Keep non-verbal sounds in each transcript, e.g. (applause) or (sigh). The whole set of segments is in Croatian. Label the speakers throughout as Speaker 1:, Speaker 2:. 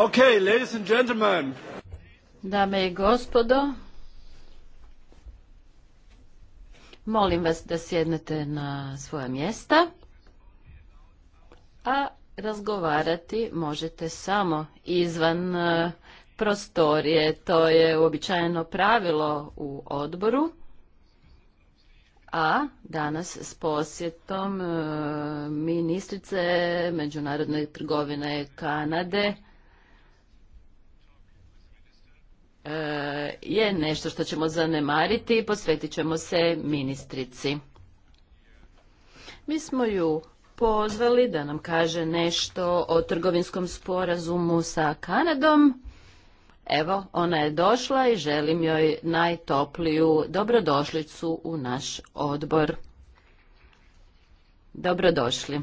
Speaker 1: Okay, ladies
Speaker 2: Dame i gospodo, molim vas da sjednete na svoja mjesta, a razgovarati možete samo izvan e, prostorije. To je uobičajeno pravilo u odboru. A danas s posjetom e, ministrice međunarodne trgovine Kanade E, je nešto što ćemo zanemariti i posvetit ćemo se ministrici. Mi smo ju pozvali da nam kaže nešto o trgovinskom sporazumu sa Kanadom. Evo, ona je došla i želim joj najtopliju dobrodošlicu u naš odbor. Dobrodošli.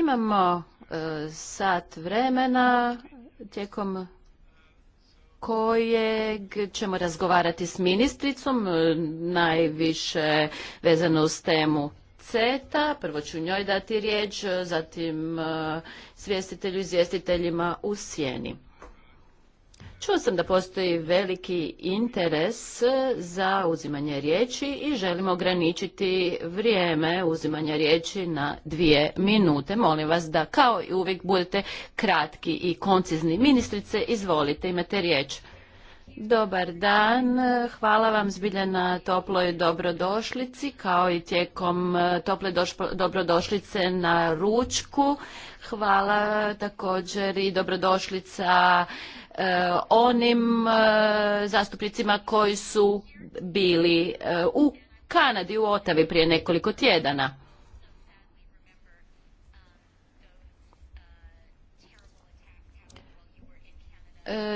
Speaker 2: Imamo e, sat vremena tijekom kojeg ćemo razgovarati s ministricom, e, najviše vezano uz temu CETA. Prvo ću njoj dati riječ, zatim e, svjestitelju izvjestiteljima u sjeni. Čuo sam da postoji veliki interes za uzimanje riječi i želimo ograničiti vrijeme uzimanja riječi na dvije minute. Molim vas da kao i uvijek budete kratki i koncizni. Ministrice, izvolite, imate riječ. Dobar dan, hvala vam zbilje na toploj dobrodošlici kao i tijekom e, tople dobrodošlice na ručku. Hvala također i dobrodošlica E, onim e, zastupnicima koji su bili e, u Kanadi, u Otavi prije nekoliko tjedana.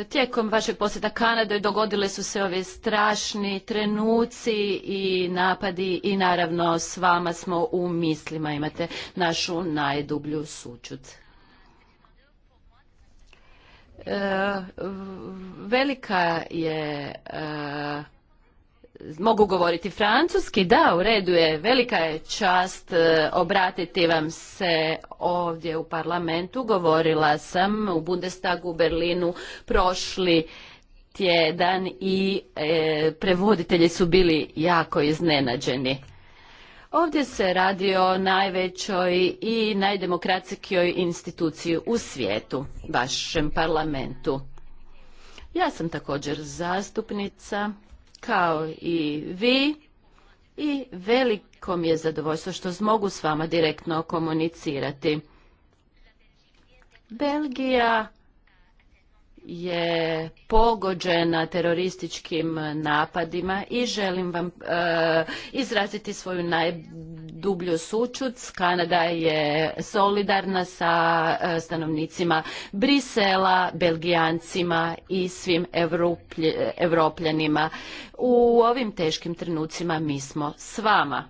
Speaker 2: Tijekom vašeg posjeta Kanade dogodile su se ove strašni trenuci i napadi i naravno s vama smo u mislima, imate našu najdublju sućut. E, velika je e, mogu govoriti francuski, da, u redu je, velika je čast e, obratiti vam se ovdje u parlamentu. Govorila sam u Bundestagu u Berlinu prošli tjedan i prevoditelji su bili jako iznenađeni. Ovdje se radi o najvećoj i najdemokratskijoj instituciji u svijetu, vašem parlamentu. Ja sam također zastupnica, kao i vi, i veliko mi je zadovoljstvo što mogu s vama direktno komunicirati. Belgija je pogođena terorističkim napadima i želim vam e, izraziti svoju najdublju sućut. Kanada je solidarna sa e, stanovnicima Brisela, Belgijancima i svim Evropljanima. U ovim teškim trenucima mi smo s vama.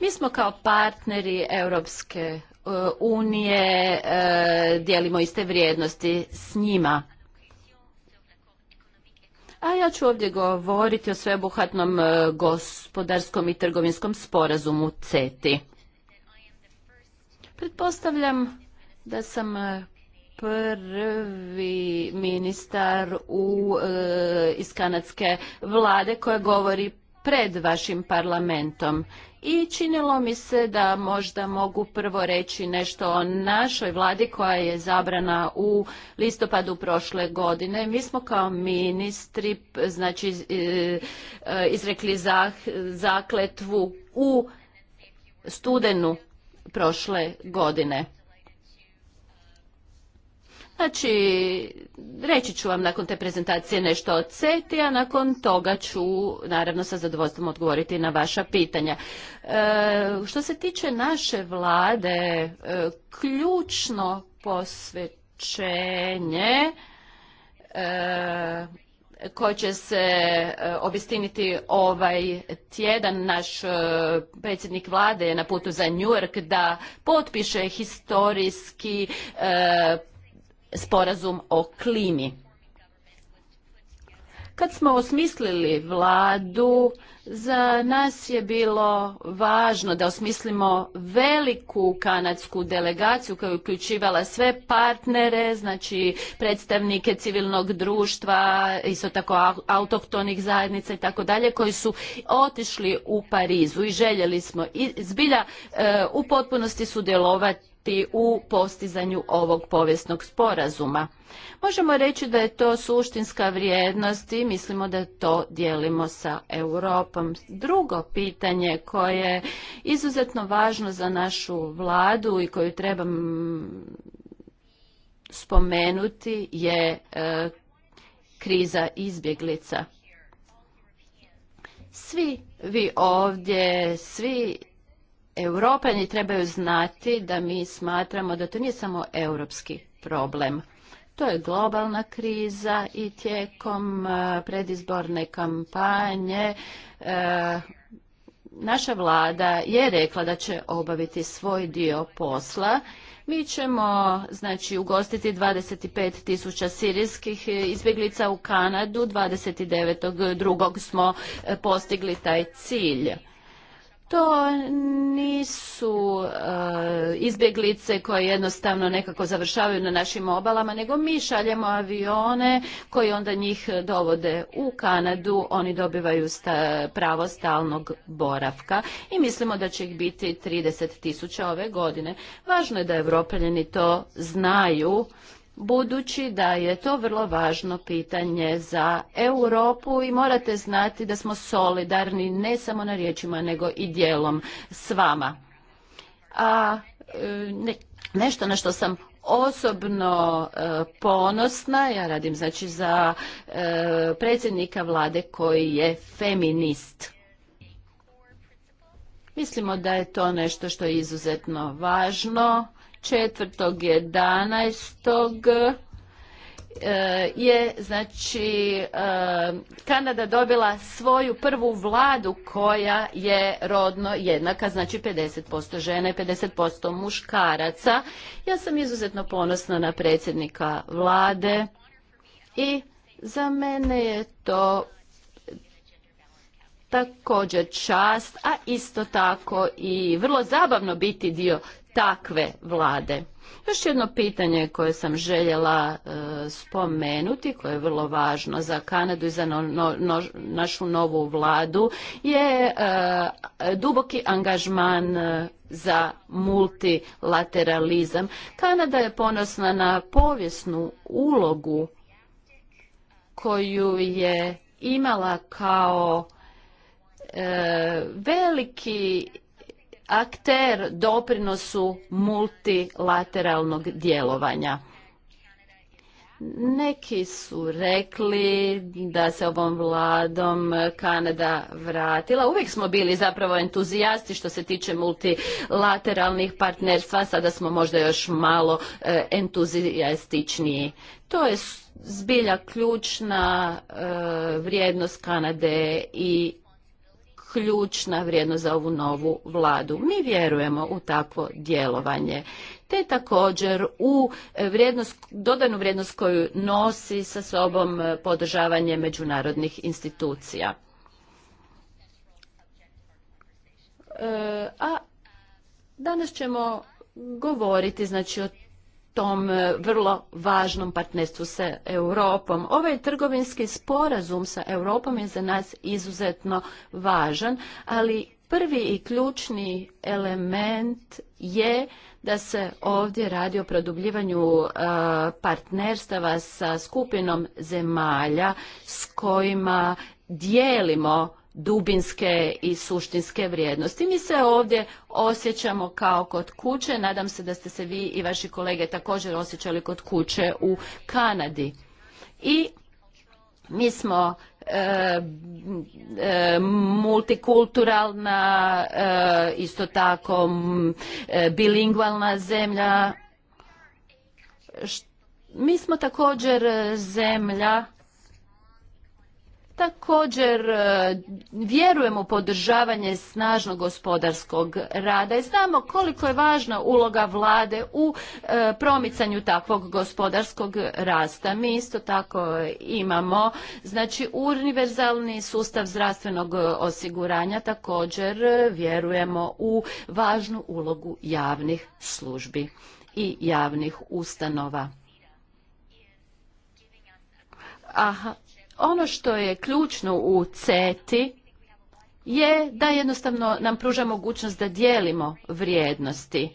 Speaker 2: Mi smo kao partneri Europske E, unije e, dijelimo iste vrijednosti s njima. A ja ću ovdje govoriti o sveobuhvatnom e, gospodarskom i trgovinskom sporazumu CETI. Pretpostavljam da sam prvi ministar iz kanadske vlade koja govori pred vašim parlamentom i činilo mi se da možda mogu prvo reći nešto o našoj vladi koja je zabrana u listopadu prošle godine. Mi smo kao ministri znači, e, e, izrekli zakletvu u studenu prošle godine. Znači, reći ću vam nakon te prezentacije nešto o CETI, a nakon toga ću naravno sa zadovoljstvom odgovoriti na vaša pitanja. E, što se tiče naše vlade, e, ključno posvećenje e, koje će se e, obistiniti ovaj tjedan. Naš predsjednik vlade je na putu za New da potpiše historijski sporazum o klimi. Kad smo osmislili vladu, za nas je bilo važno da osmislimo veliku kanadsku delegaciju koja je uključivala sve partnere, znači predstavnike civilnog društva, isto tako autohtonih zajednica i tako dalje, koji su otišli u Parizu i željeli smo i zbilja e, u potpunosti sudjelovati u postizanju ovog povijesnog sporazuma. Možemo reći da je to suštinska vrijednost i mislimo da to dijelimo sa Europom. Drugo pitanje koje je izuzetno važno za našu vladu i koju trebam spomenuti je e, kriza izbjeglica. Svi vi ovdje, svi Europani trebaju znati da mi smatramo da to nije samo europski problem. To je globalna kriza i tijekom e, predizborne kampanje e, naša vlada je rekla da će obaviti svoj dio posla. Mi ćemo znači, ugostiti 25 tisuća sirijskih izbjeglica u Kanadu. 29.2. smo e, postigli taj cilj. To nisu eh, izbjeglice koje jednostavno nekako završavaju na našim obalama, nego mi šaljemo avione koji onda njih dovode u Kanadu, oni dobivaju pravo stalnog boravka i mislimo da će ih biti 30 tisuća ove godine. Važno je da evropeljeni to znaju budući da je to vrlo važno pitanje za Europu i morate znati da smo solidarni ne samo na riječima nego i dijelom s vama. A e, ne, nešto na što sam osobno e, ponosna, ja radim znači za e, predsjednika vlade koji je feminist. Mislimo da je to nešto što je izuzetno važno 4.11. E, je znači e, Kanada dobila svoju prvu vladu koja je rodno jednaka, znači 50% žena i 50% muškaraca. Ja sam izuzetno ponosna na predsjednika vlade i za mene je to također čast, a isto tako i vrlo zabavno biti dio takve vlade. Još jedno pitanje koje sam željela e, spomenuti, koje je vrlo važno za Kanadu i za našu novu vladu, je e, duboki angažman e, za multilateralizam. Kanada je ponosna na povijesnu ulogu koju je imala kao veliki akter doprinosu multilateralnog djelovanja. Neki su rekli da se ovom vladom Kanada vratila. Uvijek smo bili zapravo entuzijasti što se tiče multilateralnih partnerstva, sada smo možda još malo e, entuzijastičniji. To je zbilja ključna e, vrijednost Kanade i ključna vrijednost za ovu novu vladu. Mi vjerujemo u takvo djelovanje te također u vrijednost, dodanu vrijednost koju nosi sa sobom podržavanje međunarodnih institucija. E, a danas ćemo govoriti znači o tom e, vrlo važnom partnerstvu sa Europom. Ovaj trgovinski sporazum sa Europom je za nas izuzetno važan, ali prvi i ključni element je da se ovdje radi o produbljivanju e, partnerstava sa skupinom zemalja s kojima dijelimo dubinske i suštinske vrijednosti. Mi se ovdje osjećamo kao kod kuće, nadam se da ste se vi i vaši kolege također osjećali kod kuće u Kanadi. I mi smo e, e, multikulturalna, e, isto tako bilingualna zemlja. Mi smo također zemlja Također e, vjerujemo u podržavanje snažnog gospodarskog rada i znamo koliko je važna uloga vlade u e, promicanju takvog gospodarskog rasta. Mi isto tako imamo znači univerzalni sustav zdravstvenog osiguranja također e, vjerujemo u važnu ulogu javnih službi i javnih ustanova. Aha, ono što je ključno u CETI je da jednostavno nam pruža mogućnost da dijelimo vrijednosti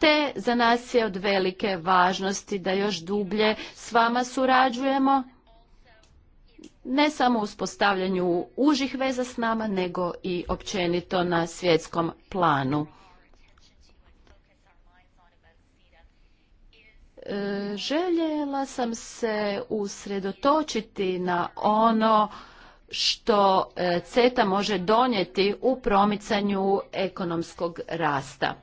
Speaker 2: te za nas je od velike važnosti da još dublje s vama surađujemo, ne samo u uspostavljanju užih veza s nama, nego i općenito na svjetskom planu. E, željela sam se usredotočiti na ono što e, CETA može donijeti u promicanju ekonomskog rasta.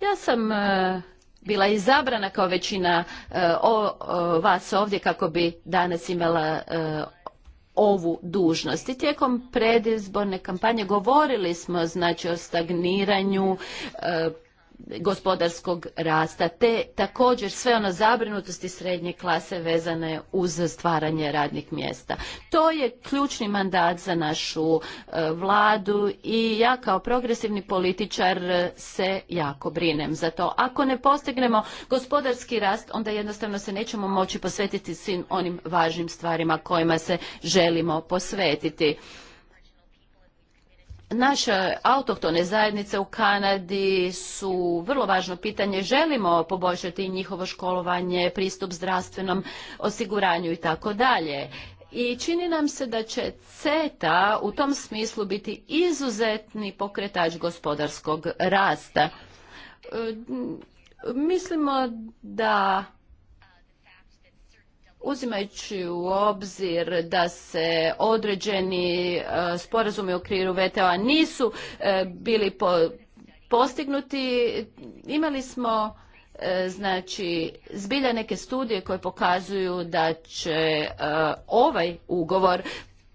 Speaker 2: Ja sam e, bila izabrana kao većina vas ovdje kako bi danas imala ovu dužnost. I tijekom predizborne kampanje govorili smo znači o stagniranju e, gospodarskog rasta, te također sve ono zabrinutosti srednje klase vezane uz stvaranje radnih mjesta. To je ključni mandat za našu e, vladu i ja kao progresivni političar se jako brinem za to. Ako ne postignemo gospodarski rast, onda jednostavno se nećemo moći posvetiti svim onim važnim stvarima kojima se želimo posvetiti. Naše autohtone zajednice u Kanadi su vrlo važno pitanje. Želimo poboljšati njihovo školovanje, pristup zdravstvenom osiguranju i tako dalje. I čini nam se da će CETA u tom smislu biti izuzetni pokretač gospodarskog rasta. E, mislimo da Uzimajući u obzir da se određeni e, sporazumi u okviru VTO-a nisu e, bili postignuti, imali smo e, znači zbilja neke studije koje pokazuju da će ovaj ugovor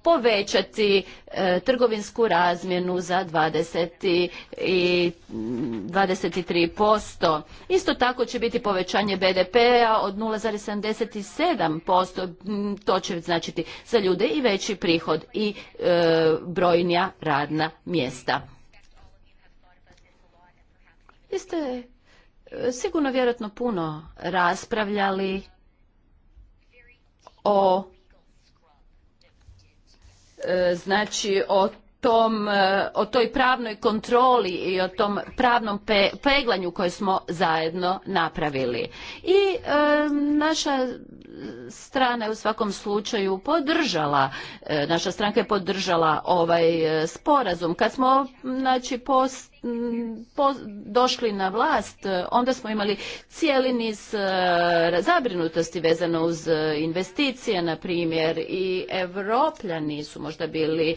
Speaker 2: povećati e, trgovinsku razmjenu za 20 i 23%. Isto tako će biti povećanje BDP-a od 0,77%. To će značiti za ljude i veći prihod i e, brojnija radna mjesta. Vi ste e, sigurno vjerojatno puno raspravljali o E, znači o tom, e, o toj pravnoj kontroli i o tom pravnom pe, peglanju koje smo zajedno napravili. I e, naša strana je u svakom slučaju podržala, e, naša stranka je podržala ovaj e, sporazum. Kad smo znači, došli na vlast, e, onda smo imali cijeli niz zabrinutosti vezano uz investicije, na primjer, i evropljani su možda bili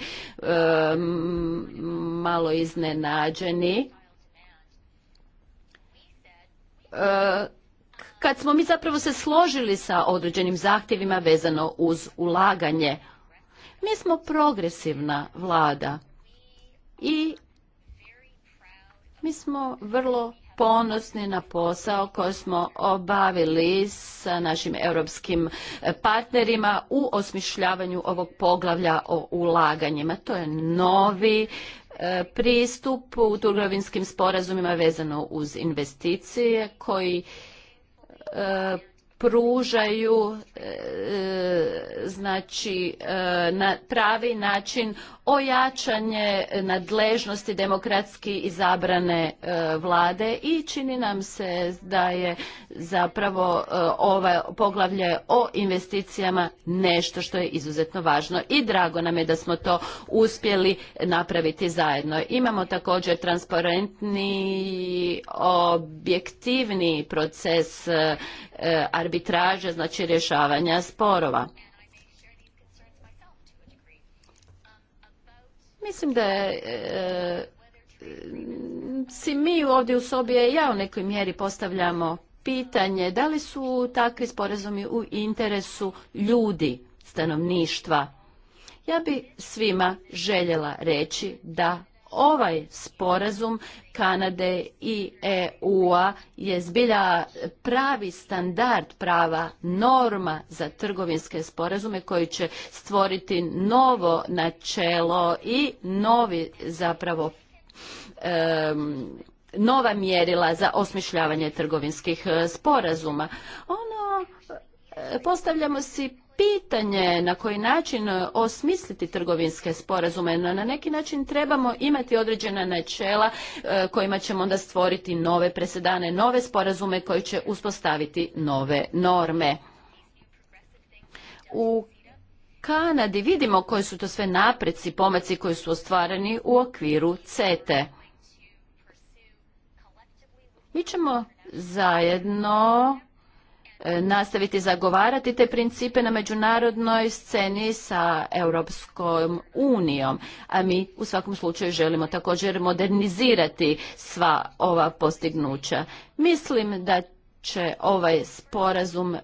Speaker 2: malo iznenađeni kad smo mi zapravo se složili sa određenim zahtjevima vezano uz ulaganje. Mi smo progresivna vlada i mi smo vrlo ponosni na posao koji smo obavili sa našim europskim partnerima u osmišljavanju ovog poglavlja o ulaganjima. To je novi e, pristup u trgovinskim sporazumima vezano uz investicije koji e, pružaju e, znači e, na pravi način ojačanje nadležnosti demokratski izabrane e, vlade i čini nam se da je zapravo ovo poglavlje o investicijama nešto što je izuzetno važno i drago nam je da smo to uspjeli napraviti zajedno. Imamo također transparentni objektivni proces arbitraže, znači rješavanja sporova. Mislim da e, si mi ovdje u sobi i ja u nekoj mjeri postavljamo pitanje da li su takvi sporazumi u interesu ljudi, stanovništva. Ja bi svima željela reći da ovaj sporazum Kanade i EU-a je zbilja pravi standard prava norma za trgovinske sporazume koji će stvoriti novo načelo i novi zapravo nova mjerila za osmišljavanje trgovinskih e, sporazuma. Ono e, postavljamo si pitanje na koji način e, osmisliti trgovinske sporazume. No, na neki način trebamo imati određena načela e, kojima ćemo onda stvoriti nove presedane, nove sporazume koji će uspostaviti nove norme. U Kanadi vidimo koji su to sve napreci, pomaci koji su ostvareni u okviru CETE. Mi ćemo zajedno E, nastaviti zagovarati te principe na međunarodnoj sceni sa Europskom unijom. A mi u svakom slučaju želimo također modernizirati sva ova postignuća. Mislim da će ovaj sporazum e,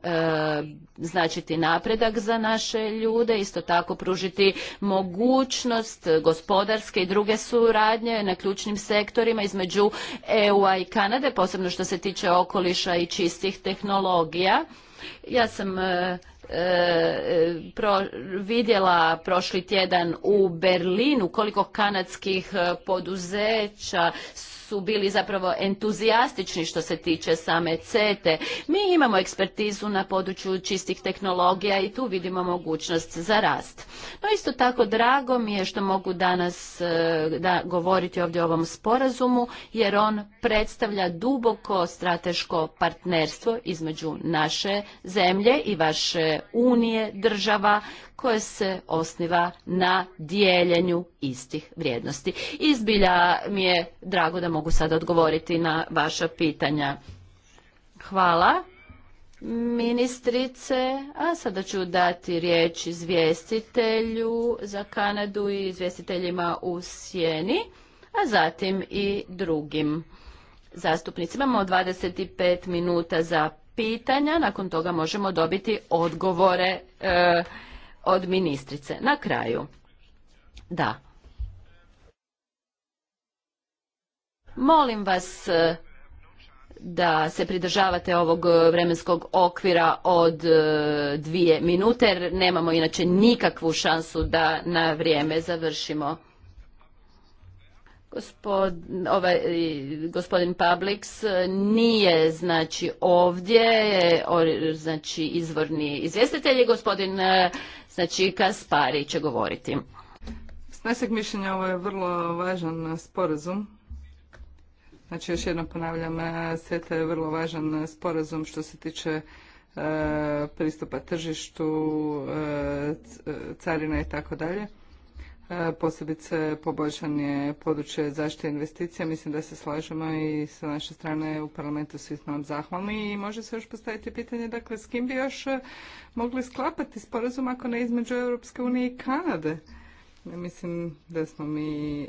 Speaker 2: značiti napredak za naše ljude, isto tako pružiti mogućnost gospodarske i druge suradnje na ključnim sektorima između EU-a i Kanade, posebno što se tiče okoliša i čistih tehnologija. Ja sam e, e, vidjela prošli tjedan u Berlinu koliko kanadskih e, poduzeća su bili zapravo entuzijastični što se tiče same CETE. Mi imamo ekspertizu na području čistih tehnologija i tu vidimo mogućnost za rast. No isto tako drago mi je što mogu danas e, da govoriti ovdje o ovom sporazumu jer on predstavlja duboko strateško partnerstvo između naše zemlje i vaše unije država koje se osniva na dijeljenju istih vrijednosti. Izbilja mi je drago da mogu sada odgovoriti na vaša pitanja. Hvala ministrice, a sada ću dati riječ izvjestitelju za Kanadu i izvjestiteljima u Sjeni, a zatim i drugim zastupnicima. Imamo 25 minuta za pitanja, nakon toga možemo dobiti odgovore e, od ministrice. Na kraju, da. Molim vas e, da se pridržavate ovog vremenskog okvira od e, dvije minute, jer nemamo inače nikakvu šansu da na vrijeme završimo. ovaj, gospodin Publix e, nije znači ovdje, znači izvorni izvjestitelj gospodin Znači Kaspari će govoriti.
Speaker 3: S našeg mišljenja ovo je vrlo važan sporazum. Znači još jednom ponavljam, e, SETA je vrlo važan sporazum što se tiče e, pristupa tržištu, e, carina i tako dalje. E, posebice poboljšanje područja zaštite investicija. Mislim da se slažemo i sa naše strane u parlamentu svi smo vam zahvalni i može se još postaviti pitanje dakle s kim bi još e, mogli sklapati sporazum ako ne između Europske unije i Kanade. Mislim da smo mi e,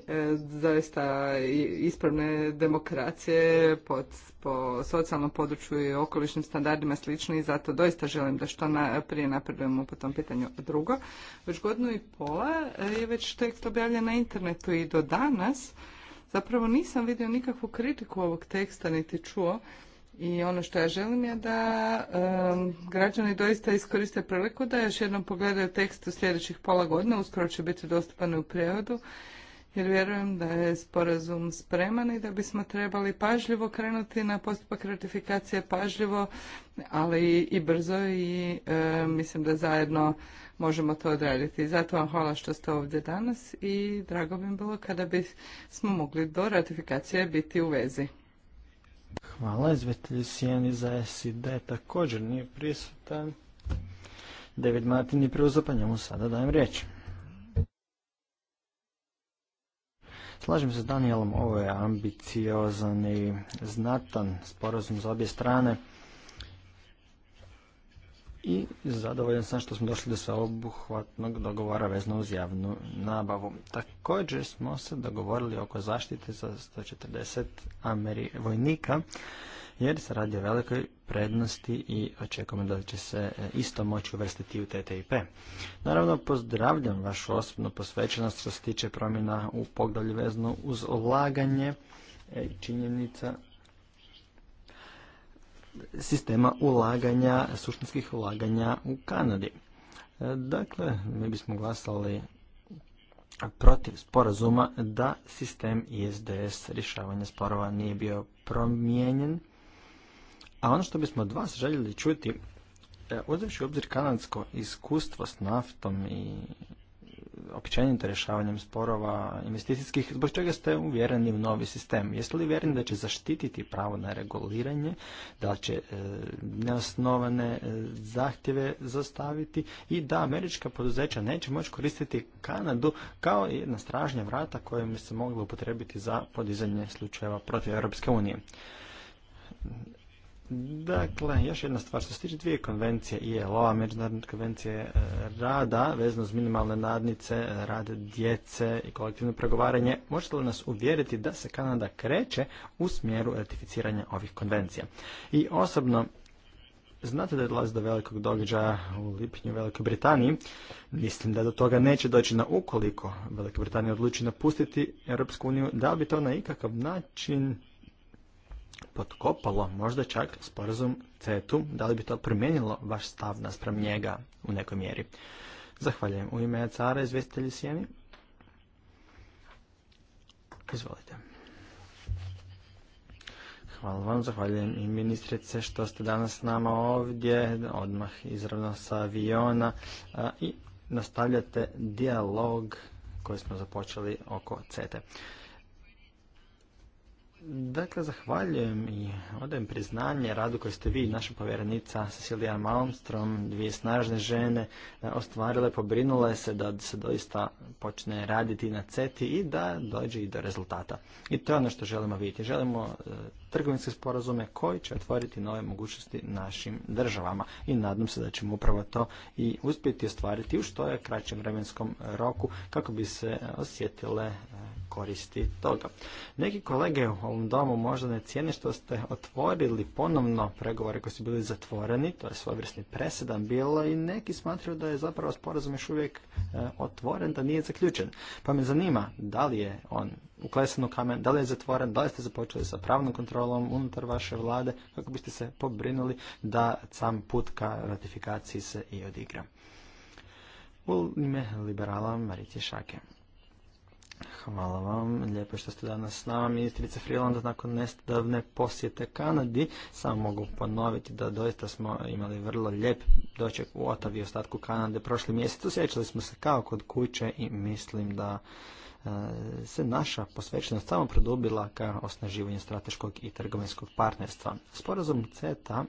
Speaker 3: zaista ispravne demokracije pod, po socijalnom području i okolišnim standardima slični i zato doista želim da što na, prije napredujemo po tom pitanju. Drugo, već godinu i pola e, je već tekst objavljen na internetu i do danas zapravo nisam vidio nikakvu kritiku ovog teksta niti čuo i ono što ja želim je da građani doista iskoriste priliku da još jednom pogledaju tekst u sljedećih pola godina, uskoro će biti dostupan u prijevodu, jer vjerujem da je sporazum spreman i da bismo trebali pažljivo krenuti na postupak ratifikacije, pažljivo, ali i brzo i mislim da zajedno možemo to odraditi. Zato vam hvala što ste ovdje danas i drago bi bilo kada bismo mogli do ratifikacije biti u vezi.
Speaker 1: Hvala, izvjetlji Sijeni za SID također nije prisutan. David Martin je preuzeo, pa njemu sada dajem riječ. Slažem se s Danielom, ovo je ambiciozan i znatan sporazum za obje strane i zadovoljan sam što smo došli do sveobuhvatnog dogovora vezno uz javnu nabavu. Također smo se dogovorili oko zaštite za 140 Ameri vojnika jer se radi o velikoj prednosti i očekujemo da će se e, isto moći uvrstiti u TTIP. Naravno, pozdravljam vašu osobnu posvećenost što se tiče promjena u poglavlju vezno uz ulaganje e, činjenica sistema ulaganja, suštinskih ulaganja u Kanadi. E, dakle, mi bismo glasali protiv sporazuma da sistem ISDS rješavanja sporova nije bio promijenjen. A ono što bismo od vas željeli čuti, e, uzevši u obzir kanadsko iskustvo s naftom i općenito rješavanjem sporova investicijskih, zbog čega ste uvjereni u novi sistem? Jeste li vjereni da će zaštititi pravo na reguliranje, da će e, neosnovane e, zahtjeve zastaviti i da američka poduzeća neće moći koristiti Kanadu kao jedna stražnja vrata bi se mogla upotrebiti za podizanje slučajeva protiv Europske unije? Dakle, još jedna stvar, što se tiče dvije konvencije ILO-a, međunarodne konvencije e, rada, vezano s minimalne nadnice, e, rade djece i kolektivno pregovaranje, možete li nas uvjeriti da se Kanada kreće u smjeru ratificiranja ovih konvencija? I osobno, znate da je dolazi do velikog događaja u lipnju u Velikoj Britaniji. Mislim da do toga neće doći na ukoliko Velika Britanija odluči napustiti Europsku uniju. Da li bi to na ikakav način potkopalo možda čak sporazum CETU, da li bi to promijenilo vaš stav naspram njega u nekoj mjeri. Zahvaljujem. U ime cara izvjestitelji Sjeni. Izvolite. Hvala vam, zahvaljujem i ministrice što ste danas s nama ovdje, odmah izravno sa aviona i nastavljate dijalog koji smo započeli oko CETE. Dakle, zahvaljujem i odajem priznanje radu koje ste vi, naša povjerenica Cecilija Malmstrom, dvije snažne žene, e, ostvarile, pobrinule se da se doista počne raditi na CETI i da dođe i do rezultata. I to je ono što želimo vidjeti. Želimo e, trgovinske sporazume koji će otvoriti nove mogućnosti našim državama. I nadam se da ćemo upravo to i uspjeti ostvariti u što je kraćem vremenskom roku kako bi se osjetile e, koristi toga. Neki kolege u ovom domu možda ne cijene što ste otvorili ponovno pregovore koji su bili zatvoreni, to je svojevrsni presedan bilo i neki smatraju da je zapravo sporazum još uvijek e, otvoren, da nije zaključen. Pa me zanima da li je on uklesan u kamen, da li je zatvoren, da li ste započeli sa pravnom kontrolom unutar vaše vlade, kako biste se pobrinuli da sam put ka ratifikaciji se i odigra. U ime liberala Maricije Šake. Hvala vam, lijepo što ste danas s nama, Ministrica Freelanda, nakon nestavne posjete Kanadi. Samo mogu ponoviti da doista smo imali vrlo lijep doček u Otavi i ostatku Kanade prošli mjesec. Osjećali smo se kao kod kuće i mislim da E, se naša posvećenost samo produbila ka osnaživanju strateškog i trgovinskog partnerstva. Sporazum CETA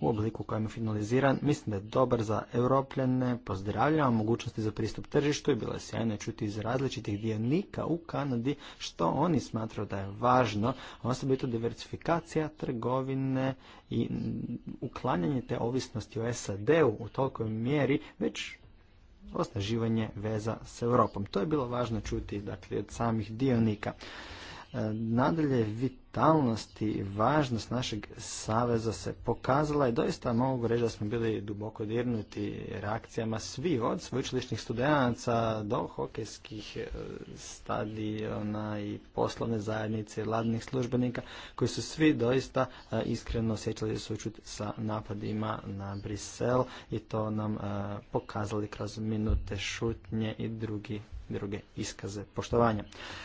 Speaker 1: u obliku kojem je finaliziran, mislim da je dobar za Europljene, pozdravljam mogućnosti za pristup tržištu i bilo je sjajno čuti iz različitih dionika u Kanadi što oni smatraju da je važno, osobito diversifikacija trgovine i uklanjanje te ovisnosti o SAD-u u tolikoj mjeri, već osnaživanje veza s Europom. To je bilo važno čuti dakle, od samih dionika. E, nadalje, vi vitalnost i važnost našeg saveza se pokazala i doista mogu reći da smo bili duboko dirnuti reakcijama svi od sveučilišnih studenaca do hokejskih e, stadiona i poslovne zajednice ladnih službenika koji su svi doista e, iskreno osjećali sučut sa napadima na Brisel i to nam e, pokazali kroz minute šutnje i drugi druge iskaze poštovanja.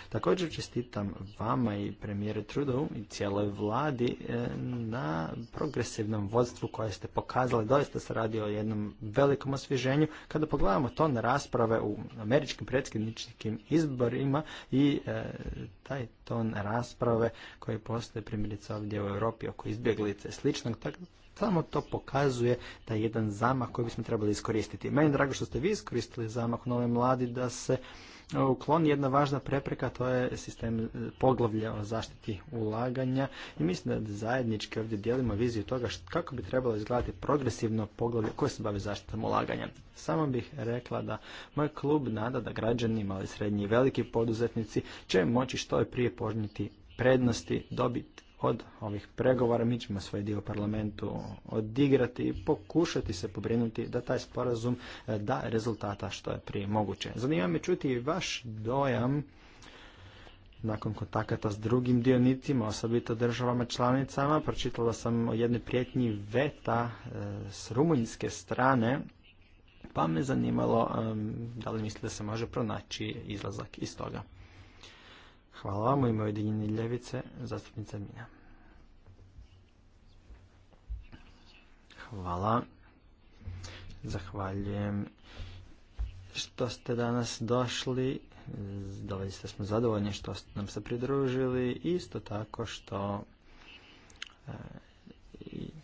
Speaker 1: Također čestitam vama i premijere Trudeau i cijeloj vladi e, na progresivnom vodstvu koje ste pokazali. Doista se radi o jednom velikom osvježenju. Kada pogledamo to na rasprave u američkim predsjedničkim izborima i e, taj ton rasprave koji postoje primjerice ovdje u Europi oko izbjeglice sličnog, tako samo to pokazuje da je jedan zamah koji bismo trebali iskoristiti. Meni drago što ste vi iskoristili zamah Nove Mladi da se e, ukloni jedna važna prepreka, to je sistem e, poglavlja o zaštiti ulaganja i mislim da zajednički ovdje dijelimo viziju toga kako bi trebalo izgledati progresivno poglavlje koje se bavi zaštitom ulaganja. Samo bih rekla da moj klub nada da građani, mali, srednji i veliki poduzetnici će moći što je prije požniti prednosti, dobiti od ovih pregovora. Mi ćemo svoj dio parlamentu odigrati i pokušati se pobrinuti da taj sporazum e, da rezultata što je prije moguće. Zanima me čuti i vaš dojam nakon kontakata s drugim dionicima, osobito državama članicama. Pročitala sam o jednoj prijetnji veta e, s rumunjske strane pa me zanimalo e, da li mislite da se može pronaći izlazak iz toga. Hvala vam u ime Ujedinjene ljevice, zastupnica Mina. Hvala. Zahvaljujem što ste danas došli. ste smo zadovoljni što ste nam se pridružili. Isto tako što e,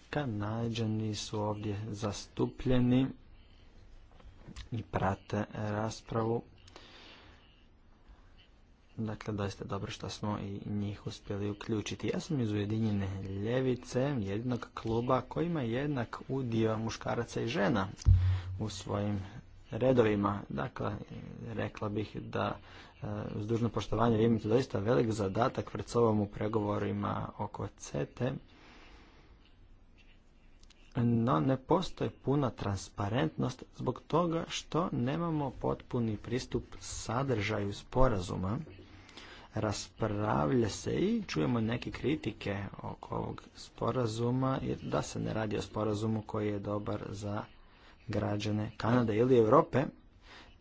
Speaker 1: kanadžani su ovdje zastupljeni i prate raspravu. Dakle, doista dobro što smo i njih uspjeli uključiti. Ja sam iz Ujedinjene ljevice, jednog kluba koji ima jednak udio muškaraca i žena u svojim redovima. Dakle, rekla bih da e, uz dužno poštovanje imate doista velik zadatak pred sobom u pregovorima oko CETE. No, ne postoje puna transparentnost zbog toga što nemamo potpuni pristup sadržaju sporazuma raspravlja se i čujemo neke kritike oko ovog sporazuma jer da se ne radi o sporazumu koji je dobar za građane Kanade ili Europe,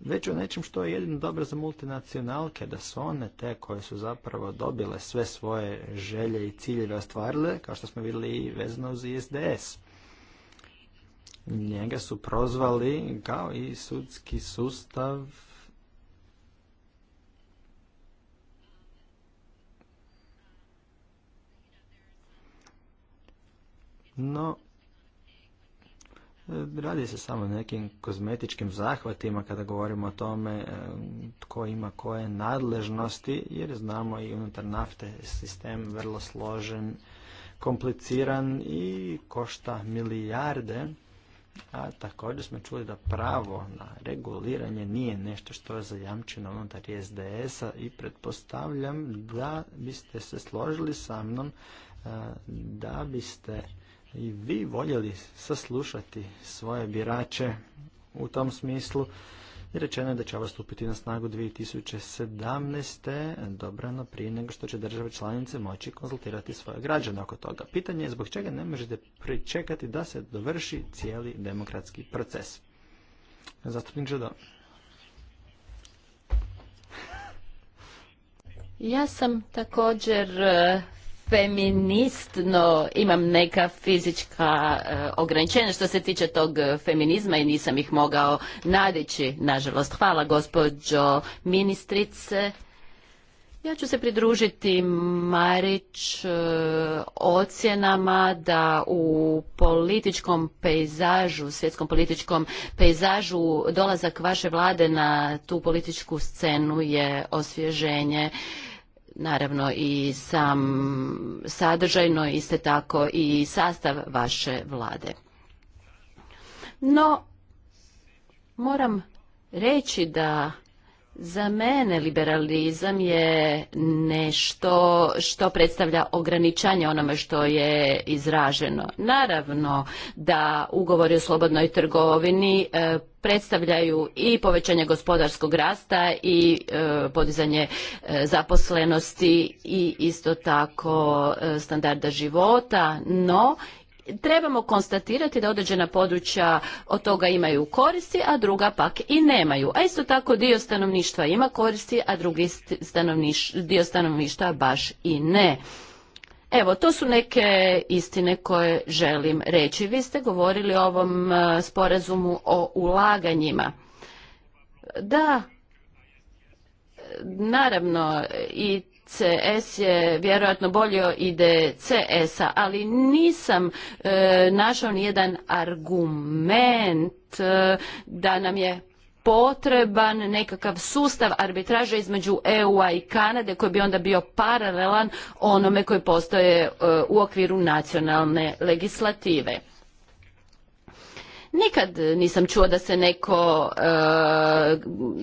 Speaker 1: već o nečem što je jedino dobro za multinacionalke, da su one te koje su zapravo dobile sve svoje želje i ciljeve ostvarile, kao što smo vidjeli i vezano uz ISDS. Njega su prozvali kao i sudski sustav No, e, radi se samo nekim kozmetičkim zahvatima kada govorimo o tome e, tko ima koje nadležnosti, jer znamo i unutar nafte sistem vrlo složen, kompliciran i košta milijarde. A također smo čuli da pravo na reguliranje nije nešto što je zajamčeno unutar SDS-a i pretpostavljam da biste se složili sa mnom e, da biste i vi voljeli saslušati svoje birače u tom smislu i rečeno je da će ovo stupiti na snagu 2017. dobrano prije nego što će države članice moći konzultirati svoje građane oko toga. Pitanje je zbog čega ne možete pričekati da se dovrši cijeli demokratski proces. Zastupnik Žado.
Speaker 2: Ja sam također feministno imam neka fizička e, ograničenja što se tiče tog feminizma i nisam ih mogao nadići, nažalost. Hvala gospođo ministrice. Ja ću se pridružiti Marić e, ocjenama da u političkom pejzažu, svjetskom političkom pejzažu dolazak vaše vlade na tu političku scenu je osvježenje naravno i sam sadržajno, iste tako i sastav vaše vlade. No, moram reći da za mene liberalizam je nešto što predstavlja ograničanje onome što je izraženo. Naravno da ugovori o slobodnoj trgovini e, predstavljaju i povećanje gospodarskog rasta i e, podizanje e, zaposlenosti i isto tako standarda života, no trebamo konstatirati da određena područja od toga imaju koristi, a druga pak i nemaju. A isto tako dio stanovništva ima koristi, a drugi dio stanovništva baš i ne. Evo, to su neke istine koje želim reći. Vi ste govorili o ovom e, sporazumu o ulaganjima. Da, naravno i CS je vjerojatno bolje ide cs a ali nisam e, našao nijedan argument e, da nam je potreban nekakav sustav arbitraže između EU-a i Kanade koji bi onda bio paralelan onome koji postoje e, u okviru nacionalne legislative. Nikad nisam čuo da se neko e,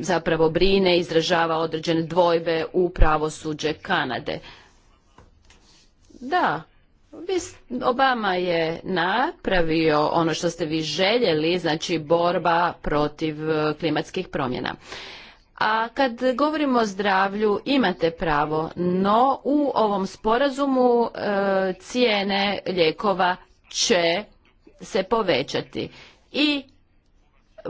Speaker 2: zapravo brine, izražava određene dvojbe u pravosuđe Kanade. Da, Obama je napravio ono što ste vi željeli, znači borba protiv e, klimatskih promjena. A kad govorimo o zdravlju, imate pravo, no u ovom sporazumu e, cijene lijekova će se povećati i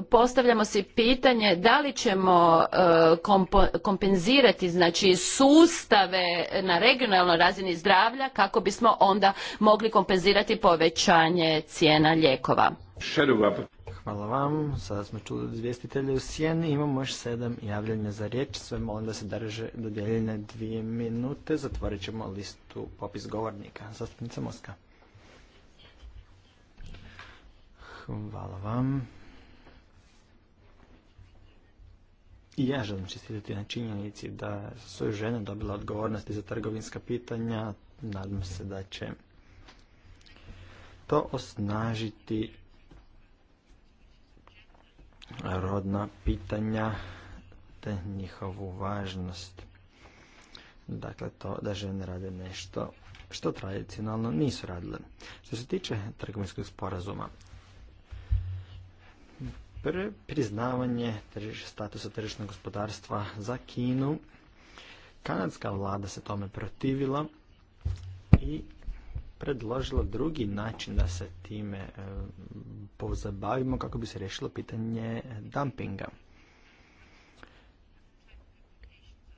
Speaker 2: postavljamo si pitanje da li ćemo e, kompenzirati znači sustave na regionalnoj razini zdravlja kako bismo onda mogli kompenzirati povećanje cijena lijekova.
Speaker 1: Hvala vam. Sada smo čuli izvjestitelja u sjeni. Imamo još sedam javljanja za riječ. Sve molim da se drže dodijeljene dvije minute. Zatvorit ćemo listu popis govornika. Zastupnica Moska. Hvala vam. I ja želim čestitati na činjenici da su žena dobila odgovornosti za trgovinska pitanja. Nadam se da će to osnažiti rodna pitanja te njihovu važnost. Dakle, to da žene rade nešto što tradicionalno nisu radile. Što se tiče trgovinskog sporazuma, priznavanje statusa tržišnog gospodarstva za Kinu. Kanadska vlada se tome protivila i predložila drugi način da se time e, pozabavimo kako bi se riješilo pitanje dumpinga.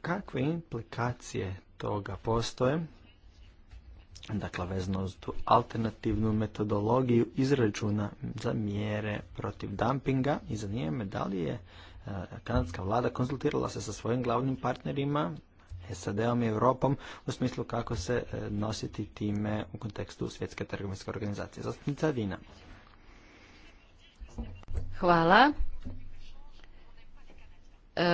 Speaker 1: Kakve implikacije toga postoje? dakle vezano uz tu alternativnu metodologiju izračuna za mjere protiv dumpinga i zanima me da li je e, kanadska vlada konzultirala se sa svojim glavnim partnerima SAD-om i Europom u smislu kako se e, nositi time u kontekstu svjetske trgovinske organizacije. Zastupnica Vina.
Speaker 2: Hvala. E,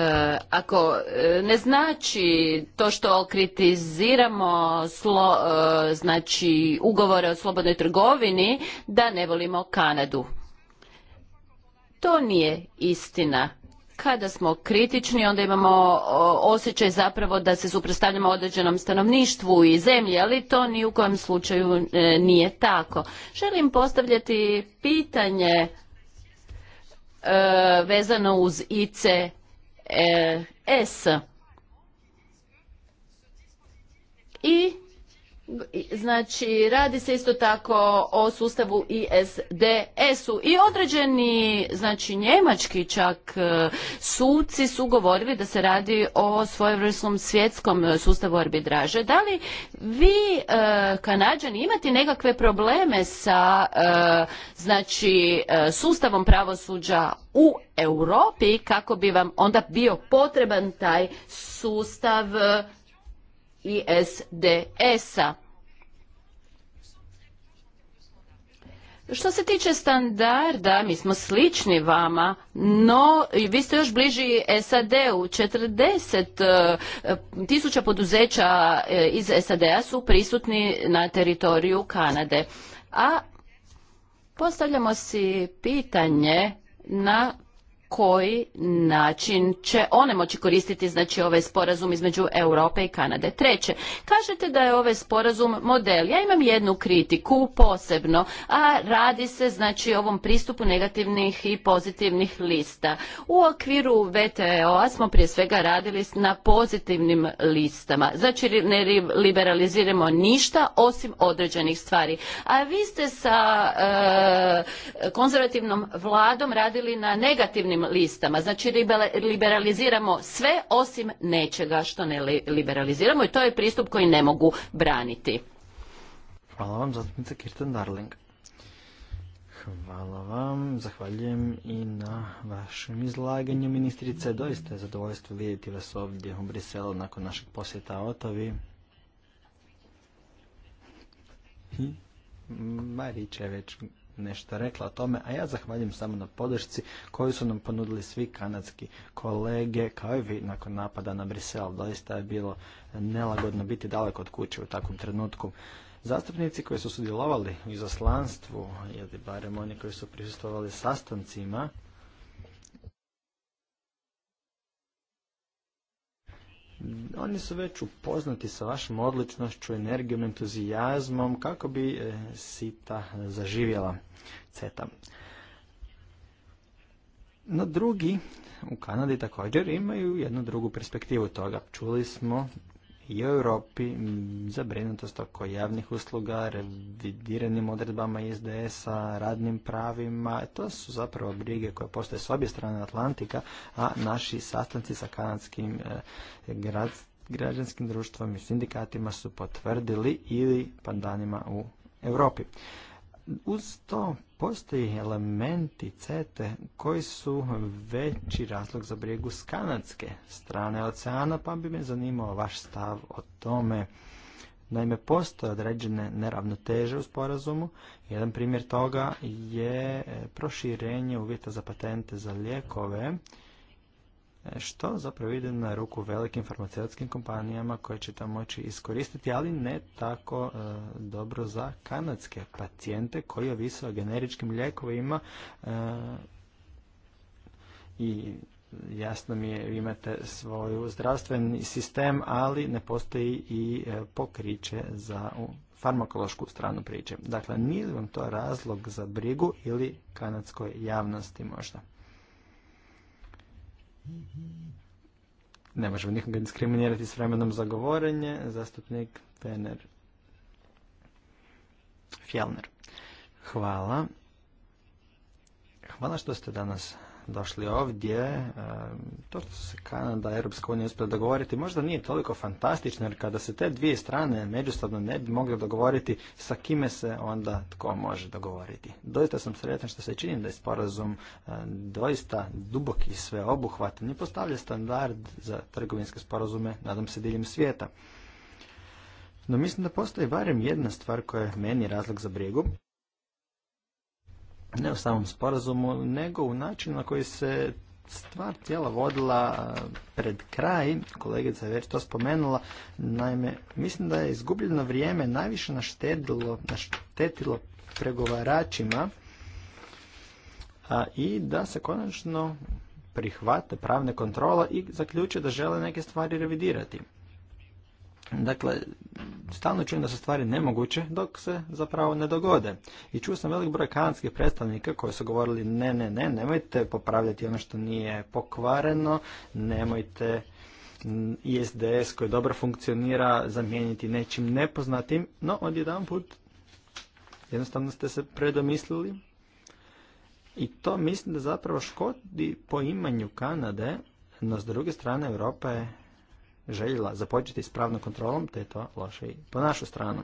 Speaker 2: ako e, ne znači to što kritiziramo e, znači ugovore o slobodnoj trgovini da ne volimo Kanadu. To nije istina. Kada smo kritični onda imamo osjećaj zapravo da se suprotstavljamo određenom stanovništvu i zemlji, ali to ni u kojem slučaju nije tako. Želim postavljati pitanje vezano uz ice E, S. I Znači, radi se isto tako o sustavu ISDS-u i određeni, znači njemački čak e, suci su govorili da se radi o svojevrsnom svjetskom sustavu arbitraže. Da li vi, e, kanadžani, imate nekakve probleme sa e, znači sustavom pravosuđa u Europi kako bi vam onda bio potreban taj sustav ISDS-a. Što se tiče standarda, mi smo slični vama, no vi ste još bliži SAD-u. 40 e, tisuća poduzeća e, iz SAD-a su prisutni na teritoriju Kanade. A postavljamo si pitanje na koji način će one moći koristiti znači ovaj sporazum između Europe i Kanade. Treće, kažete da je ovaj sporazum model. Ja imam jednu kritiku posebno, a radi se znači ovom pristupu negativnih i pozitivnih lista. U okviru VTO-a smo prije svega radili na pozitivnim listama. Znači ne liberaliziramo ništa osim određenih stvari. A vi ste sa e, konzervativnom vladom radili na negativnim crnim listama. Znači liberaliziramo sve osim nečega što ne liberaliziramo i to je pristup koji ne mogu braniti.
Speaker 1: Hvala vam, zastupnica Kirtan Darling. Hvala vam, zahvaljujem i na vašem izlaganju, ministrice. Doista je zadovoljstvo vidjeti vas ovdje u Briselu nakon našeg posjeta Otovi. Marić je već nešto rekla o tome, a ja zahvaljujem samo na podršci koju su nam ponudili svi kanadski kolege, kao i vi nakon napada na Brisel. Doista je bilo nelagodno biti daleko od kuće u takvom trenutku. Zastupnici koji su sudjelovali u izaslanstvu, ili barem oni koji su prisustvovali sastancima, oni su već upoznati sa vašom odličnošću, energijom, entuzijazmom kako bi e, sita zaživjela ceta. No drugi u Kanadi također imaju jednu drugu perspektivu toga. Čuli smo i u Europi mm, zabrinutost oko javnih usluga, revidiranim odredbama SDS-a, radnim pravima. E, to su zapravo brige koje postoje s obje strane Atlantika, a naši sastanci sa kanadskim e, građanskim društvom i sindikatima su potvrdili ili pandanima u Europi. Uz to postoji elementi CETE koji su veći razlog za brigu s kanadske strane oceana, pa bi me zanimao vaš stav o tome. Naime, postoje određene neravnoteže u sporazumu. Jedan primjer toga je proširenje uvjeta za patente za lijekove što zapravo ide na ruku velikim farmaceutskim kompanijama koje će to moći iskoristiti, ali ne tako e, dobro za kanadske pacijente koji ovise o generičkim lijekovima e, i jasno mi je, imate svoj zdravstveni sistem, ali ne postoji i e, pokriće za farmakološku stranu priče. Dakle, nije li vam to razlog za brigu ili kanadskoj javnosti možda? Ne možemo nikoga diskriminirati s vremenom za govorenje. Zastupnik Tener. Fjelner. Hvala. Hvala što ste danas došli ovdje, e, to što se Kanada i Europska unija uspjela dogovoriti možda nije toliko fantastično, jer kada se te dvije strane međusobno ne bi mogle dogovoriti, sa kime se onda tko može dogovoriti. Doista sam sretan što se čini da je sporazum e, doista dubok i sveobuhvatan i postavlja standard za trgovinske sporazume, nadam se, diljem svijeta. No mislim da postoji barem jedna stvar koja je meni razlog za brigu, ne u samom sporazumu, nego u načinu na koji se stvar cijela vodila pred kraj, kolegica je već to spomenula, naime, mislim da je izgubljeno vrijeme najviše naštetilo, naštetilo pregovaračima a, i da se konačno prihvate pravne kontrole i zaključe da žele neke stvari revidirati. Dakle, stalno čujem da su stvari nemoguće dok se zapravo ne dogode. I čuo sam velik broj kanadskih predstavnika koji su govorili ne, ne, ne, nemojte popravljati ono što nije pokvareno, nemojte mm, ISDS koji dobro funkcionira zamijeniti nečim nepoznatim, no odjedan put jednostavno ste se predomislili i to mislim da zapravo škodi poimanju Kanade, no s druge strane Europa je željela započeti s pravnom kontrolom, te je to loše i po našu stranu.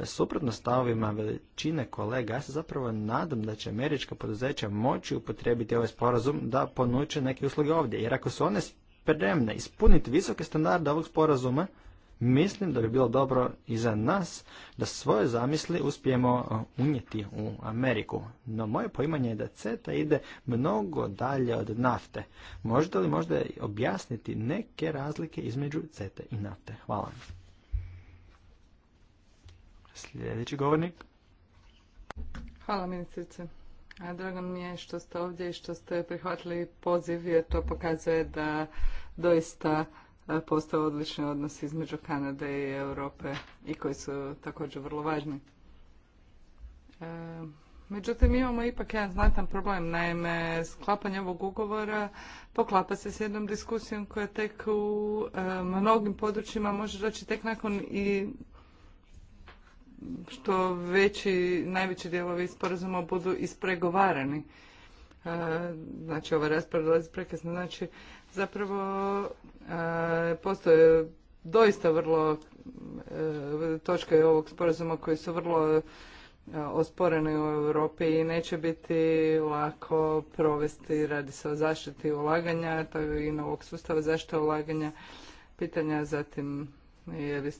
Speaker 1: Suprotno stavovima većine kolega, ja se zapravo nadam da će američka poduzeća moći upotrijebiti ovaj sporazum da ponuče neke usluge ovdje. Jer ako su one spremne ispuniti visoke standarde ovog sporazuma, mislim da bi bilo dobro i za nas da svoje zamisli uspijemo e, unijeti u Ameriku. No moje poimanje je da CETA ide mnogo dalje od nafte. Možete li možda objasniti neke razlike između CETA i nafte? Hvala. Sljedeći govornik.
Speaker 3: Hvala ministrice. A drago mi je što ste ovdje i što ste prihvatili poziv jer to pokazuje da doista E, postao odlični odnosi između Kanade i Europe i koji su također vrlo važni. E, međutim, imamo ipak jedan znatan problem. Naime, sklapanje ovog ugovora poklapa se s jednom diskusijom koja tek u e, mnogim područjima može doći tek nakon i što veći, najveći dijelovi sporazuma budu ispregovarani. Znači, ova rasprava dolazi prekasno. Znači, zapravo e, postoje doista vrlo e, točke ovog sporazuma koji su vrlo e, osporene u Europi i neće biti lako provesti. Radi se o zaštiti ulaganja to i novog sustava zaštite ulaganja. Pitanja zatim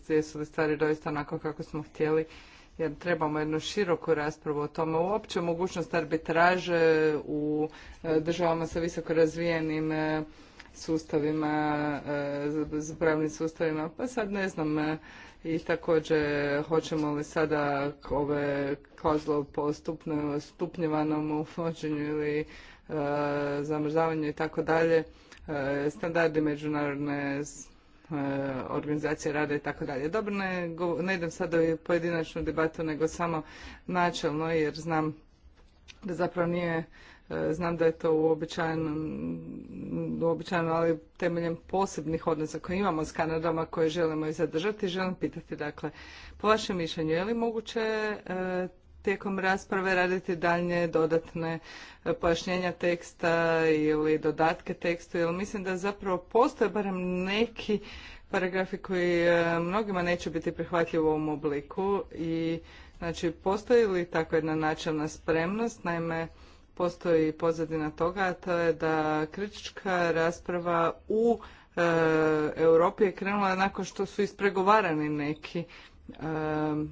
Speaker 3: jesu li stvari doista onako kako smo htjeli jer trebamo jednu široku raspravu o tome. Uopće mogućnost arbitraže u državama sa visoko razvijenim sustavima, e, za pravnim sustavima, pa sad ne znam e, i također hoćemo li sada ove klauzule postupno stupnjevanom uvođenju ili e, zamržavanju i tako dalje, standardi međunarodne organizacije rade i tako dalje. Dobro, ne, ne idem sada u pojedinačnu debatu, nego samo načelno, jer znam da zapravo nije E, znam da je to uobičajeno, uobičajeno, ali temeljem posebnih odnosa koje imamo s Kanadama koje želimo i zadržati, želim pitati dakle, po vašem mišljenju, je li moguće e, tijekom rasprave raditi daljnje dodatne e, pojašnjenja teksta ili dodatke tekstu, jer mislim da zapravo postoje barem neki paragrafi koji mnogima neće biti prihvatljivi u ovom obliku i znači postoji li tako jedna načelna spremnost, naime postoji pozadina toga, a to je da kritička rasprava u e, Europi je krenula nakon što su ispregovarani neki e,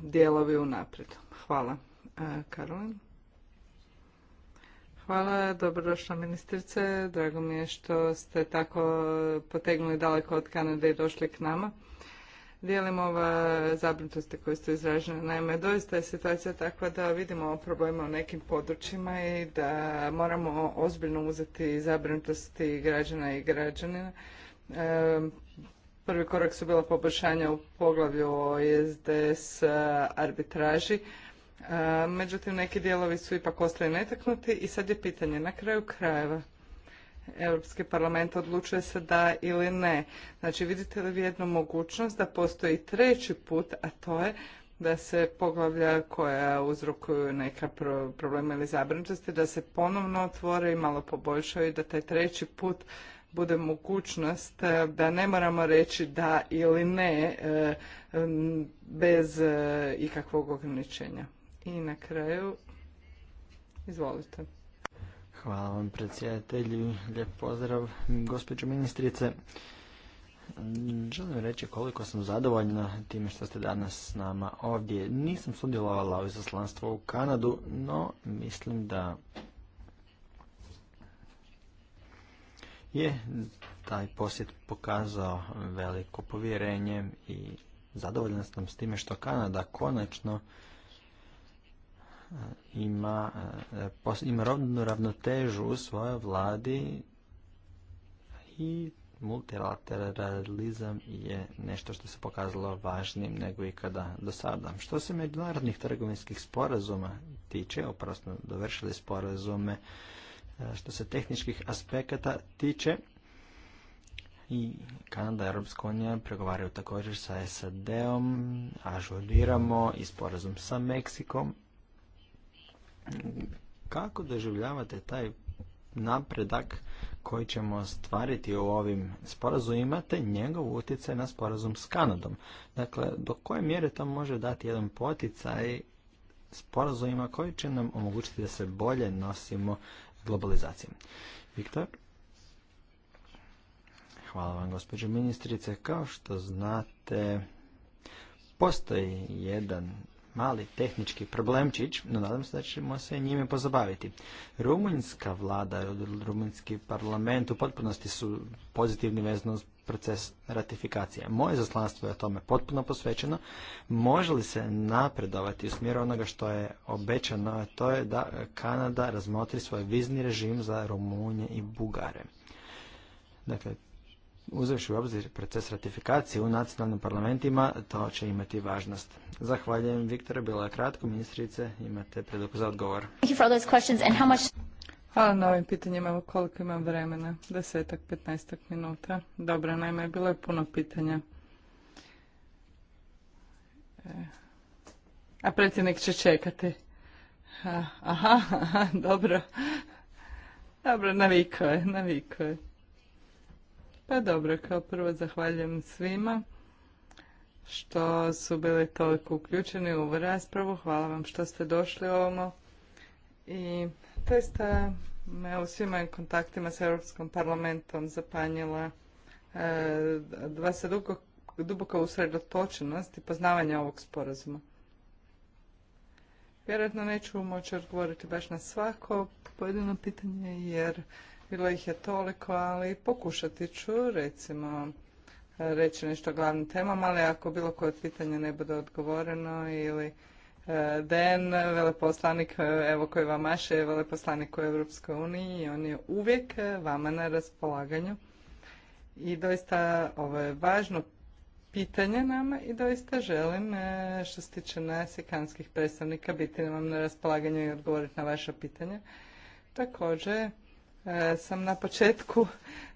Speaker 3: dijelovi unaprijed. Hvala. E, Karolin? Hvala, dobrodošla ministrice. Drago mi je što ste tako potegnuli daleko od Kanade i došli k nama dijelim ove zabrinutosti koje su izražene. Naime, doista je situacija takva da vidimo probleme u nekim područjima i da moramo ozbiljno uzeti zabrinutosti građana i građanina. prvi korak su bila poboljšanja u poglavlju o SDS e, arbitraži. E, međutim, neki dijelovi su ipak ostali netaknuti i sad je pitanje na kraju krajeva Europski parlament odlučuje se da ili ne. Znači vidite li vi jednu mogućnost da postoji treći put, a to je da se poglavlja koja uzrokuju neka problema ili zabrinutosti, da se ponovno otvore i malo poboljšaju i da taj treći put bude mogućnost e, da ne moramo reći da ili ne e, bez e, ikakvog ograničenja. I na kraju, izvolite.
Speaker 1: Hvala vam predsjedatelju, lijep pozdrav gospođo ministrice. Želim reći koliko sam zadovoljna time što ste danas s nama ovdje. Nisam sudjelovala u izaslanstvu u Kanadu, no mislim da je taj posjet pokazao veliko povjerenje i zadovoljna sam s time što Kanada konačno ima, eh, eh, ima rodnu ravnotežu u svojoj vladi i multilateralizam je nešto što se pokazalo važnim nego ikada do sada. Što se međunarodnih trgovinskih sporazuma tiče, oprosno dovršili sporazume, eh, što se tehničkih aspekata tiče, i Kanada i Europska unija pregovaraju također sa SAD-om, ažuriramo i sporazum sa Meksikom, kako doživljavate taj napredak koji ćemo ostvariti u ovim sporazumima te njegov utjecaj na sporazum s Kanadom. Dakle, do koje mjere to može dati jedan poticaj sporazumima koji će nam omogućiti da se bolje nosimo globalizacijom. Viktor? Hvala vam, gospođo ministrice. Kao što znate, postoji jedan mali tehnički problemčić, no nadam se da ćemo se njime pozabaviti. Rumunjska vlada, rumunjski parlament u potpunosti su pozitivni vezano uz proces ratifikacije. Moje zaslanstvo je o tome potpuno posvećeno. Može li se napredovati u smjeru onoga što je obećano, a to je da Kanada razmotri svoj vizni režim za Rumunje i Bugare. Dakle, Uzevši u obzir proces ratifikacije u nacionalnim parlamentima, to će imati važnost. Zahvaljujem, Viktor, bila je kratko, ministrice, imate predlog za odgovor.
Speaker 3: Hvala na ovim pitanjima, koliko imam vremena, desetak, petnaestak minuta. Dobro, naime, bilo je puno pitanja. E, a predsjednik će čekati. (laughs) Aha, dobro. Dobro, navikao je, navikao je. Pa dobro, kao prvo zahvaljujem svima što su bili toliko uključeni u raspravu. Hvala vam što ste došli ovamo. I to jeste me u svima kontaktima s Europskom parlamentom zapanjila e, dva se duboka usredotočenost i poznavanje ovog sporazuma. Vjerojatno neću moći odgovoriti baš na svako pojedino pitanje jer bilo ih je toliko, ali pokušati ću recimo reći nešto o glavnim temama, ali ako bilo koje pitanje ne bude odgovoreno ili e, Den, veleposlanik, e, evo koji vam maše, veleposlanik u Europskoj uniji i on je uvijek vama na raspolaganju. I doista ovo je važno pitanje nama i doista želim e, što se tiče nas i kanskih predstavnika biti vam na raspolaganju i odgovoriti na vaše pitanje. Također, E, sam na početku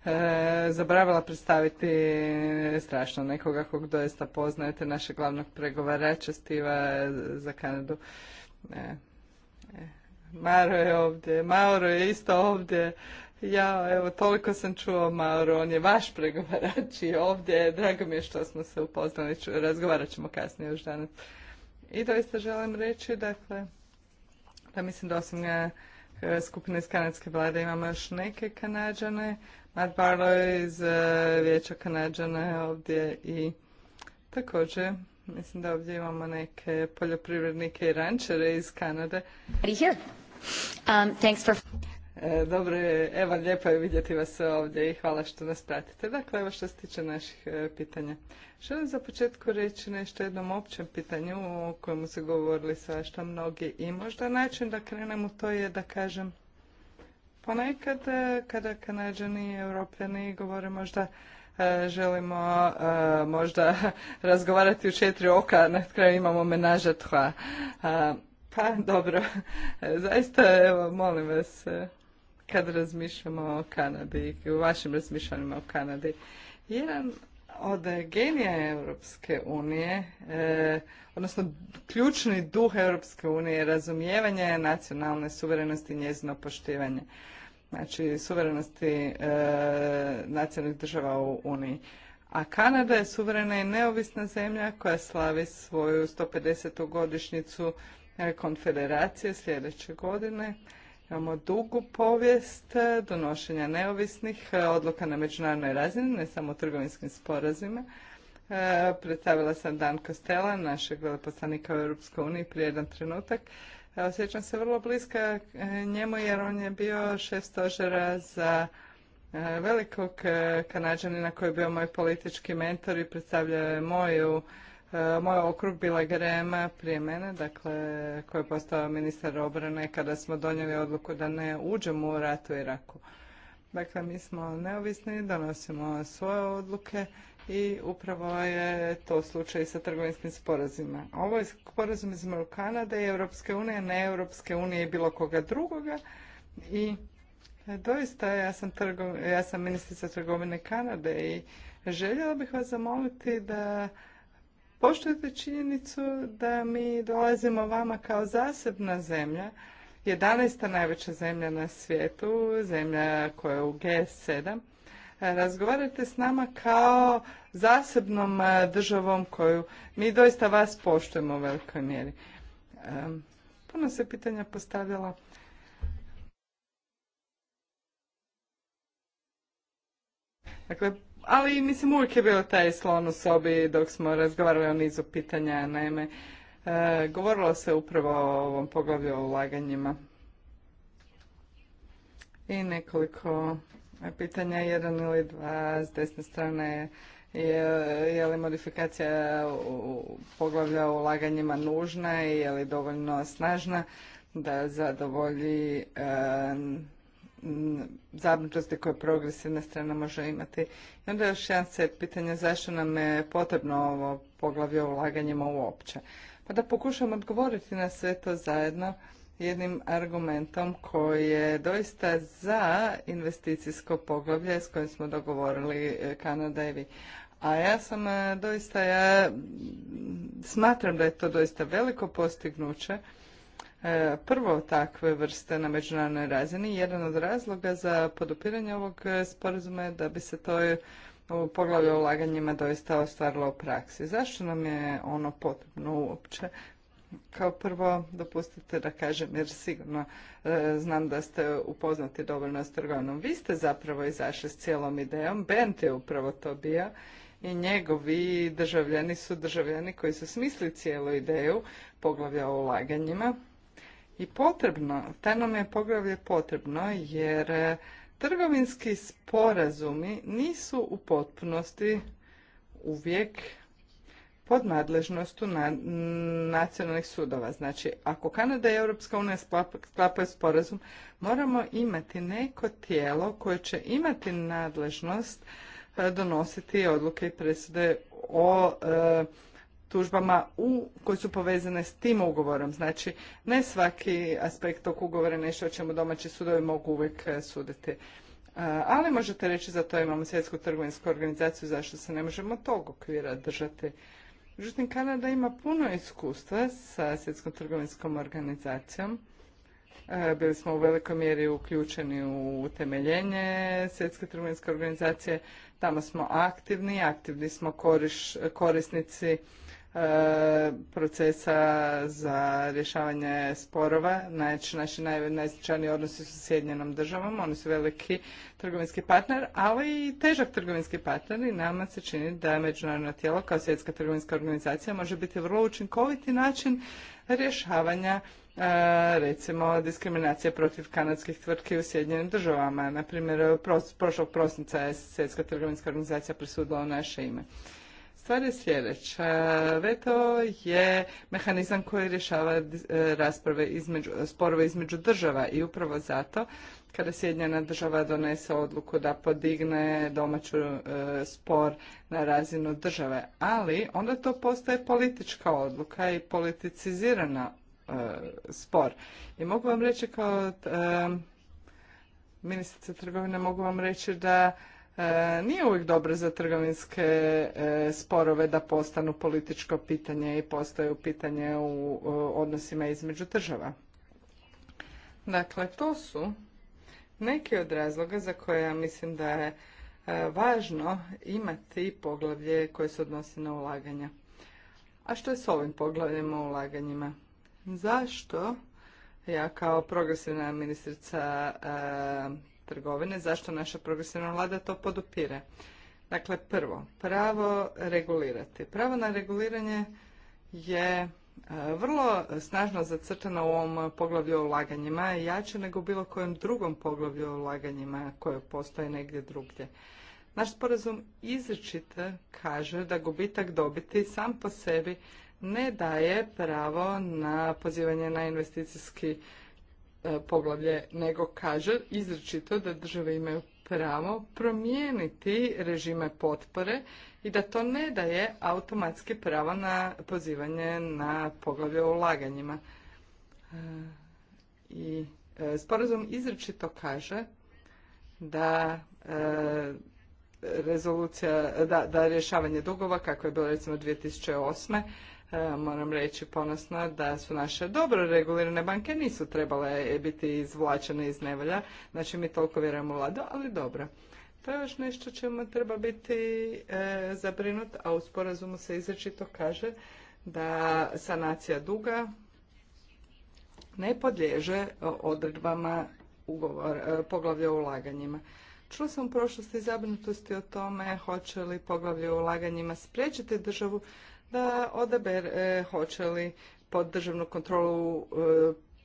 Speaker 3: e, zaboravila predstaviti strašno nekoga kog doista poznajete, našeg glavnog pregovarača Stiva e, za Kanadu. E, Maro je ovdje, Mauro je isto ovdje. Ja, evo, toliko sam čuo Mauro, on je vaš pregovarač i ovdje. Drago mi je što smo se upoznali, razgovarat ćemo kasnije još danas. I doista želim reći, dakle, da mislim da osim E, skupine iz kanadske vlade imamo još neke kanadžane. Matt Barlow iz e, Vijeća kanadžana ovdje i također mislim da ovdje imamo neke poljoprivrednike i rančere iz Kanade. E, dobro je, evo lijepo je vidjeti vas ovdje i hvala što nas pratite. Dakle, evo što se tiče naših e, pitanja. Želim za početku reći nešto jednom općem pitanju o kojemu se govorili svašta mnogi i možda način da krenem u to je da kažem ponekad e, kada kanadžani i europljani govore možda želimo možda (laughs) razgovarati u četiri oka, na kraju imamo menaža tva. pa dobro, (laughs) zaista evo, molim vas, kad razmišljamo o Kanadi i u vašim razmišljanjima o Kanadi. Jedan od genija Europske unije, eh, odnosno ključni duh Europske unije je razumijevanje nacionalne suverenosti i njezino poštivanje. Znači, suverenosti eh, nacionalnih država u Uniji. A Kanada je suverena i neovisna zemlja koja slavi svoju 150. godišnjicu eh, konfederacije sljedeće godine, Imamo dugu povijest donošenja neovisnih e, odluka na međunarodnoj razini, ne samo trgovinskim sporazima. E, predstavila sam Dan Kostela, našeg veleposlanika u Europskoj uniji, prije jedan trenutak. E, osjećam se vrlo bliska njemu jer on je bio šef stožera za velikog kanađanina koji je bio moj politički mentor i predstavljao je moju E, moj okrug bila Grema prije mene, dakle koji je postao ministar obrane kada smo donijeli odluku da ne uđemo u rat u Iraku. Dakle, mi smo neovisni, donosimo svoje odluke i upravo je to slučaj sa trgovinskim sporazima. Ovo je sporazum između Kanade i Europske unije, ne Europske unije i bilo koga drugoga i e, doista ja sam, trgo, ja sam ministrica trgovine Kanade i željela bih vas zamoliti da poštujete činjenicu da mi dolazimo vama kao zasebna zemlja, 11. najveća zemlja na svijetu, zemlja koja je u G7, razgovarate s nama kao zasebnom e, državom koju mi doista vas poštujemo u velikoj mjeri. E, puno se pitanja postavila. Dakle, ali mislim uvijek je bio taj slon u sobi dok smo razgovarali o nizu pitanja. Naime, e, govorilo se upravo o ovom poglavlju o ulaganjima. I nekoliko pitanja, jedan ili dva s desne strane je, je li modifikacija poglavlja o ulaganjima nužna i je li dovoljno snažna da zadovolji e, Mm, zabrinutosti koje progresivna strana može imati. I onda još jedan set pitanja zašto nam je potrebno ovo poglavlje o ulaganjima uopće. Pa da pokušam odgovoriti na sve to zajedno jednim argumentom koji je doista za investicijsko poglavlje s kojim smo dogovorili e, Kanada i vi. A ja sam e, doista, ja mm, smatram da je to doista veliko postignuće E, prvo takve vrste na međunarodnoj razini. Jedan od razloga za podupiranje ovog e, sporazuma je da bi se to e, u poglavlju o ulaganjima doista ostvarilo u praksi. Zašto nam je ono potrebno uopće? Kao prvo, dopustite da kažem, jer sigurno znam da ste upoznati dovoljno s trgovinom. Vi ste zapravo izašli s cijelom idejom, Bent je upravo to bio i njegovi državljeni su državljani koji su smislili cijelu ideju poglavlja o ulaganjima i potrebno, taj nam je poglavlje potrebno jer e, trgovinski sporazumi nisu u potpunosti uvijek pod nadležnostu na, nacionalnih sudova. Znači, ako Kanada i Europska unija sklapaju sporazum, moramo imati neko tijelo koje će imati nadležnost e, donositi odluke i presude o e, tužbama u, koji su povezane s tim ugovorom. Znači, ne svaki aspekt tog ugovora je nešto o čemu domaći sudovi mogu uvijek e, suditi. E, ali možete reći za to imamo svjetsku trgovinsku organizaciju, zašto se ne možemo tog okvira držati. Međutim, Kanada ima puno iskustva sa svjetskom trgovinskom organizacijom. E, bili smo u velikoj mjeri uključeni u utemeljenje svjetske trgovinske organizacije. Tamo smo aktivni, aktivni smo korisnici E, procesa za rješavanje sporova. Znači, naši naj, najznačajniji odnosi su s Sjedinjenom državom, oni su veliki trgovinski partner, ali i težak trgovinski partner i nama se čini da međunarodno tijelo kao svjetska trgovinska organizacija može biti vrlo učinkoviti način rješavanja e, recimo diskriminacije protiv kanadskih tvrtki u Sjedinjenim državama. Naprimjer, prošlog prosinca je Svjetska trgovinska organizacija presudila u naše ime. Stvar je sljedeća. Veto je mehanizam koji rješava eh, rasprave između, sporove između država i upravo zato kada Sjedinjena država donese odluku da podigne domaću eh, spor na razinu države. Ali onda to postaje politička odluka i politicizirana eh, spor. I mogu vam reći kao ministrica trgovine, mogu vam reći da E, nije uvijek dobro za trgovinske e, sporove da postanu političko pitanje i postaju pitanje u odnosima između država. Dakle, to su neki od razloga za koje ja mislim da je e, važno imati poglavlje koje se odnosi na ulaganja. A što je s ovim poglavljem o ulaganjima? Zašto ja kao progresivna ministrica trgovine, zašto naša progresivna vlada to podupire. Dakle, prvo, pravo regulirati. Pravo na reguliranje je e, vrlo snažno zacrtano u ovom poglavlju o ulaganjima, jače nego u bilo kojem drugom poglavlju o ulaganjima koje postoje negdje drugdje. Naš sporazum izričito kaže da gubitak dobiti sam po sebi ne daje pravo na pozivanje na investicijski E, poglavlje, nego kaže izričito da države imaju pravo promijeniti režime potpore i da to ne daje automatski pravo na pozivanje na poglavlje o ulaganjima. E, I e, sporazum izričito kaže da rezolucija, da, da rješavanje dugova, kako je bilo recimo 2008. E, moram reći ponosno da su naše dobro regulirane banke nisu trebale biti izvlačene iz nevolja. Znači mi toliko vjerujemo vladu, ali dobro. To je još nešto čemu treba biti e, zabrinut, a u sporazumu se izrečito kaže da sanacija duga ne podliježe odredbama ugovor, e, poglavlja o ulaganjima. Čula sam u prošlosti zabrinutosti o tome hoće li poglavlje o ulaganjima spriječiti državu da odabere hoće li pod državnu kontrolu e,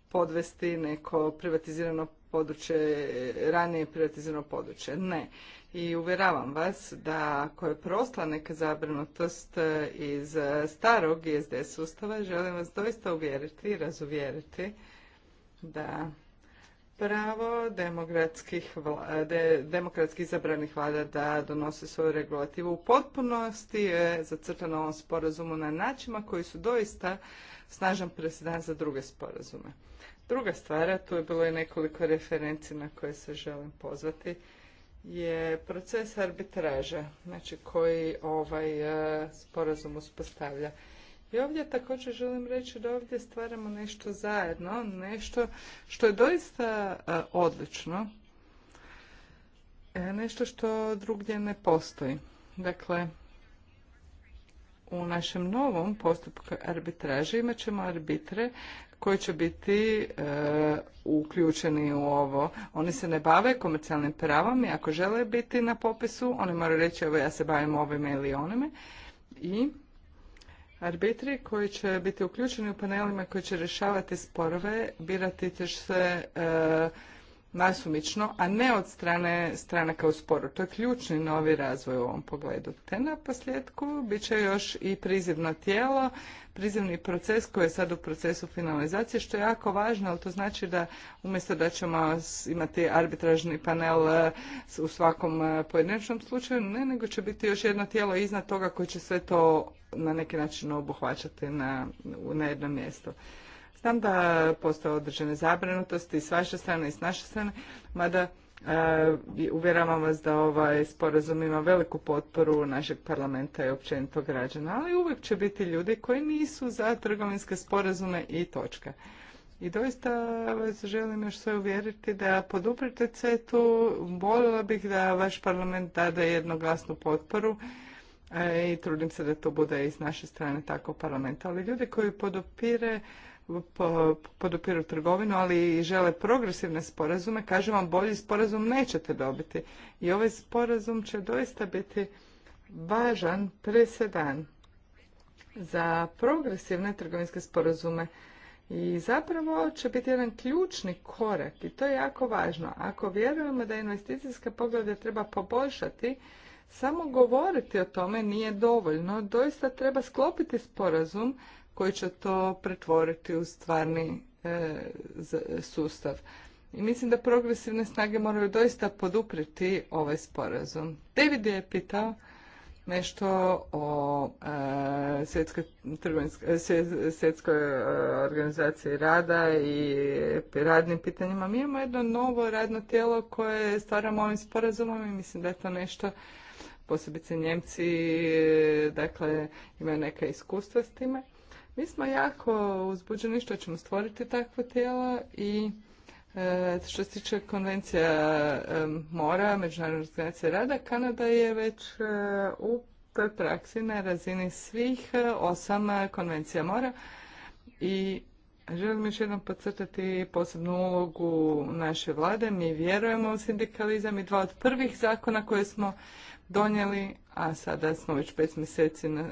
Speaker 3: podvesti neko privatizirano područje, ranije privatizirano područje. Ne. I uvjeravam vas da ako je prosla neka zabrinutost e, iz starog ISD sustava, želim vas doista uvjeriti i razuvjeriti da pravo demokratskih, demokratski izabranih vlada da donose svoju regulativu u potpunosti je zacrtano ovom sporazumu na načinima koji su doista snažan presedan za druge sporazume. Druga stvar, a tu je bilo i nekoliko referenci na koje se želim pozvati, je proces arbitraže, znači koji ovaj eh, sporazum uspostavlja. I ovdje također želim reći da ovdje stvaramo nešto zajedno, nešto što je doista e, odlično, e, nešto što drugdje ne postoji. Dakle, u našem novom postupku arbitraže imat ćemo arbitre koji će biti e, uključeni u ovo. Oni se ne bave komercijalnim pravom i ako žele biti na popisu, oni moraju reći evo ja se bavim ovime ili onime. I Arbitri koji će biti uključeni u panelima koji će rješavati sporove birati će se e, nasumično, a ne od strane stranaka u sporu. To je ključni novi razvoj u ovom pogledu. Te na posljedku bit će još i prizivno tijelo, prizivni proces koji je sad u procesu finalizacije, što je jako važno, ali to znači da umjesto da ćemo imati arbitražni panel e, u svakom e, pojedinačnom slučaju, ne, nego će biti još jedno tijelo iznad toga koje će sve to na neki način obuhvaćati na, jedno mjesto. Znam da postoje određene zabrinutosti s vaše strane i s naše strane, mada e, uvjeravam vas da ovaj sporazum ima veliku potporu našeg parlamenta i općenito građana, ali uvijek će biti ljudi koji nisu za trgovinske sporazume i točka. I doista vas želim još sve uvjeriti da poduprite CETU, voljela bih da vaš parlament dade jednoglasnu potporu E, i trudim se da to bude iz naše strane tako parlamenta. Ali ljudi koji podopire podupiru trgovinu, ali i žele progresivne sporazume, kažem vam, bolji sporazum nećete dobiti. I ovaj sporazum će doista biti važan presedan za progresivne trgovinske sporazume i zapravo će biti jedan ključni korak i to je jako važno. Ako vjerujemo da investicijske poglede treba poboljšati, samo govoriti o tome nije dovoljno, doista treba sklopiti sporazum koji će to pretvoriti u stvarni e, sustav. I mislim da progresivne snage moraju doista poduprijeti ovaj sporazum. David je pitao nešto o e, svjetskoj, e, e, organizaciji rada i radnim pitanjima. Mi imamo jedno novo radno tijelo koje stvaramo ovim sporazumom i mislim da je to nešto posebice Njemci, dakle, imaju neka iskustva s time. Mi smo jako uzbuđeni što ćemo stvoriti takvo tijelo i e, što se tiče konvencija e, mora, međunarodne organizacije rada, Kanada je već e, u toj praksi na razini svih osam konvencija mora i Želim još jednom podcrtati posebnu ulogu naše vlade. Mi vjerujemo u sindikalizam i dva od prvih zakona koje smo donijeli, a sada smo već pet mjeseci na,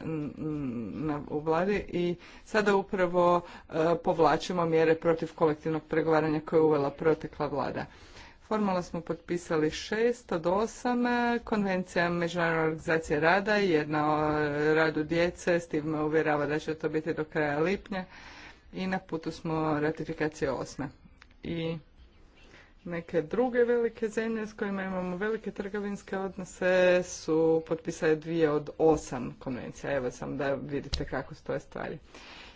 Speaker 3: na, u vladi i sada upravo e, povlačimo mjere protiv kolektivnog pregovaranja koje je uvela protekla vlada. Formalno smo potpisali šest od osam e, konvencija Međunarodne organizacije rada i jedna o e, radu djece, s tim me uvjerava da će to biti do kraja lipnja i na putu smo ratifikacije osme. I Neke druge velike zemlje s kojima imamo velike trgovinske odnose su potpisale dvije od osam konvencija. Evo sam da vidite kako stoje stvari.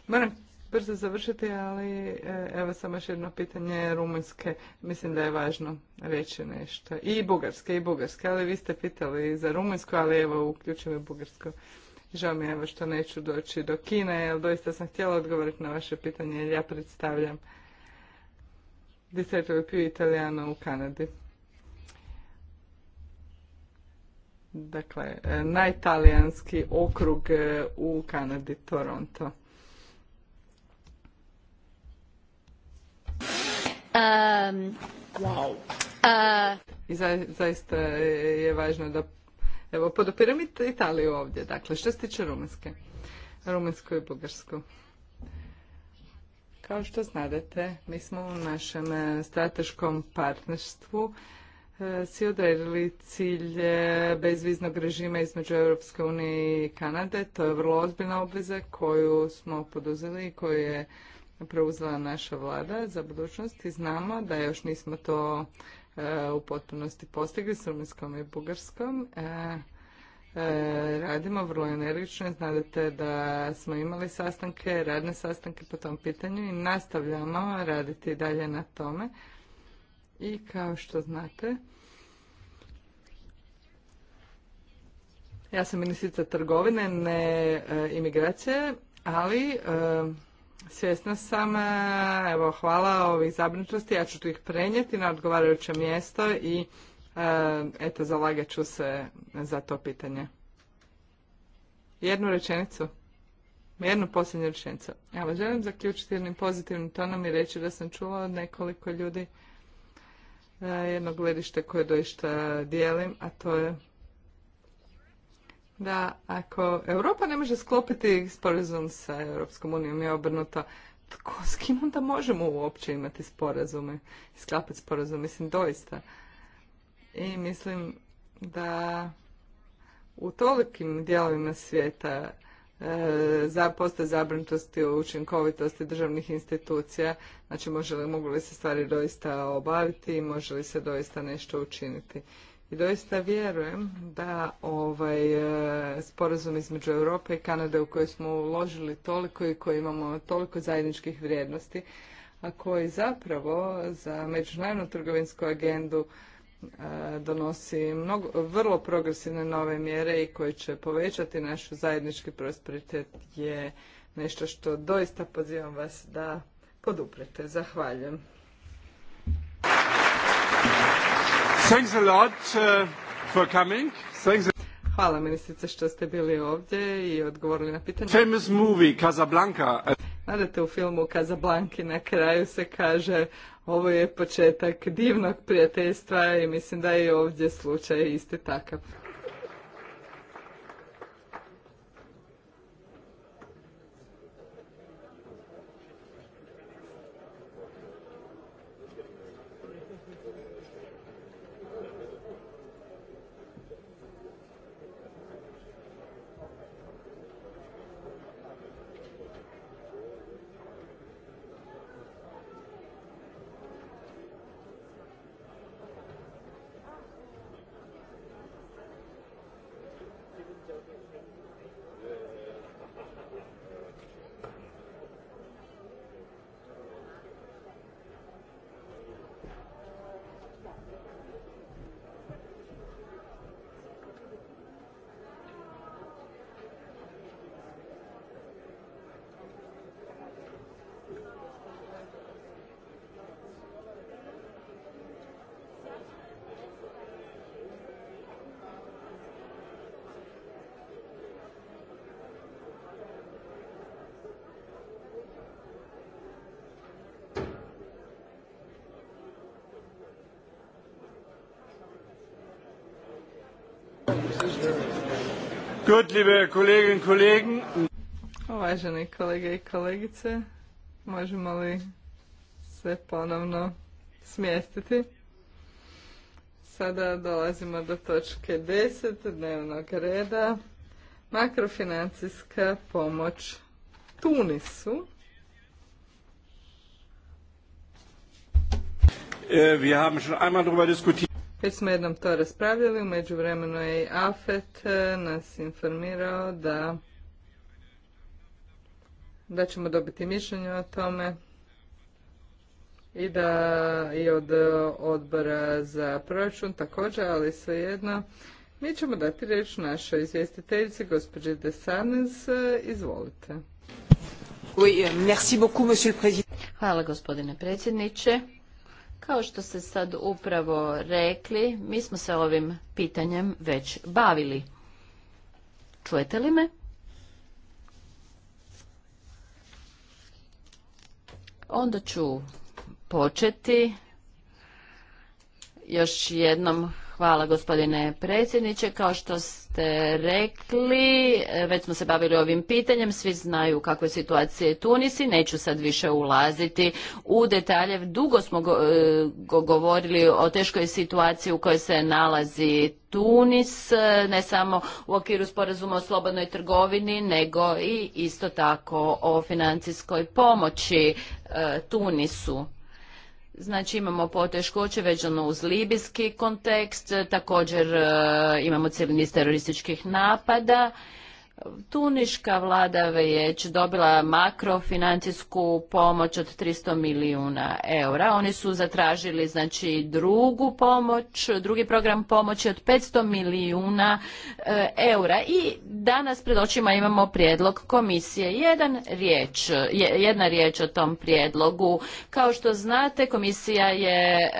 Speaker 3: Moram brzo završiti, ali e, evo samo još jedno pitanje Rumunjske. Mislim da je važno reći nešto. I Bugarske, i Bugarske, ali vi ste pitali za Rumunjsku, ali evo uključivo bugarsku. Žao mi je evo što neću doći do Kine, jer doista sam htjela odgovoriti na vaše pitanje, jer ja predstavljam Distretto più italiano u Kanadi. Dakle, e, najtalijanski okrug e, u Kanadi, Toronto.
Speaker 2: Um, uh,
Speaker 3: I zaista je važno da evo podopiram Italiju ovdje, dakle što se tiče Rumunjske. Rumunjsku i Bugarsko. Kao što znadete, mi smo u našem e, strateškom partnerstvu e, si odredili cilj bezviznog režima između Europske unije i Kanade. To je vrlo ozbiljna obveza koju smo poduzeli i koju je preuzela naša vlada za budućnost i znamo da još nismo to e, u potpunosti postigli s Rumunjskom i Bugarskom. E, radimo vrlo energično. Znadete da smo imali sastanke, radne sastanke po tom pitanju i nastavljamo raditi dalje na tome. I kao što znate, ja sam ministrica trgovine, ne e, imigracije, ali e, svjesna sam, e, evo hvala ovih zabrinutosti, ja ću tu ih prenijeti na odgovarajuće mjesto i E, eto, zalagat ću se za to pitanje. Jednu rečenicu. Jednu posljednju rečenicu. Evo, želim zaključiti jednim pozitivnim tonom i reći da sam čula od nekoliko ljudi e, jedno gledište koje doista dijelim, a to je da ako Europa ne može sklopiti sporazum sa Europskom unijom je obrnuto, tko, s kim onda možemo uopće imati sporazume, sklapati sporazum, mislim doista i mislim da u tolikim dijelovima svijeta e, za postoje zabrinutosti u učinkovitosti državnih institucija, znači mogu li se stvari doista obaviti i može li se doista nešto učiniti. I doista vjerujem da ovaj e, sporazum između Europe i Kanade u koji smo uložili toliko i koji imamo toliko zajedničkih vrijednosti, a koji zapravo za međunarodnu trgovinsku agendu E, donosi mnogo, vrlo progresivne nove mjere i koje će povećati naš zajednički prosperitet je nešto što doista pozivam vas da poduprete. Zahvaljujem. Uh, Hvala ministrice što ste bili ovdje i odgovorili na pitanje. Famous movie Casablanca. Nadate u filmu Kazablanki na kraju se kaže ovo je početak divnog prijateljstva i mislim da je ovdje slučaj isti takav.
Speaker 2: Gut, liebe Kolleginnen und Kollegen.
Speaker 3: Uvaženi kolege i kolegice, možemo li se ponovno smjestiti? Sada dolazimo do točke 10 dnevnog reda. Makrofinancijska pomoć Tunisu.
Speaker 2: Äh, wir haben schon einmal darüber diskutiert.
Speaker 3: Već smo jednom to raspravljali, u međuvremenu je i AFET e, nas informirao da da ćemo dobiti mišljenje o tome i da i od odbora za proračun također, ali svejedno. Mi ćemo dati reč našoj izvjestiteljici, gospođi Desanes, e, izvolite.
Speaker 2: Hvala gospodine predsjedniče. Kao što ste sad upravo rekli, mi smo se ovim pitanjem već bavili. Čujete li me? Onda ću početi još jednom Hvala gospodine predsjedniče. Kao što ste rekli, e, već smo se bavili ovim pitanjem, svi znaju kakva je situacija Tunisi, neću sad više ulaziti u detalje. Dugo smo e, govorili o teškoj situaciji u kojoj se nalazi Tunis, e, ne samo u okviru sporazuma o slobodnoj trgovini, nego i isto tako o financijskoj pomoći Tunisu. Znači imamo poteškoće veđano uz libijski kontekst, također e, imamo cijeli niz terorističkih napada Tuniška vlada već dobila makrofinancijsku pomoć od 300 milijuna eura. Oni su zatražili znači drugu pomoć, drugi program pomoći od 500 milijuna e, eura i danas pred očima imamo prijedlog komisije. Jedan riječ, jedna riječ o tom prijedlogu. Kao što znate komisija je e,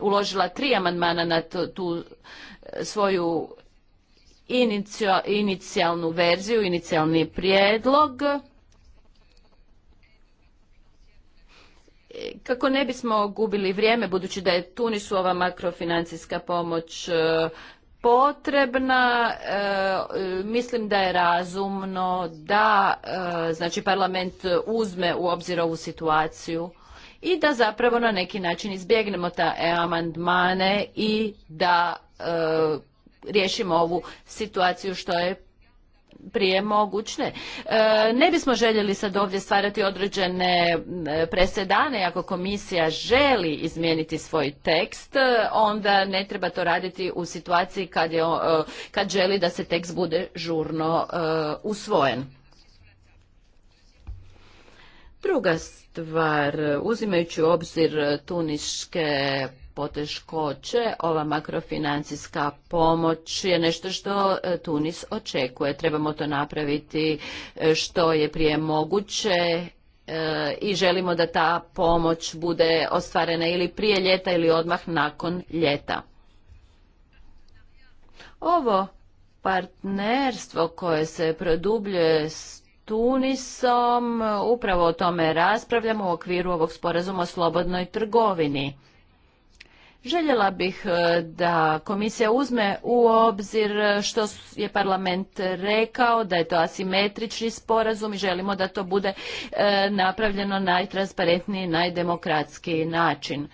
Speaker 2: uložila tri amandmana na tu e, svoju inicijalnu verziju, inicijalni prijedlog. Kako ne bismo gubili vrijeme, budući da je Tunisu ova makrofinancijska pomoć e, potrebna, e, mislim da je razumno da e, znači parlament uzme u obzir ovu situaciju i da zapravo na neki način izbjegnemo ta amandmane i da riješimo ovu situaciju što je prije mogućne. E, ne bismo željeli sad ovdje stvarati određene presedane. Ako komisija želi izmijeniti svoj tekst, onda ne treba to raditi u situaciji kad, je, e, kad želi da se tekst bude žurno e, usvojen. Druga stvar, uzimajući u obzir tuniške poteškoće, ova makrofinancijska pomoć je nešto što e, Tunis očekuje. Trebamo to napraviti e, što je prije moguće e, i želimo da ta pomoć bude ostvarena ili prije ljeta ili odmah nakon ljeta. Ovo partnerstvo koje se produbljuje s Tunisom, upravo o tome raspravljamo u okviru ovog sporazuma o slobodnoj trgovini. Željela bih e, da komisija uzme u obzir e, što je parlament rekao, da je to asimetrični sporazum i želimo da to bude e, napravljeno najtransparentniji, najdemokratski način.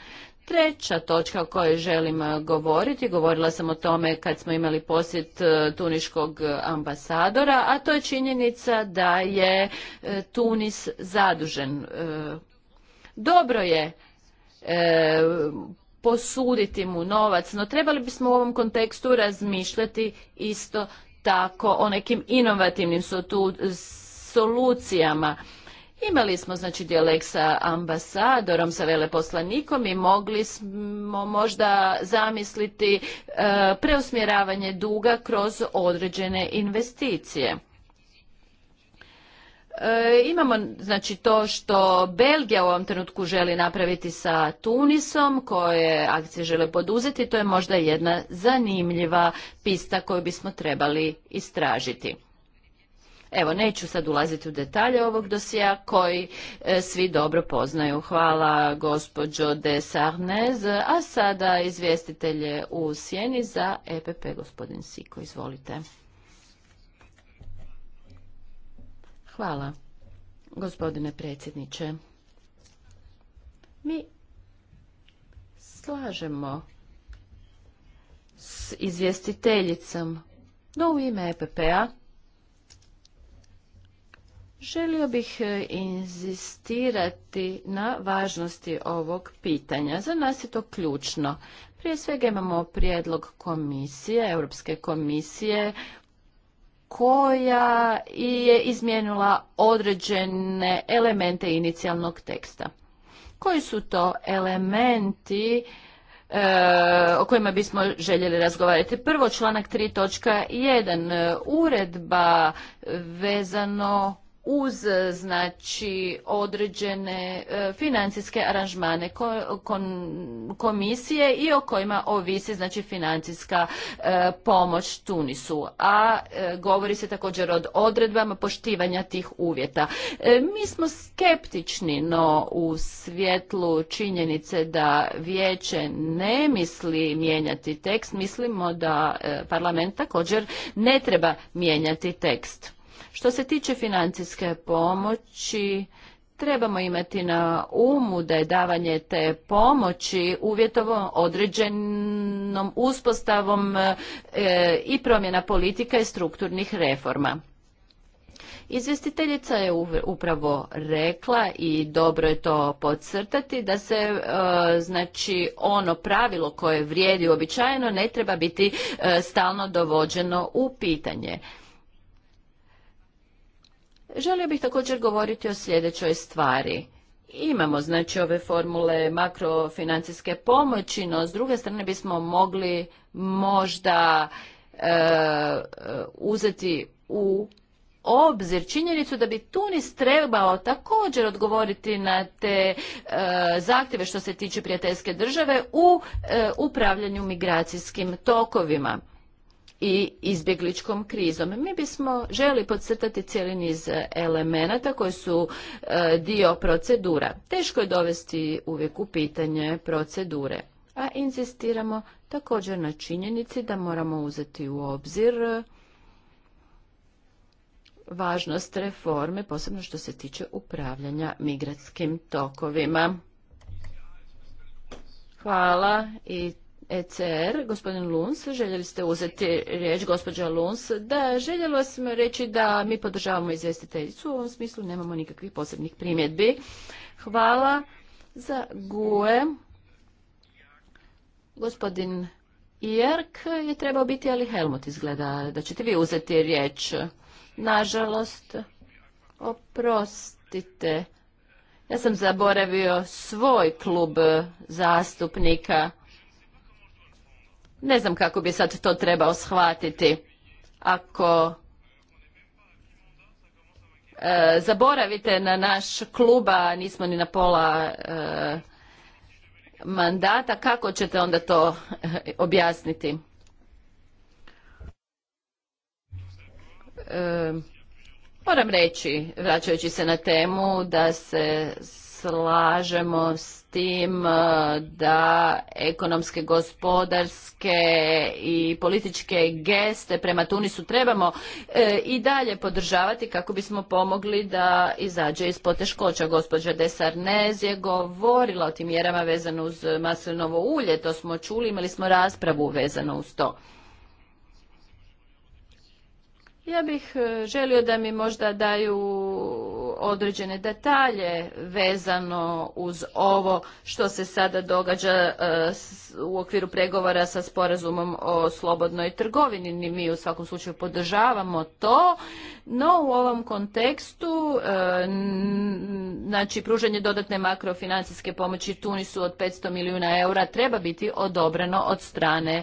Speaker 2: Treća točka o kojoj želim govoriti, govorila sam o tome kad smo imali posjet tuniškog ambasadora, a to je činjenica da je Tunis zadužen. Dobro je posuditi mu novac, no trebali bismo u ovom kontekstu razmišljati isto tako o nekim inovativnim solucijama. Imali smo znači sa ambasadorom, sa veleposlanikom i mogli smo možda zamisliti e, preusmjeravanje duga kroz određene investicije. E, imamo znači to što Belgija u ovom trenutku želi napraviti sa Tunisom, koje akcije žele poduzeti, to je možda jedna zanimljiva pista koju bismo trebali istražiti. Evo, neću sad ulaziti u detalje ovog dosija koji e, svi dobro poznaju. Hvala gospođo de Sarnez, a sada izvjestitelje u Sjeni za EPP, gospodin Siko, izvolite. Hvala, gospodine predsjedniče. Mi slažemo s izvjestiteljicom, no u ime EPP-a Želio bih e, inzistirati na važnosti ovog pitanja. Za nas je to ključno. Prije svega imamo prijedlog komisije, Europske komisije koja je izmijenila određene elemente inicijalnog teksta. Koji su to elementi e, o kojima bismo željeli razgovarati? Prvo članak 3.1. Uredba vezano uz e, znači određene e, financijske aranžmane komisije i o kojima ovisi znači financijska e, pomoć Tunisu a govori se također od odredbama poštivanja tih uvjeta mi smo skeptični no u svjetlu činjenice da vijeće ne misli mijenjati tekst mislimo da parlament također ne treba mijenjati tekst što se tiče financijske pomoći, trebamo imati na umu da je davanje te pomoći uvjetovo određenom uspostavom e, i promjena politika i strukturnih reforma. Izvjestiteljica je upravo rekla i dobro je to podcrtati da se e, znači ono pravilo koje vrijedi uobičajeno ne treba biti e, stalno dovođeno u pitanje. Želio bih također govoriti o sljedećoj stvari. Imamo znači ove formule makrofinancijske pomoći, no s druge strane bismo mogli možda e, uzeti u obzir činjenicu da bi Tunis trebao također odgovoriti na te e, zahtjeve što se tiče prijateljske države u e, upravljanju migracijskim tokovima i izbjegličkom krizom. Mi bismo želi podcrtati cijeli niz elemenata koji su e, dio procedura. Teško je dovesti uvijek u pitanje procedure, a inzistiramo također na činjenici da moramo uzeti u obzir važnost reforme, posebno što se tiče upravljanja migratskim tokovima. Hvala i ECR, gospodin Luns, željeli ste uzeti riječ, gospođa Luns. Da, željela sam reći da mi podržavamo izvjestiteljicu, u ovom smislu nemamo nikakvih posebnih primjedbi. Hvala za GUE. Gospodin Jerk je trebao biti, ali Helmut izgleda da ćete vi uzeti riječ. Nažalost, oprostite. Ja sam zaboravio svoj klub zastupnika. Ne znam kako bi sad to trebao shvatiti. Ako e, zaboravite na naš kluba, nismo ni na pola e, mandata, kako ćete onda to e, objasniti? E, moram reći, vraćajući se na temu, da se slažemo s tim e, da ekonomske, gospodarske i političke geste prema Tunisu trebamo e, i dalje podržavati kako bismo pomogli da izađe iz poteškoća. Gospođa Desarnez je govorila o tim mjerama vezano uz maslinovo ulje, to smo čuli, imali smo raspravu vezano uz to. Ja bih e, želio da mi možda daju određene detalje vezano uz ovo što se sada događa e, u okviru pregovora sa sporazumom o slobodnoj trgovini. Mi u svakom slučaju podržavamo to, no u ovom kontekstu e, znači pružanje dodatne makrofinancijske pomoći Tunisu od 500 milijuna eura treba biti odobreno od strane e,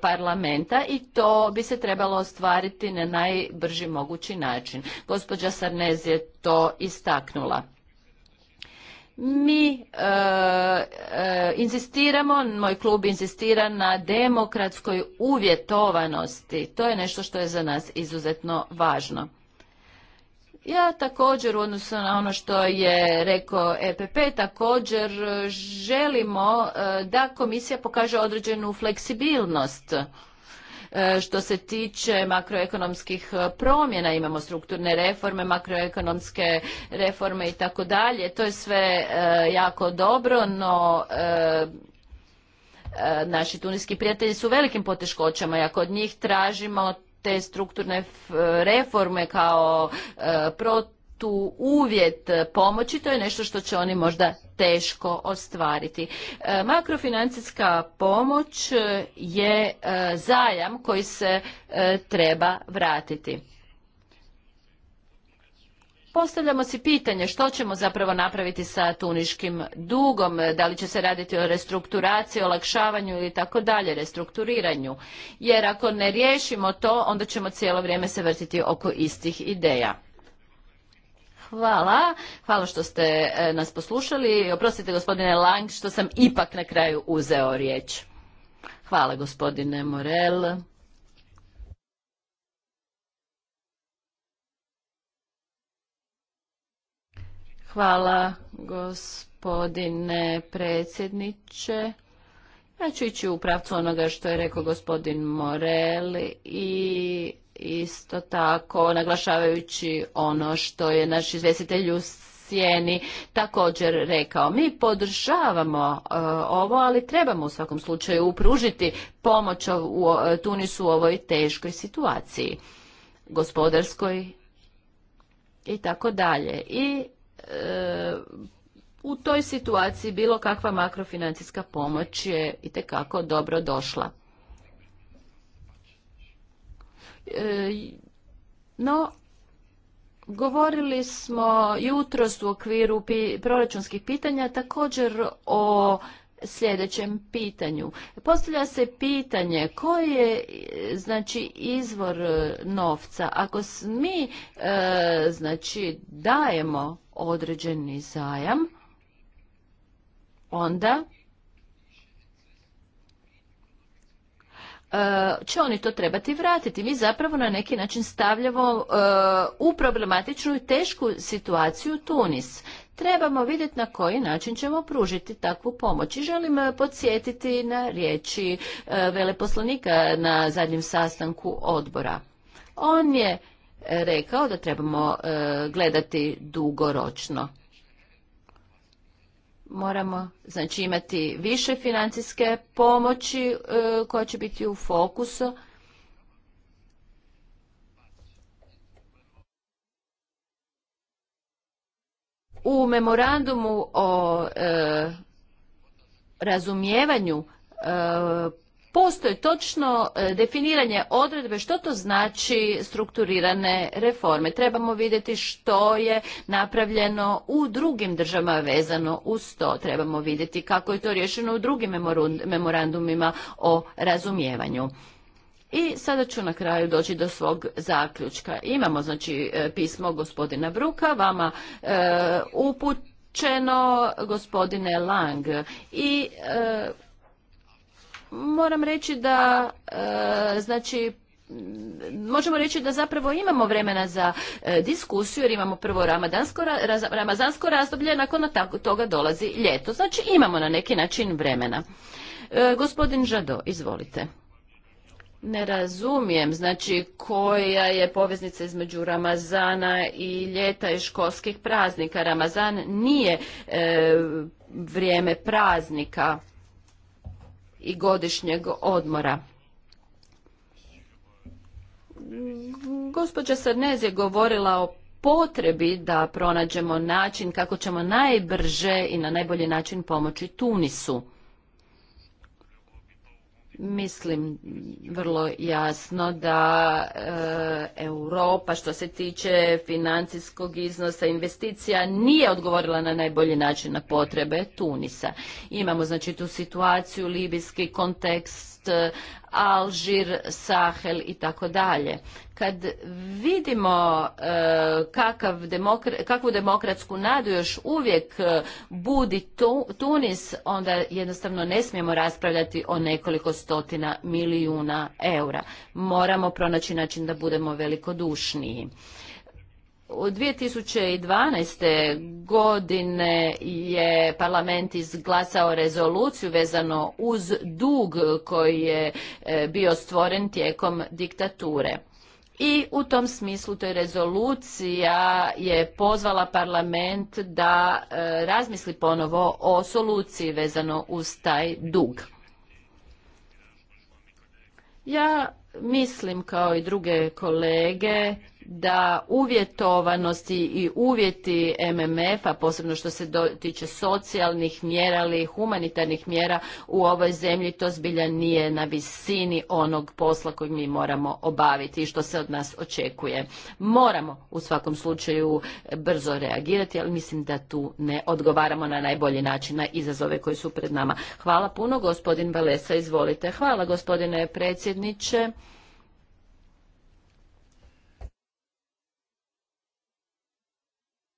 Speaker 2: parlamenta i to bi se trebalo ostvariti na najbrži mogući način. Gospođa Sarnez je to istaknula. Mi e, e, inzistiramo, moj klub inzistira na demokratskoj uvjetovanosti. To je nešto što je za nas izuzetno važno. Ja također u odnosu na ono što je rekao EPP, također želimo e, da komisija pokaže određenu fleksibilnost E, što se tiče makroekonomskih e, promjena, imamo strukturne reforme, makroekonomske reforme i tako dalje. To je sve e, jako dobro, no naši tunijski prijatelji su u velikim poteškoćama i ako od njih tražimo te strukturne reforme kao tu uvjet pomoći, to je nešto što će oni možda teško ostvariti. E, makrofinancijska pomoć je e, zajam koji se e, treba vratiti. Postavljamo si pitanje što ćemo zapravo napraviti sa tuniškim dugom, da li će se raditi o restrukturaciji, olakšavanju ili tako dalje, restrukturiranju. Jer ako ne riješimo to, onda ćemo cijelo vrijeme se vrtiti oko istih ideja. Hvala. Hvala što ste e, nas poslušali. Oprostite gospodine Lang što sam ipak na kraju uzeo riječ. Hvala gospodine Morel. Hvala gospodine predsjedniče. Ja ću ići u pravcu onoga što je rekao gospodin Morel i isto tako naglašavajući ono što je naš izvjestitelj u sjeni također rekao. Mi podržavamo e, ovo, ali trebamo u svakom slučaju upružiti pomoć u e, Tunisu u ovoj teškoj situaciji gospodarskoj i tako dalje. I e, u toj situaciji bilo kakva makrofinancijska pomoć je itekako dobro došla. E, no, govorili smo jutros u okviru proračunskih pitanja također o sljedećem pitanju. Postavlja se pitanje koji je znači izvor novca. Ako mi e, znači dajemo određeni zajam, onda E, će oni to trebati vratiti. Mi zapravo na neki način stavljamo e, u problematičnu i tešku situaciju Tunis. Trebamo vidjeti na koji način ćemo pružiti takvu pomoć. I želim e, podsjetiti na riječi veleposlanika na zadnjem sastanku odbora. On je rekao da trebamo gledati dugoročno moramo znači imati više financijske pomoći e, koja će biti u fokusu u memorandumu o e, razumijevanju e, postoje točno e, definiranje odredbe što to znači strukturirane reforme. Trebamo vidjeti što je napravljeno u drugim državama vezano uz to. Trebamo vidjeti kako je to rješeno u drugim memorandumima o razumijevanju. I sada ću na kraju doći do svog zaključka. Imamo znači e, pismo gospodina Bruka, vama e, upućeno gospodine Lang i moram reći da e, znači možemo reći da zapravo imamo vremena za e, diskusiju jer imamo prvo ramadansko, raz, ramazansko razdoblje, nakon toga dolazi ljeto. Znači imamo na neki način vremena. E, gospodin Žado, izvolite. Ne razumijem, znači koja je poveznica između Ramazana i ljeta i školskih praznika. Ramazan nije e, vrijeme praznika i godišnjeg odmora. Gospođa Sarnez je govorila o potrebi da pronađemo način kako ćemo najbrže i na najbolji način pomoći Tunisu. Mislim vrlo jasno da e, Europa što se tiče financijskog iznosa investicija nije odgovorila na najbolji način na potrebe Tunisa. Imamo znači tu situaciju, libijski kontekst, E, Alžir, Sahel i tako dalje. Kad vidimo e, kakav kakvu demokratsku nadu još uvijek e, budi Tunis, onda jednostavno ne smijemo raspravljati o nekoliko stotina milijuna eura. Moramo pronaći način da budemo velikodušniji. U 2012. godine je parlament izglasao rezoluciju vezano uz dug koji je e, bio stvoren tijekom diktature. I u tom smislu to rezolucija je pozvala parlament da e, razmisli ponovo o soluciji vezano uz taj dug. Ja mislim kao i druge kolege da uvjetovanosti i uvjeti MMF-a, posebno što se tiče socijalnih mjera ili humanitarnih mjera u ovoj zemlji, to zbilja nije na visini onog posla koji mi moramo obaviti i što se od nas očekuje. Moramo u svakom slučaju brzo reagirati, ali mislim da tu ne odgovaramo na najbolji način na izazove koji su pred nama. Hvala puno, gospodin Balesa, izvolite. Hvala, gospodine predsjedniče.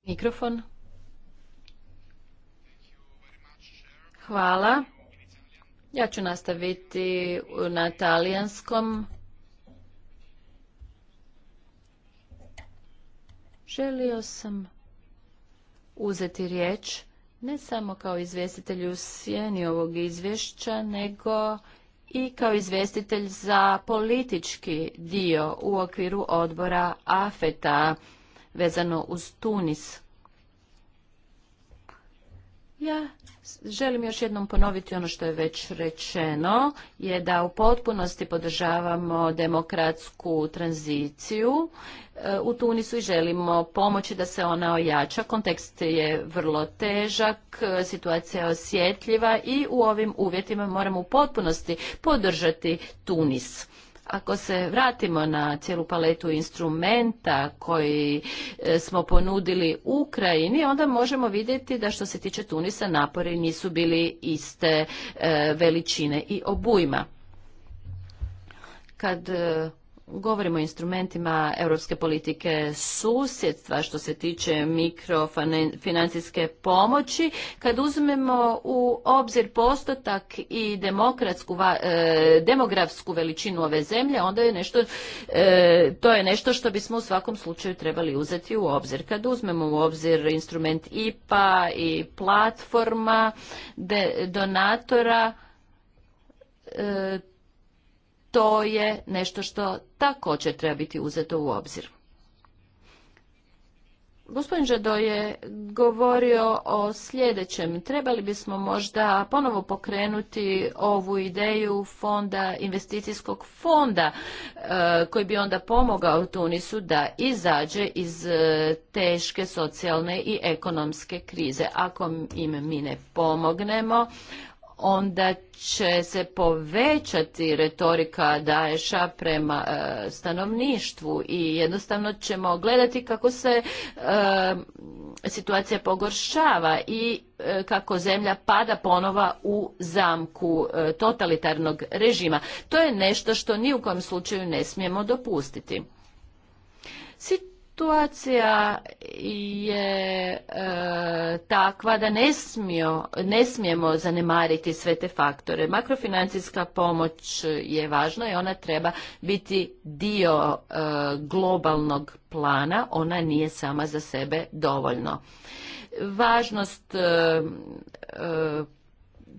Speaker 2: Mikrofon. Hvala. Ja ću nastaviti na talijanskom. Želio sam uzeti riječ ne samo kao izvjestitelj u sjeni ovog izvješća, nego i kao izvjestitelj za politički dio u okviru odbora AFETA vezano uz Tunis. Ja želim još jednom ponoviti ono što je već rečeno, je da u potpunosti podržavamo demokratsku tranziciju e, u Tunisu i želimo pomoći da se ona ojača. Kontekst je vrlo težak, e, situacija je osjetljiva i u ovim uvjetima moramo u potpunosti podržati Tunis. Ako se vratimo na cijelu paletu instrumenta koji e, smo ponudili Ukrajini, onda možemo vidjeti da što se tiče Tunisa napori nisu bili iste e, veličine i obujma. Kad e, govorimo o instrumentima europske politike susjedstva što se tiče mikrofinancijske pomoći, kad uzmemo u obzir postotak i demokratsku, e, demografsku veličinu ove zemlje, onda je nešto, e, to je nešto što bismo u svakom slučaju trebali uzeti u obzir. Kad uzmemo u obzir instrument IPA i platforma donatora, e, to je nešto što također treba biti uzeto u obzir. Gospodin Žado je govorio o sljedećem. Trebali bismo možda ponovo pokrenuti ovu ideju fonda, investicijskog fonda e, koji bi onda pomogao Tunisu da izađe iz e, teške socijalne i ekonomske krize. Ako im mi ne pomognemo, onda će se povećati retorika Daesha prema e, stanovništvu i jednostavno ćemo gledati kako se e, situacija pogoršava i e, kako zemlja pada ponova u zamku totalitarnog režima. To je nešto što ni u kojem slučaju ne smijemo dopustiti. sit situacija je e, takva da ne, smijemo zanemariti sve te faktore. Makrofinancijska pomoć je važna i ona treba biti dio e, globalnog plana, ona nije sama za sebe dovoljno. Važnost e,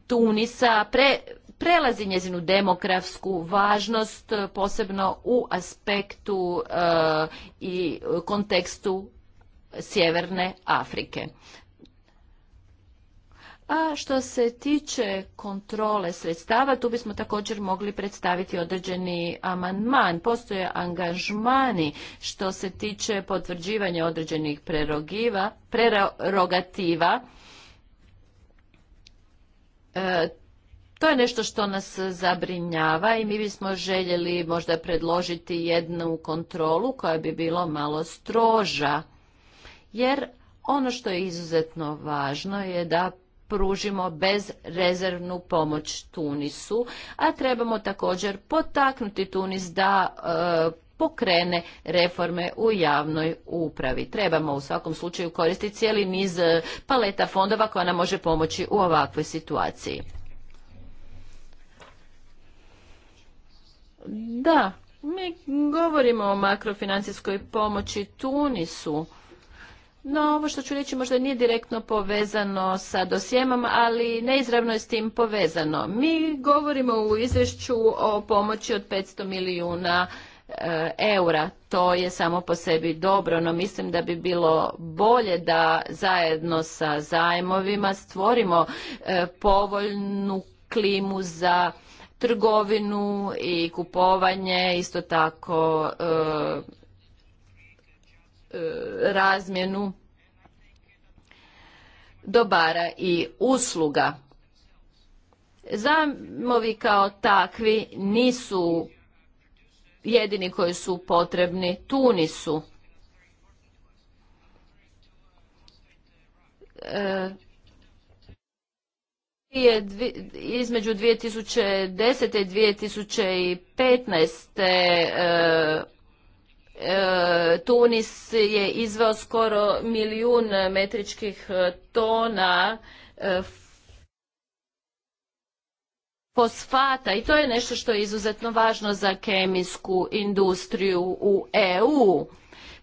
Speaker 2: Tunisa pre prelazi njezinu demografsku važnost, e, posebno u aspektu e, i kontekstu Sjeverne Afrike. A što se tiče kontrole sredstava, tu bismo također mogli predstaviti određeni amandman. Postoje angažmani što se tiče potvrđivanja određenih prerogativa. E, to je nešto što nas zabrinjava i mi bismo željeli možda predložiti jednu kontrolu koja bi bilo malo stroža. Jer ono što je izuzetno važno je da pružimo bezrezervnu pomoć Tunisu, a trebamo također potaknuti Tunis da e, pokrene reforme u javnoj upravi. Trebamo u svakom slučaju koristiti cijeli niz paleta fondova koja nam može pomoći u ovakvoj situaciji. Da, mi govorimo o makrofinancijskoj pomoći Tunisu. No, ovo što ću reći možda nije direktno povezano sa dosjemom, ali neizravno je s tim povezano. Mi govorimo u izvješću o pomoći od 500 milijuna e, eura. To je samo po sebi dobro, no mislim da bi bilo bolje da zajedno sa zajmovima stvorimo e, povoljnu klimu za trgovinu i kupovanje, isto tako e, e, razmjenu dobara i usluga. Zamovi kao takvi nisu jedini koji su potrebni Tunisu. nisu e, je između 2010. i 2015. E, e, Tunis je izveo skoro milijun metričkih e, tona fosfata i to je nešto što je izuzetno važno za kemijsku industriju u EU.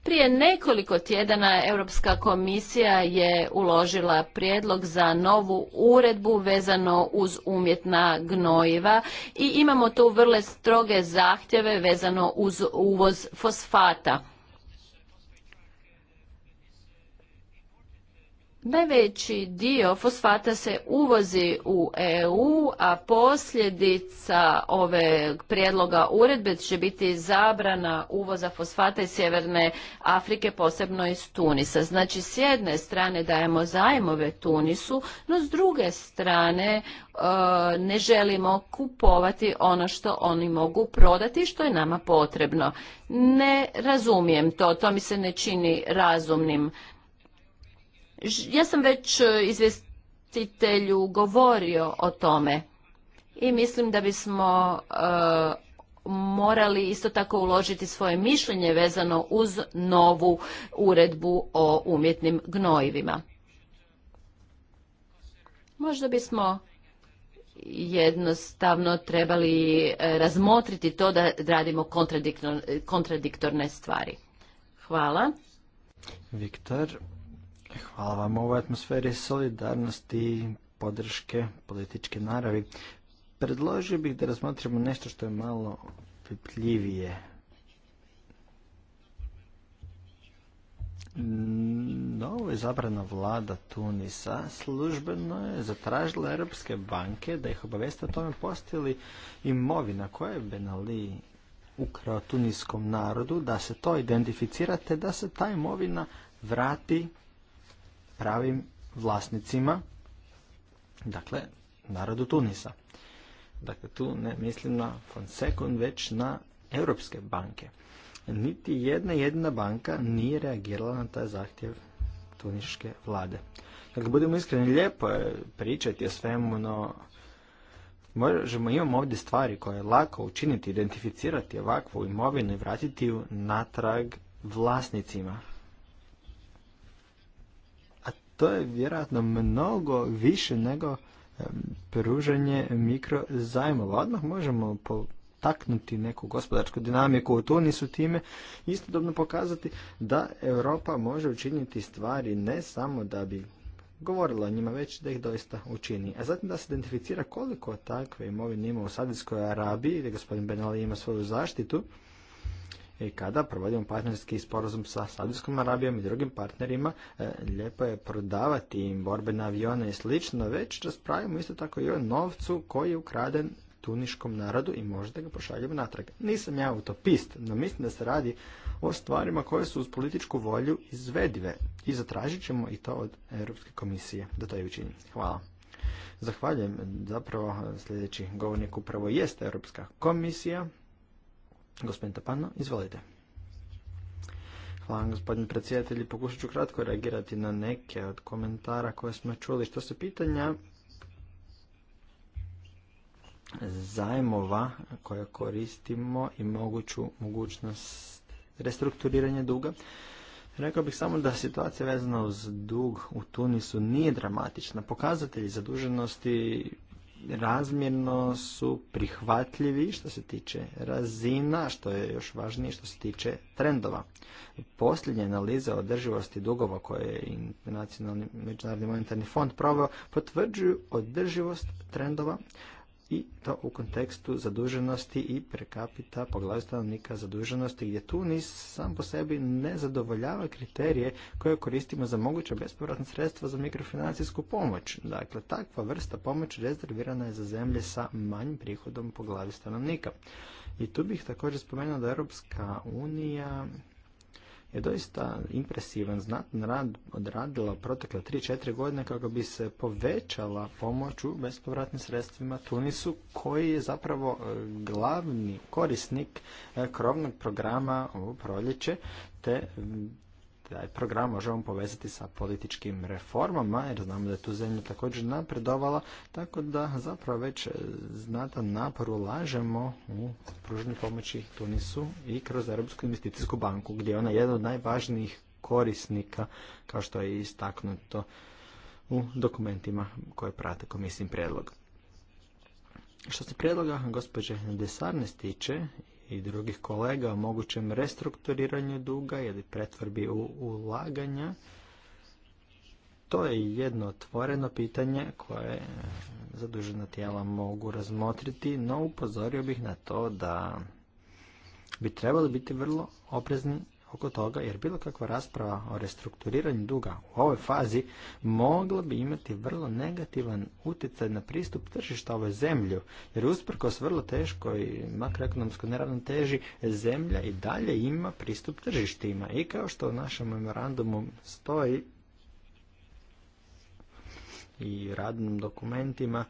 Speaker 2: Prije nekoliko tjedana Europska komisija je uložila prijedlog za novu uredbu vezano uz umjetna gnojiva i imamo tu vrlo stroge zahtjeve vezano uz uvoz fosfata. Najveći dio fosfata se uvozi u EU, a posljedica ove prijedloga uredbe će biti zabrana uvoza fosfata iz Sjeverne Afrike, posebno iz Tunisa. Znači, s jedne strane dajemo zajmove Tunisu, no s druge strane e, ne želimo kupovati ono što oni mogu prodati i što je nama potrebno. Ne razumijem to, to mi se ne čini razumnim. Ja sam već e, izvjestitelju govorio o tome i mislim da bismo e, morali isto tako uložiti svoje mišljenje vezano uz novu uredbu o umjetnim gnojivima. Možda bismo jednostavno trebali e, razmotriti to da radimo kontradiktorne stvari. Hvala.
Speaker 1: Viktor. Hvala vam ovoj atmosferi solidarnosti i podrške političke naravi. Predložio bih da razmotrimo nešto što je malo pipljivije. Novo izabrana vlada Tunisa službeno je zatražila Europske banke da ih obaveste o tome postoji li imovina koja je Ali ukrao tuniskom narodu, da se to identificirate, da se ta imovina vrati pravim vlasnicima, dakle, narodu Tunisa. Dakle, tu ne mislim na Fonsekon, već na europske banke. Niti jedna jedina banka nije reagirala na taj zahtjev tuniške vlade. Dakle, budemo iskreni, lijepo je pričati o svemu, no možemo, imamo ovdje stvari koje je lako učiniti, identificirati ovakvu imovinu i vratiti ju natrag vlasnicima to je vjerojatno mnogo više nego pružanje mikrozajmova. Odmah možemo potaknuti neku gospodarsku dinamiku u Tunisu time istodobno pokazati da Europa može učiniti stvari ne samo da bi govorila o njima već da ih doista učini. A zatim da se identificira koliko takve imovine ima u Sadijskoj Arabiji, gdje gospodin Benali ima svoju zaštitu, i kada provodimo partnerski sporazum sa Saudijskom Arabijom i drugim partnerima, e, lijepo je prodavati im borbene avione i slično, već raspravimo isto tako i o novcu koji je ukraden tuniškom narodu i možda ga pošaljemo natrag. Nisam ja utopist, no mislim da se radi o stvarima koje su uz političku volju izvedive i zatražit ćemo i to od Europske komisije da to je učini. Hvala. Zahvaljujem. Zapravo sljedeći govornik upravo jest Europska komisija. Gospodin Tapano, izvolite. Hvala gospodin predsjedatelji. Pokušat ću kratko reagirati na neke od komentara koje smo čuli. Što se pitanja zajmova koje koristimo i moguću mogućnost restrukturiranja duga. Rekao bih samo da situacija vezana uz dug u Tunisu nije dramatična. Pokazatelji zaduženosti razmjerno su prihvatljivi što se tiče razina, što je još važnije što se tiče trendova. Posljednja analiza održivosti dugova koje je nacionalni međunarodni monetarni fond proveo potvrđuju održivost trendova i to u kontekstu zaduženosti i prekapita po glavi stanovnika zaduženosti gdje tu sam po sebi ne zadovoljava kriterije koje koristimo za moguće bespovratna sredstva za mikrofinancijsku pomoć. Dakle, takva vrsta pomoći rezervirana je za zemlje sa manjim prihodom po glavi stanovnika. I tu bih također spomenuo da Europska unija je doista impresivan, znatan rad odradila protekle 3-4 godine kako bi se povećala pomoć u bespovratnim sredstvima Tunisu koji je zapravo e, glavni korisnik e, krovnog programa u proljeće te taj program možemo povezati sa političkim reformama, jer znamo da je tu zemlja također napredovala, tako da zapravo već e, znatan napor ulažemo u pružnju pomoći Tunisu i kroz Europsku investicijsku banku, gdje je ona jedna od najvažnijih korisnika, kao što je istaknuto u dokumentima koje prate komisijim prijedlog. Što se prijedloga gospođe Desarne stiče i drugih kolega o mogućem restrukturiranju duga ili pretvorbi u ulaganja. To je jedno otvoreno pitanje koje zadužena tijela mogu razmotriti, no upozorio bih na to da bi trebali biti vrlo oprezni oko toga jer bilo kakva rasprava o restrukturiranju duga u ovoj fazi mogla bi imati vrlo negativan utjecaj na pristup tržišta ovoj zemlju jer usprkos vrlo teškoj makroekonomskoj neravnoteži zemlja i dalje ima pristup tržištima i kao što u našem memorandumu stoji i radnim dokumentima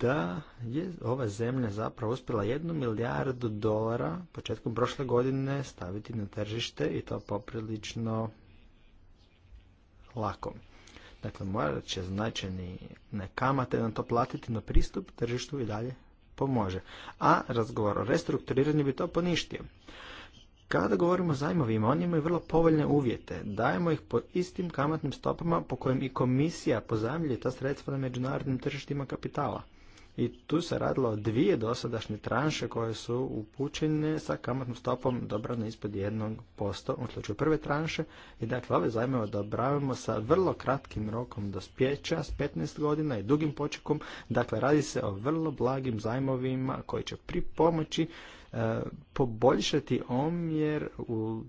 Speaker 1: da je ova zemlja zapravo uspjela jednu milijardu dolara početkom prošle godine staviti na tržište i to poprilično lako. Dakle, morat će značajni ne kamate na to platiti, no pristup tržištu i dalje pomože. A razgovor o restrukturiranju bi to poništio. Kada govorimo o zajmovima, oni imaju vrlo povoljne uvjete. Dajemo ih po istim kamatnim stopama po kojim i komisija pozajmljuje ta sredstva na međunarodnim tržištima kapitala. I tu se radilo o dvije dosadašnje tranše koje su upućene sa kamatnom stopom dobrano ispod 1% u slučaju prve tranše. I dakle, ove zajme odobravamo sa vrlo kratkim rokom dospjeća s 15 godina i dugim počekom. Dakle, radi se o vrlo blagim zajmovima koji će pripomoći poboljšati omjer u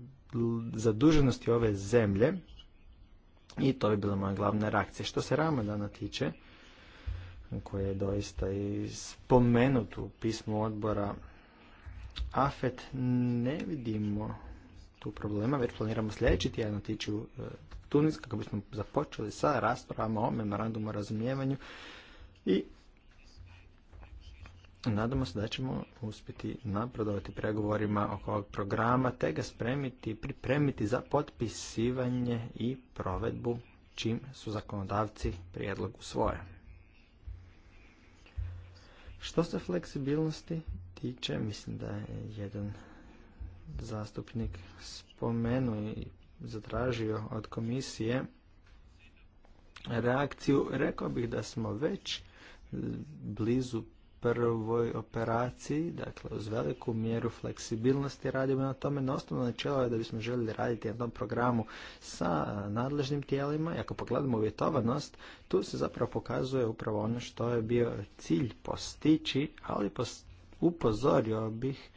Speaker 1: zaduženosti ove zemlje i to je bila moja glavna reakcija. Što se Ramadana tiče, koje je doista i spomenut u pismu odbora AFET, ne vidimo tu problema, već planiramo sljedeći tjedan tiču u e, Tunis kako bismo započeli sa raspravama o memorandumu o razumijevanju i Nadamo se da ćemo uspjeti napredovati pregovorima oko ovog programa, te ga spremiti i pripremiti za potpisivanje i provedbu čim su zakonodavci prijedlog svoje. Što se fleksibilnosti tiče, mislim da je jedan zastupnik spomenuo i zatražio od komisije reakciju, rekao bih da smo već blizu prvoj operaciji, dakle uz veliku mjeru fleksibilnosti radimo na tome, na osnovno načelo je da bismo željeli raditi na programu sa nadležnim tijelima i ako pogledamo uvjetovanost, tu se zapravo pokazuje upravo ono što je bio cilj postići, ali upozorio bih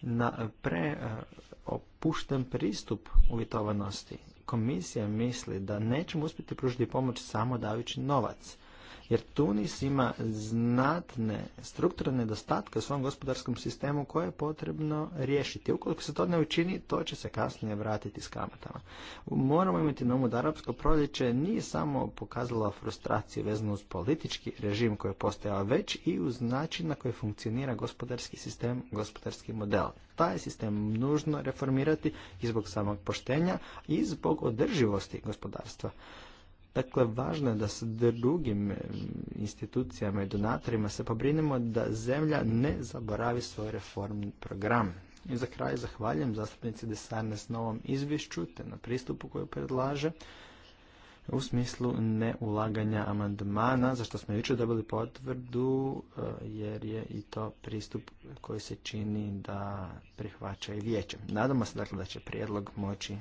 Speaker 1: na preopušten pristup uvjetovanosti. Komisija misli da nećemo uspjeti pružiti pomoć samo dajući novac jer Tunis ima znatne strukturne nedostatke u svom gospodarskom sistemu koje je potrebno riješiti. Ukoliko se to ne učini, to će se kasnije vratiti s kamatama. Moramo imati na umu da arapsko proljeće nije samo pokazalo frustraciju vezano uz politički režim koji je postojao, već i uz način na koji funkcionira gospodarski sistem, gospodarski model. Taj sistem nužno reformirati i zbog samog poštenja i zbog održivosti gospodarstva. Dakle, važno je da sa drugim institucijama i donatorima se pobrinemo da zemlja ne zaboravi svoj reformni program. I za kraj zahvaljujem zastupnici Desarne s novom izvješću te na pristupu koju predlaže u smislu neulaganja amandmana, za što smo jučer dobili potvrdu, e, jer je i to pristup koji se čini da prihvaća i vijeće. Nadamo se dakle da će prijedlog moći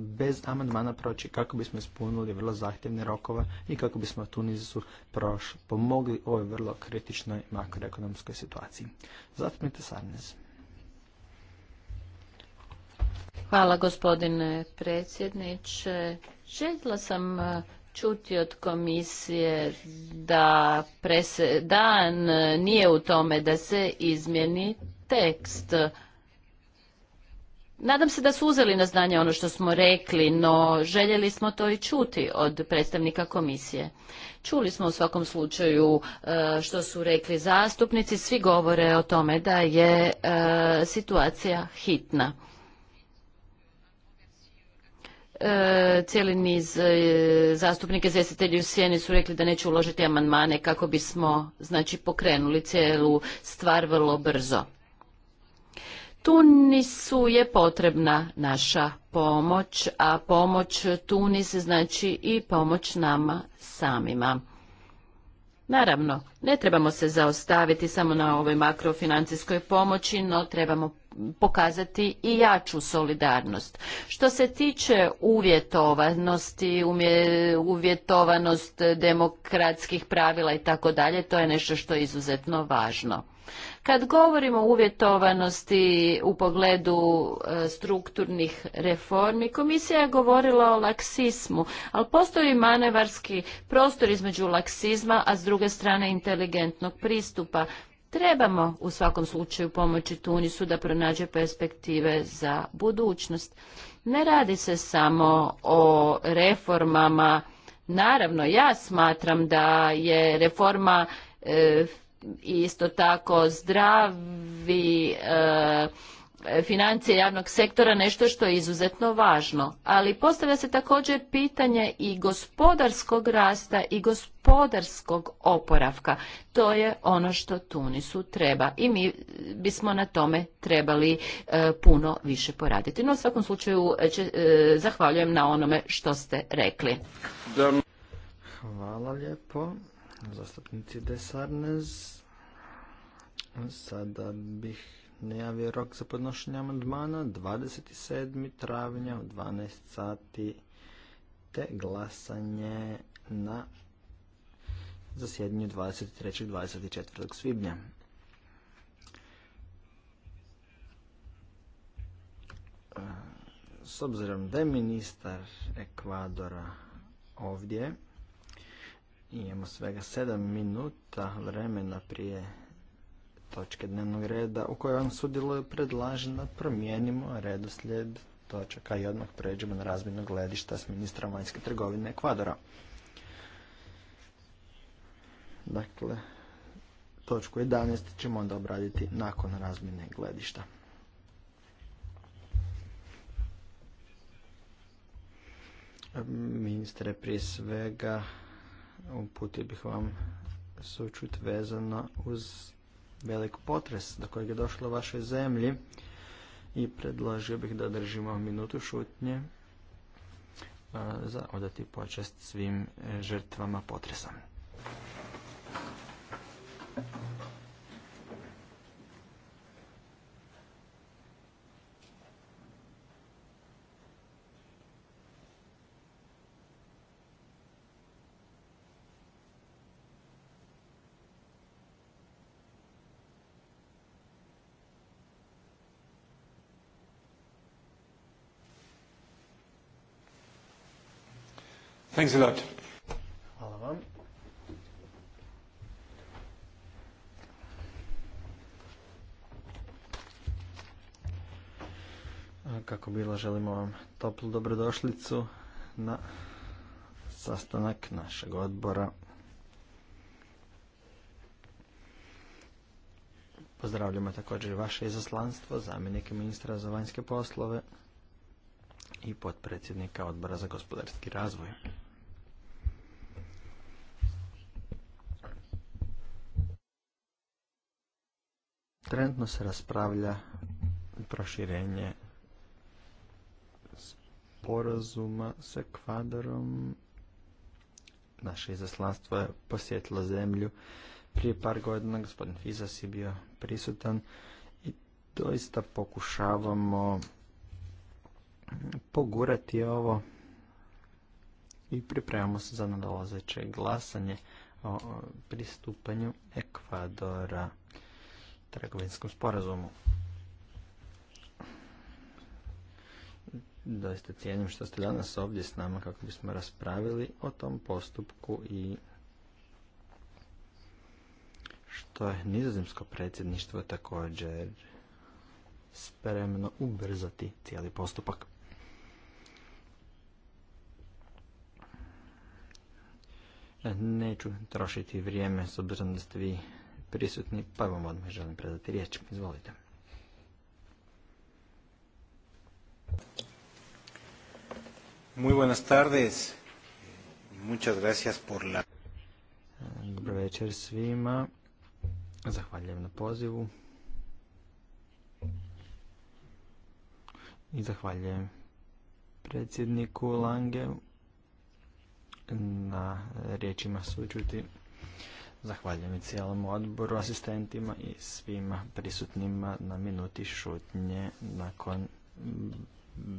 Speaker 1: bez amandmana proći kako bismo ispunili vrlo zahtjevne rokova i kako bismo tu proš pomogli ovoj vrlo kritičnoj makroekonomskoj situaciji. Zastupnite
Speaker 2: Hvala gospodine predsjedniče. Željela sam e, čuti od komisije da presedan nije u tome da se izmjeni tekst Nadam se da su uzeli na znanje ono što smo rekli, no željeli smo to i čuti od predstavnika komisije. Čuli smo u svakom slučaju e, što su rekli zastupnici, svi govore o tome da je e, situacija hitna. E, cijeli niz zastupnika izvjestitelji u sjeni su rekli da neće uložiti amandmane kako bismo znači, pokrenuli cijelu stvar vrlo brzo. Tunisu je potrebna naša pomoć, a pomoć Tunis znači i pomoć nama samima. Naravno, ne trebamo se zaostaviti samo na ovoj makrofinancijskoj pomoći, no trebamo pokazati i jaču solidarnost. Što se tiče uvjetovanosti, uvjetovanost demokratskih pravila i tako dalje, to je nešto što je izuzetno važno. Kad govorimo o uvjetovanosti u pogledu e, strukturnih reformi, komisija je govorila o laksismu, ali postoji manevarski prostor između laksizma, a s druge strane inteligentnog pristupa. Trebamo u svakom slučaju pomoći Tunisu da pronađe perspektive za budućnost. Ne radi se samo o reformama Naravno, ja smatram da je reforma e, isto tako zdravi eh, financije javnog sektora nešto što je izuzetno važno. Ali postavlja se također pitanje i gospodarskog rasta i gospodarskog oporavka. To je ono što Tunisu treba i mi bismo na tome trebali eh, puno više poraditi. No u svakom slučaju eh, zahvaljujem na onome što ste rekli.
Speaker 1: Hvala lijepo zastupnici Desarnez. Sada bih najavio rok za podnošenje amandmana 27. travnja u 12 sati te glasanje na zasjedinju 23. 24. svibnja. S obzirom da je ministar Ekvadora ovdje, Imamo svega 7 minuta vremena prije točke dnevnog reda u kojoj vam sudjeluje predlažem da promijenimo redoslijed točaka i odmah pređemo na razmjenu gledišta s ministrom vanjske trgovine Ekvadora. Dakle, točku 11 ćemo onda obraditi nakon razmjene gledišta. Ministre, prije svega uputio bih vam sučut vezano uz velik potres do kojeg je došlo u vašoj zemlji i predložio bih da držimo minutu šutnje za odati počest svim žrtvama potresa.
Speaker 2: Thanks Hvala
Speaker 1: vam. Kako bilo, želimo vam toplu dobrodošlicu na sastanak našeg odbora. Pozdravljamo također vaše izaslanstvo, zamjenike ministra za vanjske poslove i potpredsjednika odbora za gospodarski razvoj. Trenutno se raspravlja proširenje sporazuma s Ekvadorom. Naše izaslanstvo je posjetilo zemlju. Prije par godina gospodin Fizas je bio prisutan i doista pokušavamo pogurati ovo i pripremamo se za nadolazeće glasanje o pristupanju Ekvadora trgovinskom sporazumu. Doista cijenim što ste danas ovdje s nama kako bismo raspravili o tom postupku i što je nizozemsko predsjedništvo također spremno ubrzati cijeli postupak. Neću trošiti vrijeme s obzirom da ste vi prisutni, pa vam odmah želim predati riječ. Izvolite. Muy buenas tardes. Muchas gracias por la... Dobro večer svima. Zahvaljujem na pozivu. I zahvaljujem predsjedniku Lange na riječima sučuti. Zahvaljujem i cijelom odboru, asistentima i svima prisutnima na minuti šutnje nakon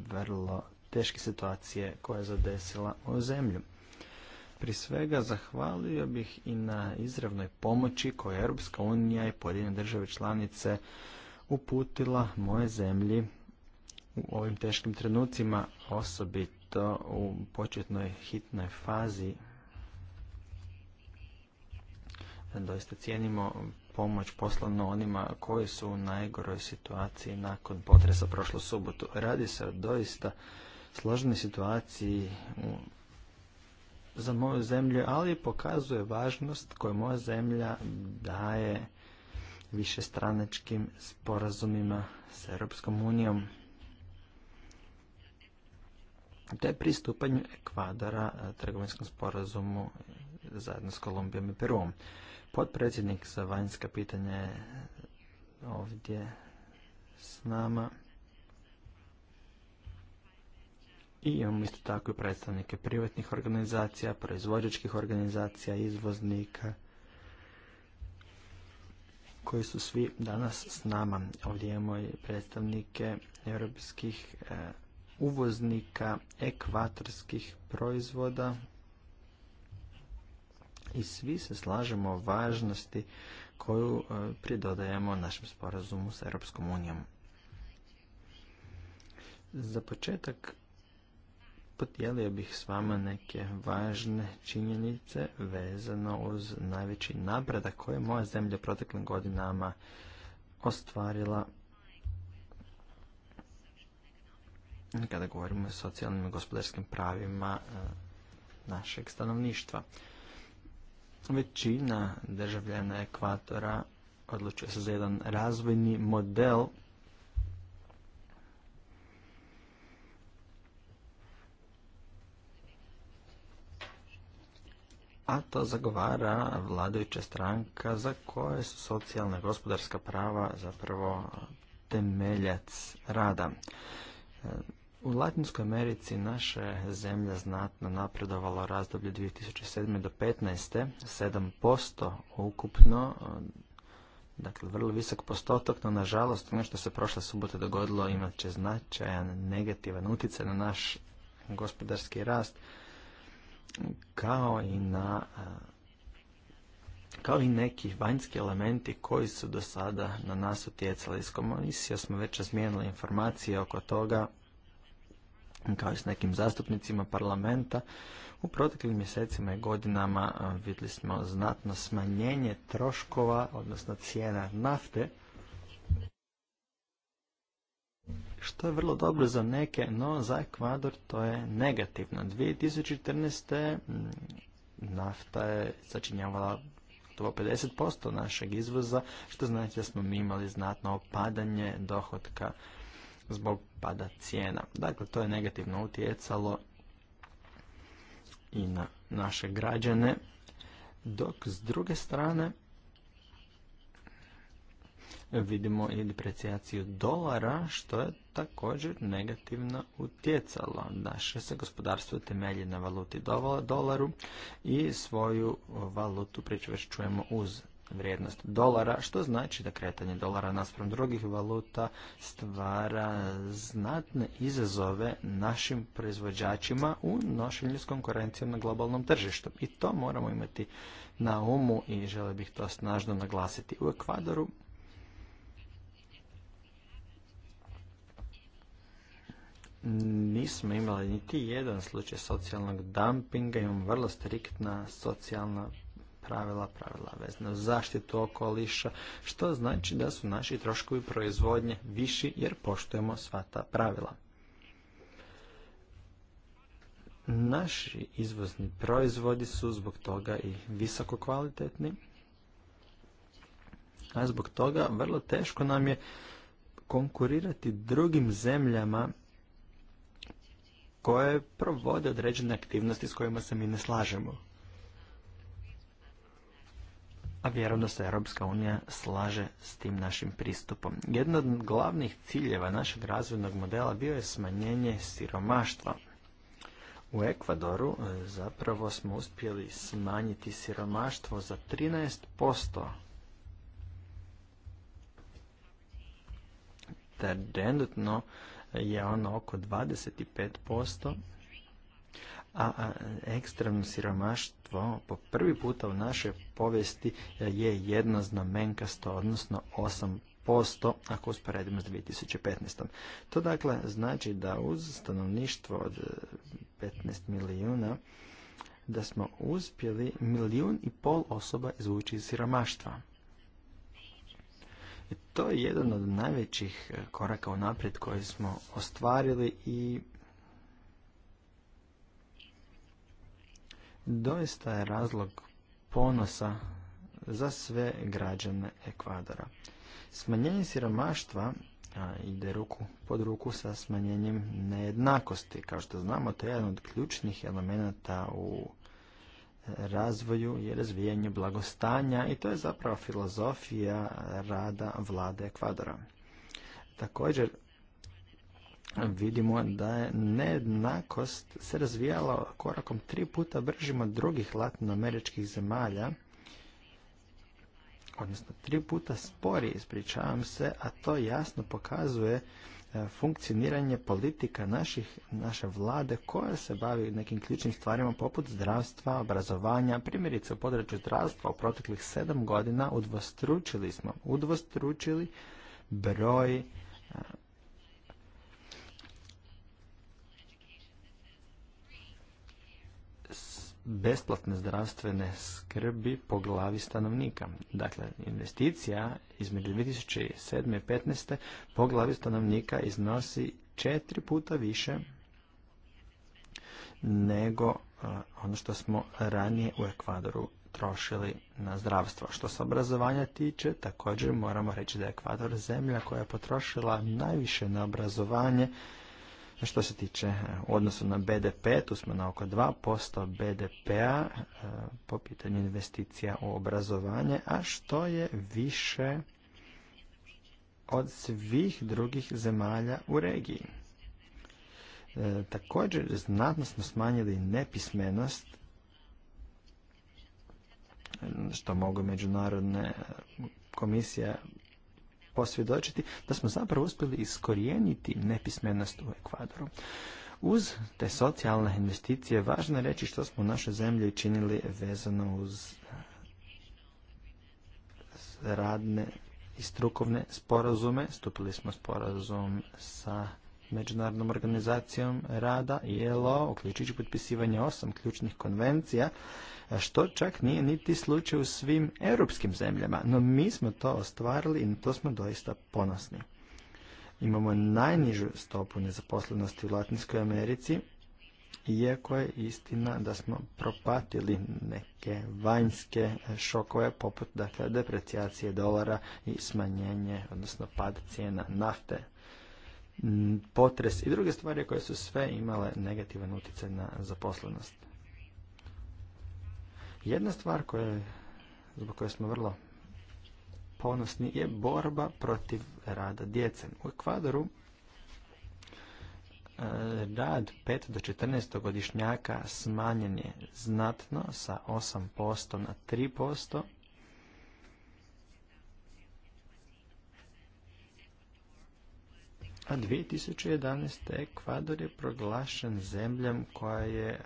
Speaker 1: vrlo teške situacije koja je zadesila o zemlju. Pri svega zahvalio bih i na izravnoj pomoći koju je Europska unija i pojedine države članice uputila moje zemlji u ovim teškim trenucima, osobito u početnoj hitnoj fazi doista cijenimo pomoć poslovno onima koji su u najgoroj situaciji nakon potresa prošlu subotu. Radi se o doista složenoj situaciji za moju zemlju, ali pokazuje važnost koju moja zemlja daje više višestranačkim sporazumima s Europskom unijom To je pristupanje Ekvadora trgovinskom sporazumu zajedno s Kolumbijom i Peruom potpredsjednik za vanjska pitanja je ovdje s nama. I imamo isto tako i predstavnike privatnih organizacija, proizvođačkih organizacija, izvoznika, koji su svi danas s nama. Ovdje imamo i predstavnike europskih eh, uvoznika ekvatorskih proizvoda i svi se slažemo o važnosti koju e, pridodajemo našem sporazumu s Europskom unijom. Za početak podijelio bih s vama neke važne činjenice vezano uz najveći napredak koji je moja zemlja u proteklim godinama ostvarila kada govorimo o socijalnim i gospodarskim pravima e, našeg stanovništva većina državljana ekvatora odlučuje se za jedan razvojni model a to zagovara vladajuća stranka za koje su socijalna i gospodarska prava zapravo temeljac rada. U Latinskoj Americi naša je zemlja znatno napredovala u razdoblju 2007. do 2015. 7% ukupno, dakle vrlo visok postotak, no nažalost ono što se prošle subote dogodilo imat će značajan negativan utjecaj na naš gospodarski rast kao i na e, kao i neki vanjski elementi koji su do sada na nas utjecali. Iz komisija smo već razmijenili informacije oko toga kao i s nekim zastupnicima parlamenta, u proteklim mjesecima i godinama vidjeli smo znatno smanjenje troškova, odnosno cijena nafte, što je vrlo dobro za neke, no za Ekvador to je negativno. 2014. Mm, nafta je začinjavala to 50% našeg izvoza, što znači da smo mi imali znatno opadanje dohotka zbog pada cijena. Dakle, to je negativno utjecalo i na naše građane, dok s druge strane vidimo i deprecijaciju dolara, što je također negativno utjecalo. Naše se gospodarstvo temelji na valuti dolaru i svoju valutu čujemo uz vrijednost dolara, što znači da kretanje dolara naspram drugih valuta stvara znatne izazove našim proizvođačima u nošenju s konkurencijom na globalnom tržištu. I to moramo imati na umu i žele bih to snažno naglasiti. U Ekvadoru nismo imali niti jedan slučaj socijalnog dumpinga, imamo vrlo striktna socijalna pravila, pravila vezano zaštitu okoliša, što znači da su naši troškovi proizvodnje viši jer poštujemo sva ta pravila. Naši izvozni proizvodi su zbog toga i visoko kvalitetni, a zbog toga vrlo teško nam je konkurirati drugim zemljama koje provode određene aktivnosti s kojima se mi ne slažemo a vjerujem da se Europska unija slaže s tim našim pristupom. Jedan od glavnih ciljeva našeg razvojnog modela bio je smanjenje siromaštva. U Ekvadoru e, zapravo smo uspjeli smanjiti siromaštvo za 13%. Trenutno je ono oko 25% a ekstremno siromaštvo po prvi puta u našoj povijesti e, je jednoznamenkasto, odnosno 8% ako usporedimo s 2015. To dakle znači da uz stanovništvo od 15 e, milijuna da smo uspjeli milijun i pol osoba izvući iz siromaštva. I e, to je jedan od najvećih koraka u naprijed koji smo ostvarili i doista je razlog ponosa za sve građane Ekvadora. Smanjenje siromaštva ide ruku pod ruku sa smanjenjem nejednakosti. Kao što znamo, to je jedan od ključnih elemenata u razvoju i razvijanju blagostanja i to je zapravo filozofija rada vlade Ekvadora. Također, vidimo da je nejednakost se razvijala korakom tri puta bržim od drugih latinoameričkih zemalja, odnosno tri puta spori, ispričavam se, a to jasno pokazuje e, funkcioniranje politika naših, naše vlade koja se bavi nekim ključnim stvarima poput zdravstva, obrazovanja, primjerice u području zdravstva u proteklih sedam godina udvostručili smo, udvostručili broj e, besplatne zdravstvene skrbi po glavi stanovnika. Dakle, investicija između 2007. i 2015. po glavi stanovnika iznosi četiri puta više nego ono što smo ranije u Ekvadoru trošili na zdravstvo. Što se obrazovanja tiče, također moramo reći da je Ekvador zemlja koja je potrošila najviše na obrazovanje što se tiče e, odnosu na BDP, tu smo na oko 2% BDP-a e, po pitanju investicija u obrazovanje, a što je više od svih drugih zemalja u regiji. E, također, znatno smo smanjili nepismenost, što mogu međunarodne komisije posvjedočiti da smo zapravo uspjeli iskorijeniti nepismenost u Ekvadoru. Uz te socijalne investicije važno je reći što smo u našoj zemlji učinili vezano uz eh, radne i strukovne sporazume. Stupili smo sporazum sa Međunarodnom organizacijom rada ILO, uključujući potpisivanje osam ključnih konvencija što čak nije niti slučaj u svim europskim zemljama, no mi smo to ostvarili i to smo doista ponosni. Imamo najnižu stopu nezaposlenosti u Latinskoj Americi, iako je istina da smo propatili neke vanjske šokove poput dakle, deprecijacije dolara i smanjenje, odnosno pad cijena nafte, potres i druge stvari koje su sve imale negativan utjecaj na zaposlenost. Jedna stvar koja, zbog koje smo vrlo ponosni je borba protiv rada djece. U Ekvadoru e, rad 5 do 14 godišnjaka smanjen je znatno sa 8% na 3%. A 2011. Ekvador je proglašen zemljom koja je e,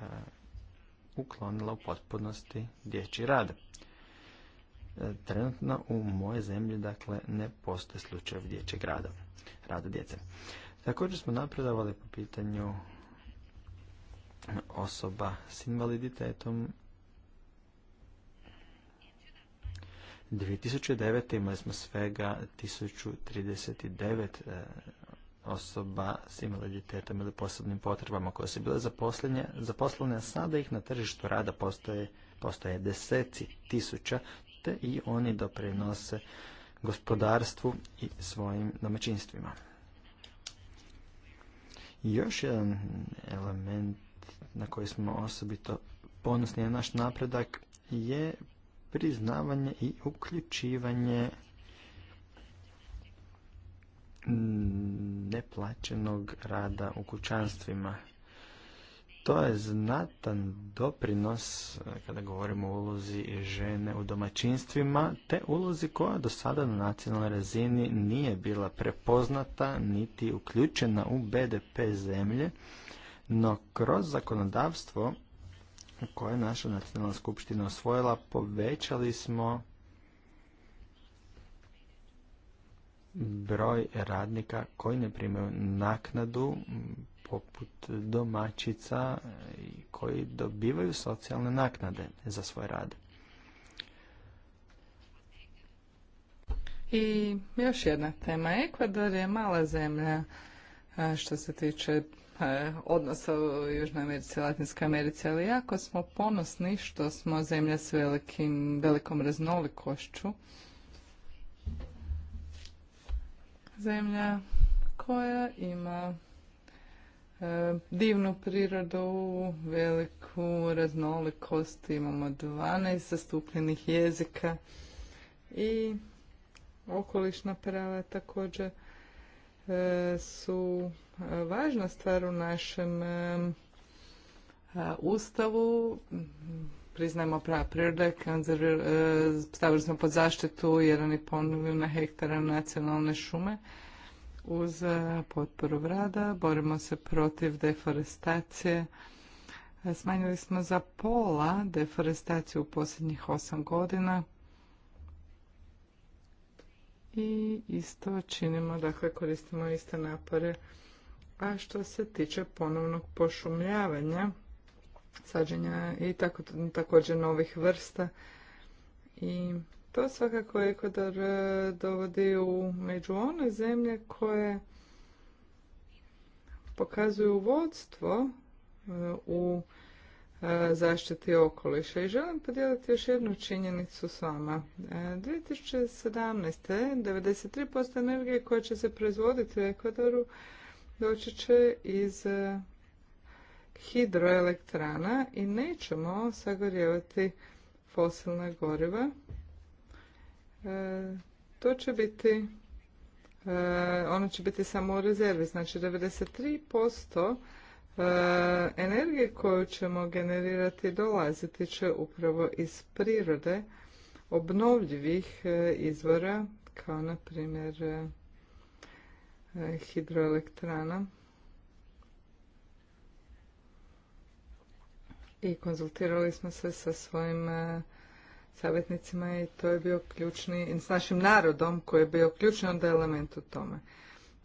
Speaker 1: uklonila u potpunosti dječji rad. E, trenutno u moje zemlji dakle ne postoje slučaj dječjeg rada, rada djece. Također smo napredovali po pitanju osoba s invaliditetom 2009. imali smo svega 1039 osoba s invaliditetom ili posebnim potrebama koje su bile zaposlene, a sada ih na tržištu rada postoje, postoje deseci tisuća, te i oni doprinose gospodarstvu i svojim domaćinstvima. Još jedan element na koji smo osobito ponosni na naš napredak je priznavanje i uključivanje neplaćenog rada u kućanstvima. To je znatan doprinos eh, kada govorimo o ulozi žene u domaćinstvima, te ulozi koja do sada na nacionalnoj razini nije bila prepoznata niti uključena u BDP zemlje, no kroz zakonodavstvo koje je naša nacionalna skupština osvojila povećali smo broj radnika koji ne primaju naknadu poput domaćica i koji dobivaju socijalne naknade za svoj rad.
Speaker 3: I još jedna tema. Ekvador je mala zemlja što se tiče odnosa u Južnoj Americi i Latinskoj Americi, ali jako smo ponosni što smo zemlja s velikim, velikom raznolikošću zemlja koja ima e, divnu prirodu, veliku raznolikost, imamo 12 zastupljenih jezika i okolišna prava također e, su e, važna stvar u našem Ustavu priznajemo prava prirode, e, stavili smo pod zaštitu 1,5 milijuna hektara nacionalne šume uz e, potporu vrada, borimo se protiv deforestacije. E, smanjili smo za pola deforestaciju u posljednjih 8 godina i isto činimo, dakle koristimo iste napore. A što se tiče ponovnog pošumljavanja, sađenja i tako, također novih vrsta. I to svakako Ekvador e, dovodi u među one zemlje koje pokazuju vodstvo e, u e, zaštiti okoliša. I želim podijeliti još jednu činjenicu s vama. 2017. 93% energije koja će se proizvoditi u Ekvadoru doći će iz hidroelektrana i nećemo sagorjevati fosilna goriva. E, to će biti, e, ono će biti samo u rezervi, znači 93% e, energije koju ćemo generirati dolaziti će upravo iz prirode obnovljivih izvora kao na primjer hidroelektrana i konzultirali smo se sa svojim e, savjetnicima i to je bio ključni, s našim narodom koji je bio ključni onda element u tome.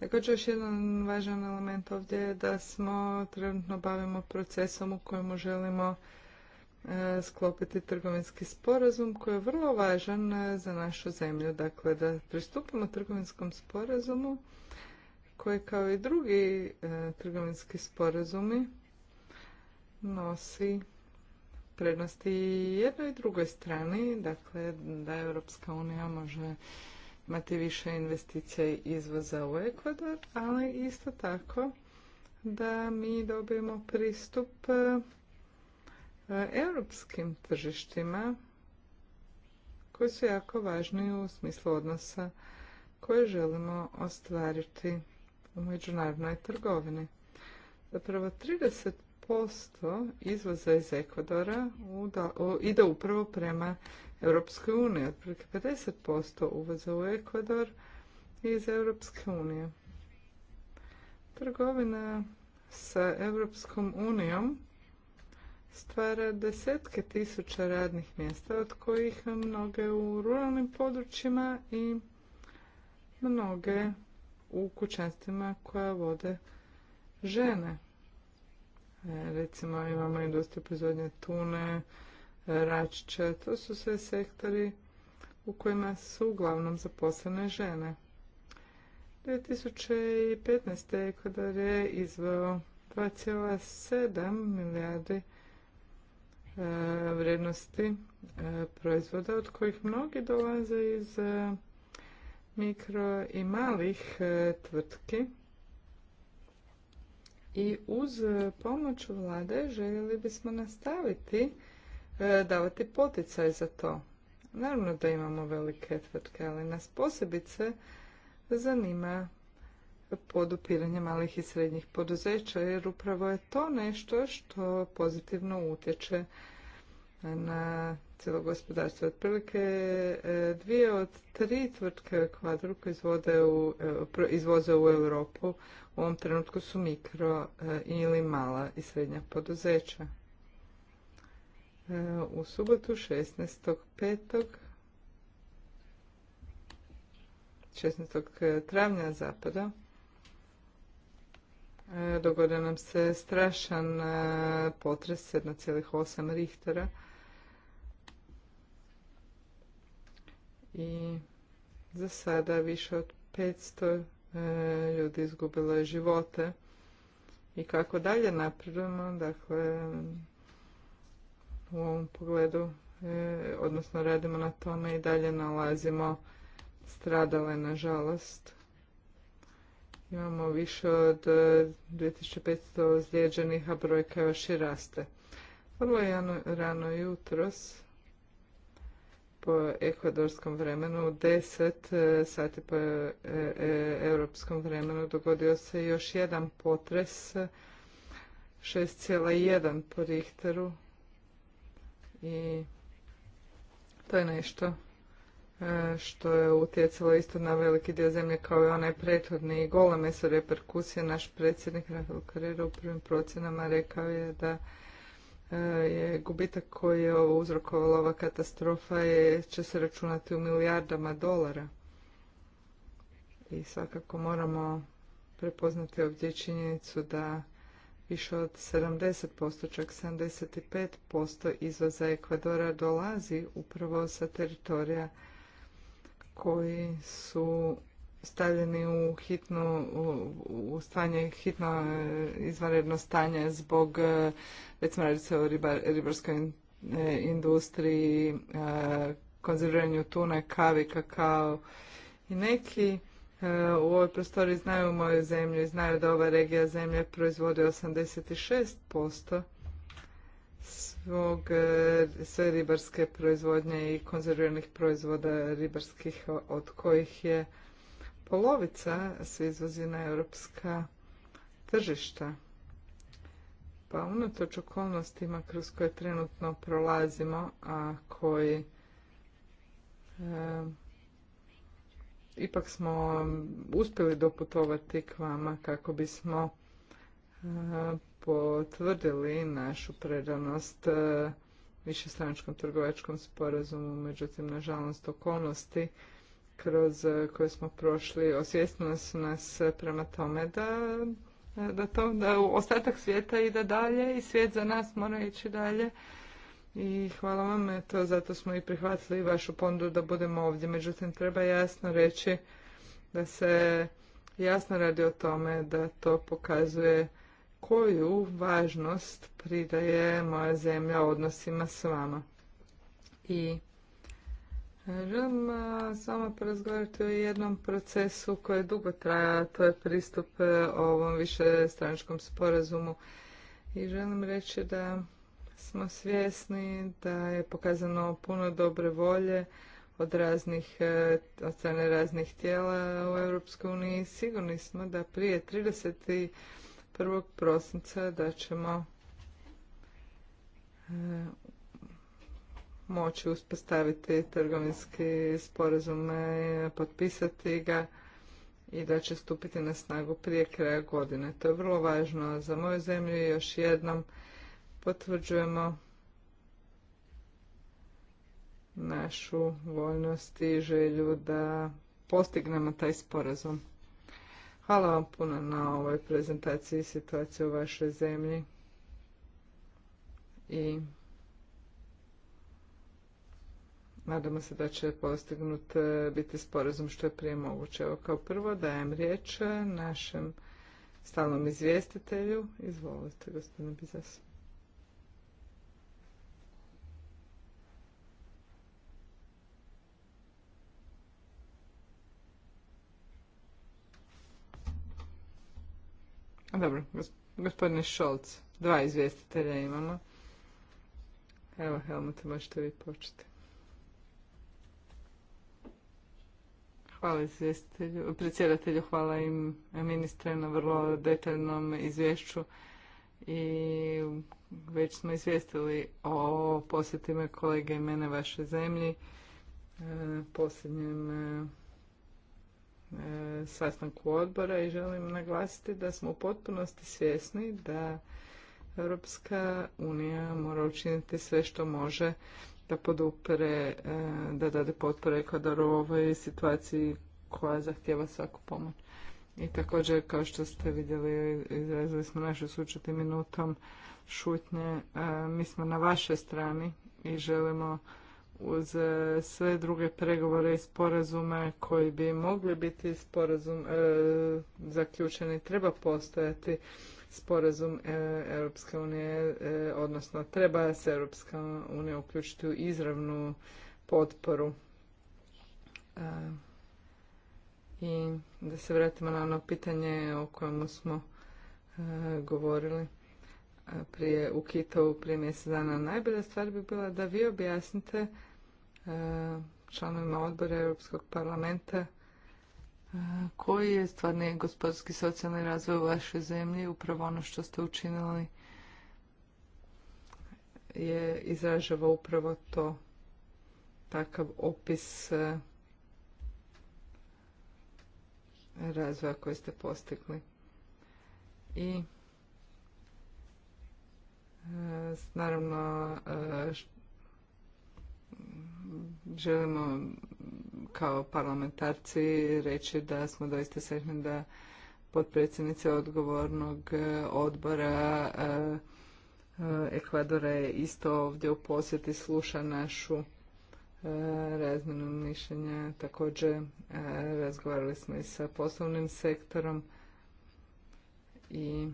Speaker 3: Također još jedan važan element ovdje je da smo trenutno bavimo procesom u kojemu želimo e, sklopiti trgovinski sporazum koji je vrlo važan e, za našu zemlju. Dakle, da pristupimo trgovinskom sporazumu koji kao i drugi trgovinski sporazumi nosi prednosti jednoj i drugoj strani, dakle da Europska unija može imati više investicija i izvoza u Ekvador, ali isto tako da mi dobijemo pristup e, europskim tržištima koji su jako važni u smislu odnosa koje želimo ostvariti u međunarodnoj trgovini. Zapravo posto izvoza iz Ekvadora ide upravo prema Europskoj uniji, otprilike 50% uvoza u Ekvador iz Europske unije. Trgovina sa Europskom unijom stvara desetke tisuća radnih mjesta, od kojih mnoge u ruralnim područjima i mnoge u kućanstvima koja vode žene. E, recimo imamo industriju proizvodnje tune, račiće. to su sve sektori u kojima su uglavnom zaposlene žene. 2015. Ekvador je izveo 2,7 milijardi e, vrijednosti e, proizvoda od kojih mnogi dolaze iz mikro i malih tvrtki i uz e, pomoć vlade željeli bismo nastaviti e, davati poticaj za to. Naravno da imamo velike tvrtke, ali nas posebice zanima podupiranje malih i srednjih poduzeća, jer upravo je to nešto što pozitivno utječe na cijelo gospodarstvo. Otprilike e, dvije od tri tvrtke u kvadru koje izvoze u Europu u ovom trenutku su mikro e, ili mala i srednja poduzeća. E, u subotu 16.5. 16. travnja zapada dogodio nam se strašan potres 7,8 Richtera i za sada više od 500 e, ljudi izgubilo je živote i kako dalje napredujemo, dakle u ovom pogledu, e, odnosno radimo na tome i dalje nalazimo stradale nažalost. Imamo više od 2500 e, ozlijeđenih, a brojka još i raste. Vrlo je rano jutros, po ekvadorskom vremenu, Deset e, sati po e, e, europskom vremenu dogodio se još jedan potres, 6,1 po Richteru i to je nešto što je utjecalo isto na veliki dio zemlje kao i onaj prethodni i goleme su reperkusije. Naš predsjednik Rafael Carrera u prvim procjenama rekao je da je gubitak koji je uzrokovala ova katastrofa je, će se računati u milijardama dolara. I svakako moramo prepoznati ovdje činjenicu da više od 70%, čak 75% izvoza Ekvadora dolazi upravo sa teritorija koji su stavljeni u hitnu, u stanje hitno e, izvanredno stanje zbog, e, recimo radi se o ribarskoj e, industriji, konzerviranju tune, kavi, kakao i neki u ovoj prostori znaju moju zemlju i znaju da ova regija zemlje proizvodi 86% svog sve ribarske proizvodnje i konzerviranih proizvoda ribarskih od kojih je polovica se izvozi na europska tržišta. Pa unatoč okolnostima kroz koje trenutno prolazimo, a koji eh, ipak smo uspjeli doputovati k vama kako bismo eh, potvrdili našu predanost e, višestranačkom trgovačkom sporazumu, međutim, nažalost, okolnosti kroz e, koje smo prošli osvijestili su nas e, prema tome da, e, da, to, da ostatak svijeta ide dalje i svijet za nas mora ići dalje. I hvala vam, to zato smo i prihvatili vašu pondu da budemo ovdje. Međutim, treba jasno reći da se jasno radi o tome da to pokazuje koju važnost pridaje moja zemlja odnosima s vama. I Želim s vama porazgovarati o jednom procesu koji je dugo traja, to je pristup e, ovom višestranačkom sporazumu. I želim reći da smo svjesni da je pokazano puno dobre volje od raznih, e, od strane raznih tijela u EU. Sigurni smo da prije 31. prosinca da ćemo e, moći uspostaviti trgovinski sporazum, e, potpisati ga i da će stupiti na snagu prije kraja godine. To je vrlo važno za moju zemlju i još jednom potvrđujemo našu voljnost i želju da postignemo taj sporazum. Hvala vam puno na ovoj prezentaciji situacije u vašoj zemlji i Nadamo se da će postignut e, biti sporazum što je prije moguće. Evo kao prvo dajem riječ našem stalnom izvjestitelju. Izvolite, gospodine Bizas. Dobro, gospodine Šolc, dva izvjestitelja imamo. Evo, Helmut, možete vi početi. Hvala izvjestitelju, predsjedatelju, hvala im ministre na vrlo detaljnom izvješću i već smo izvijestili o posjetima kolege i mene vaše zemlji, e, posljednjem e, e, sastanku odbora i želim naglasiti da smo u potpunosti svjesni da Europska unija mora učiniti sve što može da podupere, e, da dade potpore Ekvadoru u ovoj situaciji koja zahtjeva svaku pomoć. I također, kao što ste vidjeli, izrazili smo našu sučetim minutom šutnje. E, mi smo na vašoj strani i želimo uz e, sve druge pregovore i sporazume koji bi mogli biti sporazum zaključeni treba postojati sporazum e, Europske unije, e, odnosno treba se Europska unija uključiti u izravnu potporu. E, I da se vratimo na ono pitanje o kojemu smo govorili prije u Kitovu prije mjesec dana. Najbolja stvar bi bila da vi objasnite članovima odbora Europskog parlamenta koji je stvarni gospodarski socijalni razvoj u vašoj zemlji? Upravo ono što ste učinili je izražava upravo to takav opis eh, razvoja koji ste postigli. I eh, naravno eh, želimo kao parlamentarci reći da smo doista sretni da potpredsjednica odgovornog e, odbora e, e, Ekvadora je isto ovdje u posjeti sluša našu razmjenu mišljenja. Također razgovarali smo i sa poslovnim sektorom i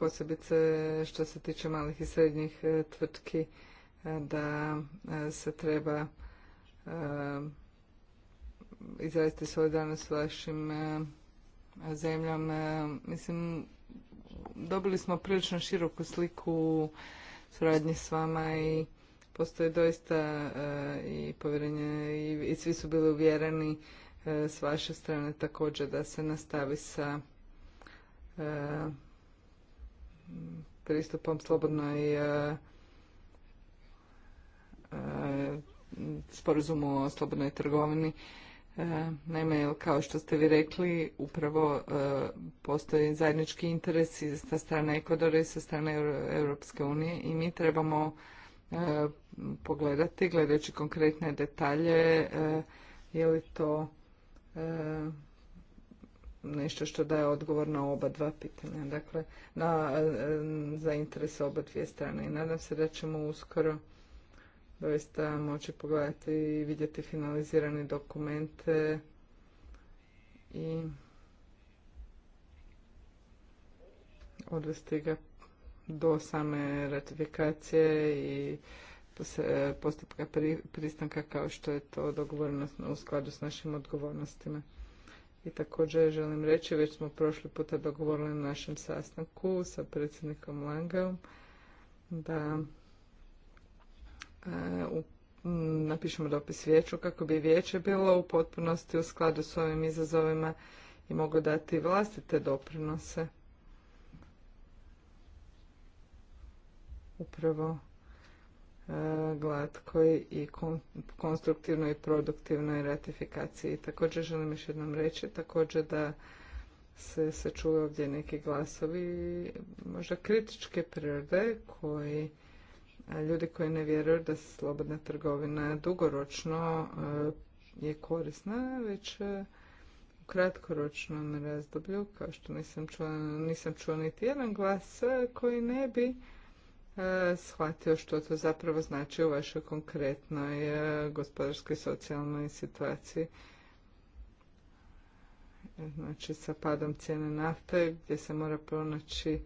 Speaker 3: posebice što se tiče malih i srednjih e, tvrtki, e, da e, se treba izraziti solidarnost s vašim zemljom. Mislim, dobili smo prilično široku sliku u suradnji s vama i postoje doista i povjerenje i svi su bili uvjereni s vaše strane također da se nastavi sa pristupom slobodnoj e, e, sporazumu o slobodnoj trgovini. E, naime, kao što ste vi rekli, upravo postoji zajednički interes i sa strane Ekvadora i sa strane Europske unije i mi trebamo pogledati, gledajući konkretne detalje, je li to nešto što daje odgovor na oba dva pitanja, dakle na, eh, za interese oba dvije strane. I nadam se da ćemo uskoro doista moći pogledati i vidjeti finalizirane dokumente i odvesti ga do same ratifikacije i postupka pristanka kao što je to dogovoreno u skladu s našim odgovornostima. I također želim reći, već smo prošli puta dogovorili na našem sastanku sa predsjednikom Langeom, da e, u napišemo dopis vijeću kako bi vijeće bilo u potpunosti u skladu s ovim izazovima i mogu dati vlastite doprinose. Upravo glatkoj i konstruktivnoj i produktivnoj ratifikaciji. Također želim još jednom reći također da se čuje ovdje neki glasovi možda kritičke prirode koji ljudi koji ne vjeruju da slobodna trgovina dugoročno je korisna, već u kratkoročnom razdoblju, kao što nisam čula, nisam čula niti jedan glas koji ne bi E, shvatio što to zapravo znači u vašoj konkretnoj e, gospodarskoj i socijalnoj situaciji. E, znači sa padom cijene nafte gdje se mora pronaći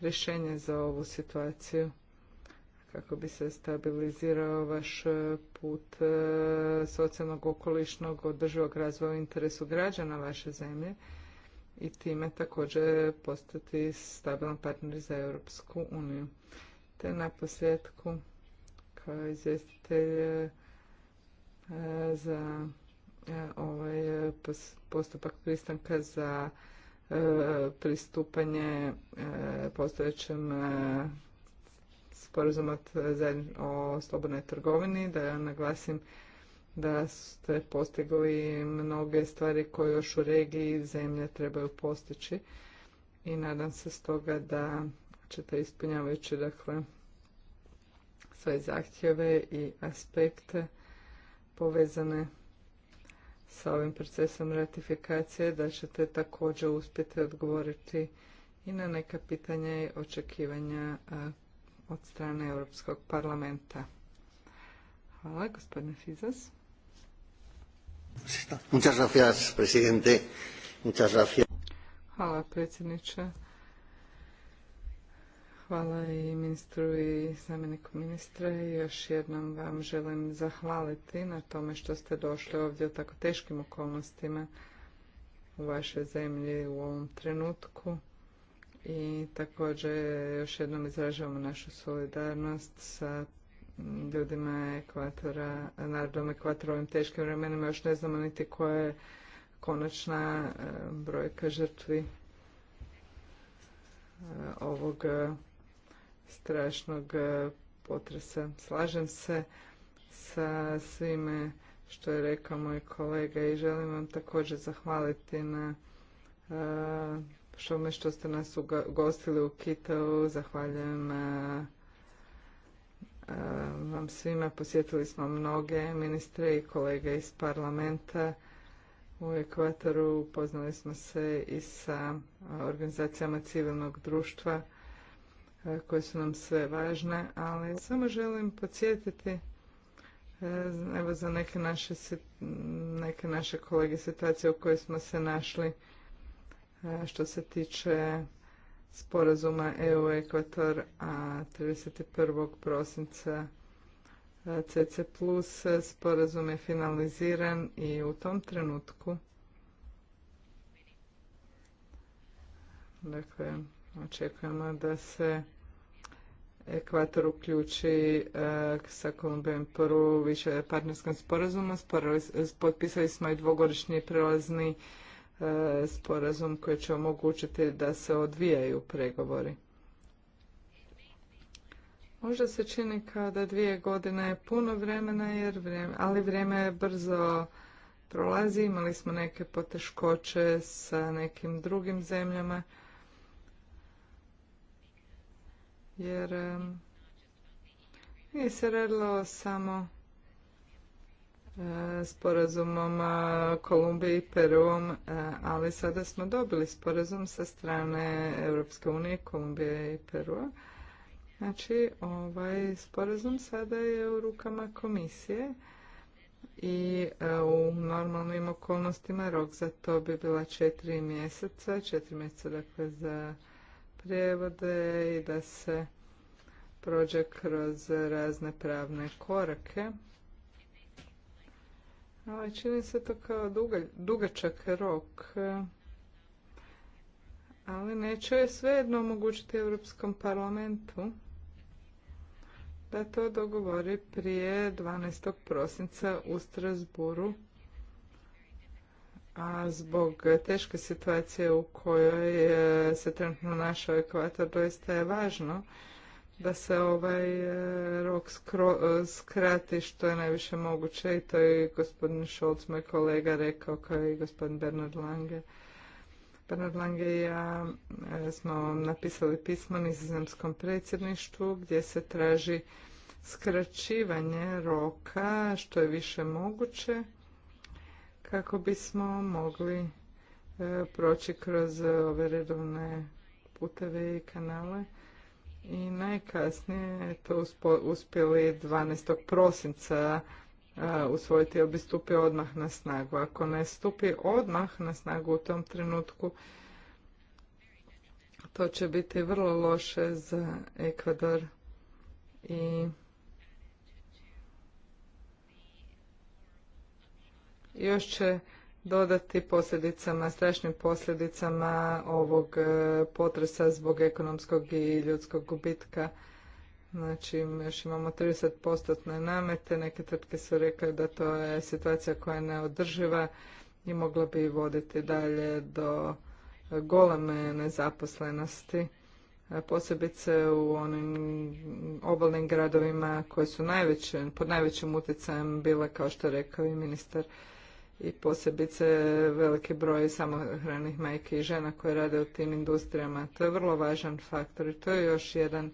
Speaker 3: rješenje za ovu situaciju kako bi se stabilizirao vaš put socijalnog, okolišnog, održivog razvoja u interesu građana vaše zemlje i time također postati stabilan partner za Europsku uniju te na posljedku kao izvjestitelj e, za e, ovaj e, postupak pristanka za pristupanje postojećem sporazuma o slobodnoj trgovini, da ja naglasim da ste postigli mnoge stvari koje još u regiji zemlje trebaju postići i nadam se stoga da ćete ispunjavajući dakle svoje zahtjeve i aspekte povezane sa ovim procesom ratifikacije da ćete također uspjeti odgovoriti i na neka pitanja i očekivanja od strane Europskog parlamenta. Hvala, gospodine Fizas. Hvala, predsjedniče. Hvala i ministru i zamjeniku ministra još jednom vam želim zahvaliti na tome što ste došli ovdje u tako teškim okolnostima u vašoj zemlji u ovom trenutku i također još jednom izražavamo našu solidarnost sa ljudima ekvatora, narodom ekvatora u ovim teškim vremenima, još ne znamo niti koja je konačna eh, brojka žrtvi eh, ovog strašnog e, potresa. Slažem se sa svime što je rekao moj kolega i želim vam također zahvaliti na e, što što ste nas ugostili u Kitovu. Zahvaljujem e, vam svima. Posjetili smo mnoge ministre i kolege iz parlamenta u Ekvatoru. Upoznali smo se i sa organizacijama civilnog društva koje su nam sve važne, ali samo želim podsjetiti e, evo za neke naše, neke naše kolege situacije u kojoj smo se našli e, što se tiče sporazuma EU-Ekvator, a 31. prosinca CC e, Plus sporazum je finaliziran i u tom trenutku dakle očekujemo da se Ekvator uključi e, sa Kolumbijom Peru više partnerskom sporazumu. Potpisali smo i dvogodišnji prelazni e, sporazum koji će omogućiti da se odvijaju pregovori. Možda se čini kao da dvije godine je puno vremena, jer vrijeme, ali vrijeme brzo prolazi. Imali smo neke poteškoće sa nekim drugim zemljama. jer nije se radilo samo e, sporazumom e, Kolumbije i Peruom, e, ali sada smo dobili sporazum sa strane Europske unije, Kolumbije i Perua. Znači, ovaj sporazum sada je u rukama komisije i u normalnim okolnostima rok za to bi bila četiri mjeseca, četiri mjeseca dakle za prijevode i da se prođe kroz razne pravne korake. Ali čini se to kao dugačak rok. Ali neće svejedno omogućiti Europskom parlamentu da to dogovori prije 12. prosinca u Strasburu a zbog teške situacije u kojoj e, se trenutno našao ekvator doista je važno da se ovaj e, rok e, skrati što je najviše moguće i to je gospodin Šolc, moj kolega, rekao kao i gospodin Bernard Lange. Bernard Lange i ja smo napisali pismo nizozemskom predsjedništvu gdje se traži skraćivanje roka što je više moguće kako bismo mogli e, proći kroz ove redovne puteve i kanale i najkasnije to uspjeli 12. prosinca e, usvojiti jer bi stupio odmah na snagu. Ako ne stupi odmah na snagu u tom trenutku, to će biti vrlo loše za Ekvador i još će dodati posljedicama, strašnim posljedicama ovog e, potresa zbog ekonomskog i ljudskog gubitka. Znači, još imamo 30% namete, neke tvrtke su rekle da to je situacija koja je neodrživa i mogla bi voditi dalje do e, goleme nezaposlenosti, e, posebice u onim obalnim gradovima koji su najveći, pod najvećim utjecajem bile, kao što je rekao i ministar i posebice veliki broj samohranih majki i žena koje rade u tim industrijama. To je vrlo važan faktor i to je još jedan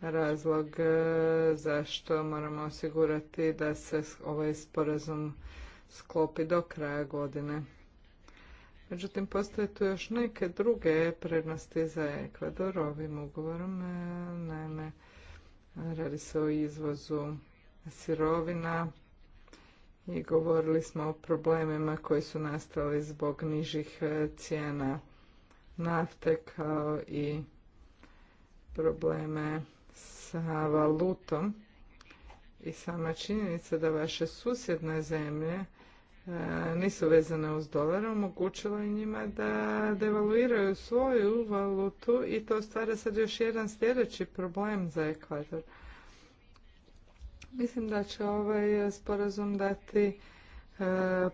Speaker 3: razlog e, zašto moramo osigurati da se ovaj sporazum sklopi do kraja godine. Međutim, postoje tu još neke druge prednosti za Ekvador ovim ugovorom. E, naime, radi se o izvozu sirovina, i govorili smo o problemima koji su nastali zbog nižih e, cijena nafte kao i probleme sa valutom i sama činjenica da vaše susjedne zemlje e, nisu vezane uz dolar, omogućilo je njima da devaluiraju svoju valutu i to stvara sad još jedan sljedeći problem za Ekvador. Mislim da će ovaj sporazum dati e,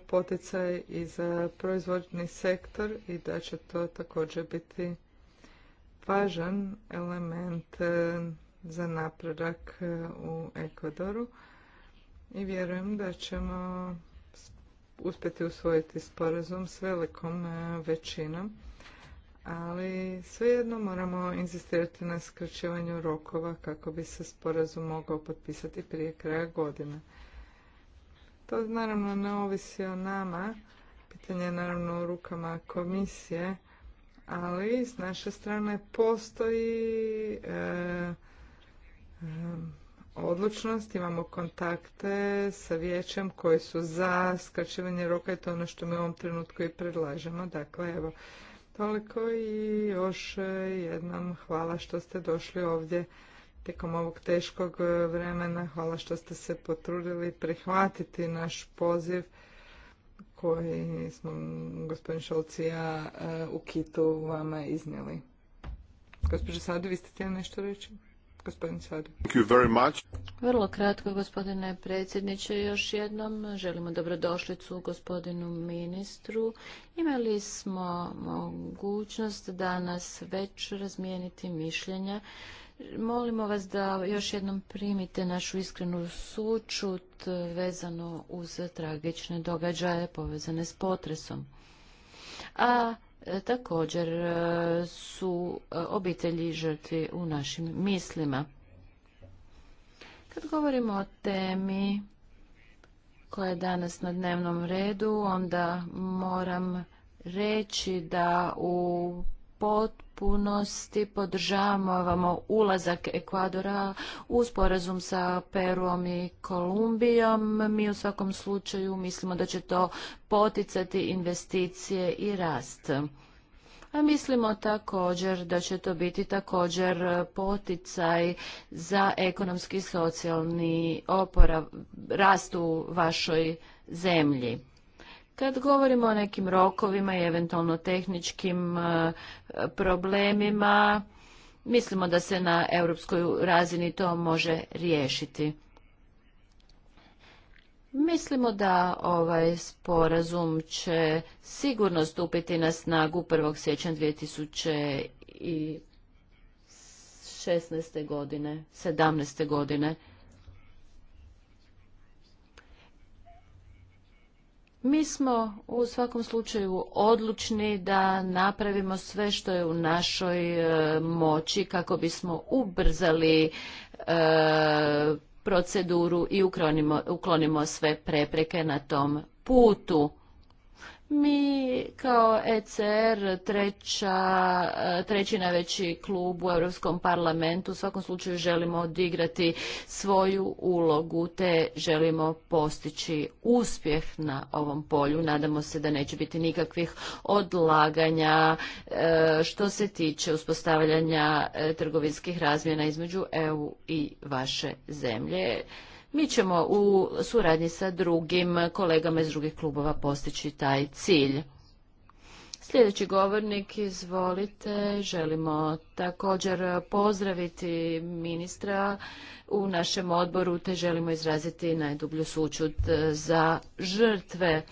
Speaker 3: poticaj i za proizvodni sektor i da će to također biti važan element e, za napredak e, u Ekodoru. i vjerujem da ćemo uspjeti usvojiti sporazum s velikom većinom ali svejedno moramo insistirati na skraćivanju rokova kako bi se sporazum mogao potpisati prije kraja godine. To naravno ne ovisi o nama, pitanje je naravno u rukama komisije, ali s naše strane postoji e, e odlučnost, imamo kontakte sa vijećem koji su za skraćivanje roka i to je ono što mi u ovom trenutku i predlažemo. Dakle, evo, Toliko i još e, jednom hvala što ste došli ovdje tijekom ovog teškog e, vremena. Hvala što ste se potrudili prihvatiti naš poziv koji smo gospodin Šolci e, u Kitu vama iznijeli. Gospođo Sadu, vi ste htjeli nešto reći? Gospodin Sadu. Thank very much.
Speaker 2: Vrlo kratko, gospodine predsjedniče, još jednom želimo dobrodošlicu gospodinu ministru. Imali smo mogućnost danas već razmijeniti mišljenja. Molimo vas da još jednom primite našu iskrenu sučut vezano uz tragične događaje povezane s potresom. A E, također e, su e, obitelji žrtvi u našim mislima. Kad govorimo o temi koja je danas na dnevnom redu, onda moram reći da u pot potpunosti podržavamo ulazak Ekvadora u sporazum sa Peruom i Kolumbijom. Mi u svakom slučaju mislimo da će to poticati investicije i rast. A mislimo također da će to biti također poticaj za ekonomski i socijalni oporav, rast u vašoj zemlji. Kad govorimo o nekim rokovima i eventualno tehničkim e, problemima, mislimo da se na europskoj razini to može riješiti. Mislimo da ovaj sporazum će sigurno stupiti na snagu 1. sjećan 2016. godine, 17. godine. Mi smo u svakom slučaju odlučni da napravimo sve što je u našoj e, moći kako bismo ubrzali e, proceduru i uklonimo sve prepreke na tom putu. Mi kao ECR, treća, e, treći najveći klub u Europskom parlamentu, u svakom slučaju želimo odigrati svoju ulogu te želimo postići uspjeh na ovom polju. Nadamo se da neće biti nikakvih odlaganja e, što se tiče uspostavljanja e, trgovinskih razmjena između EU i vaše zemlje. Mi ćemo u suradnji sa drugim kolegama iz drugih klubova postići taj cilj. Sljedeći govornik, izvolite, želimo također pozdraviti ministra u našem odboru te želimo izraziti najdublju sučut za žrtve.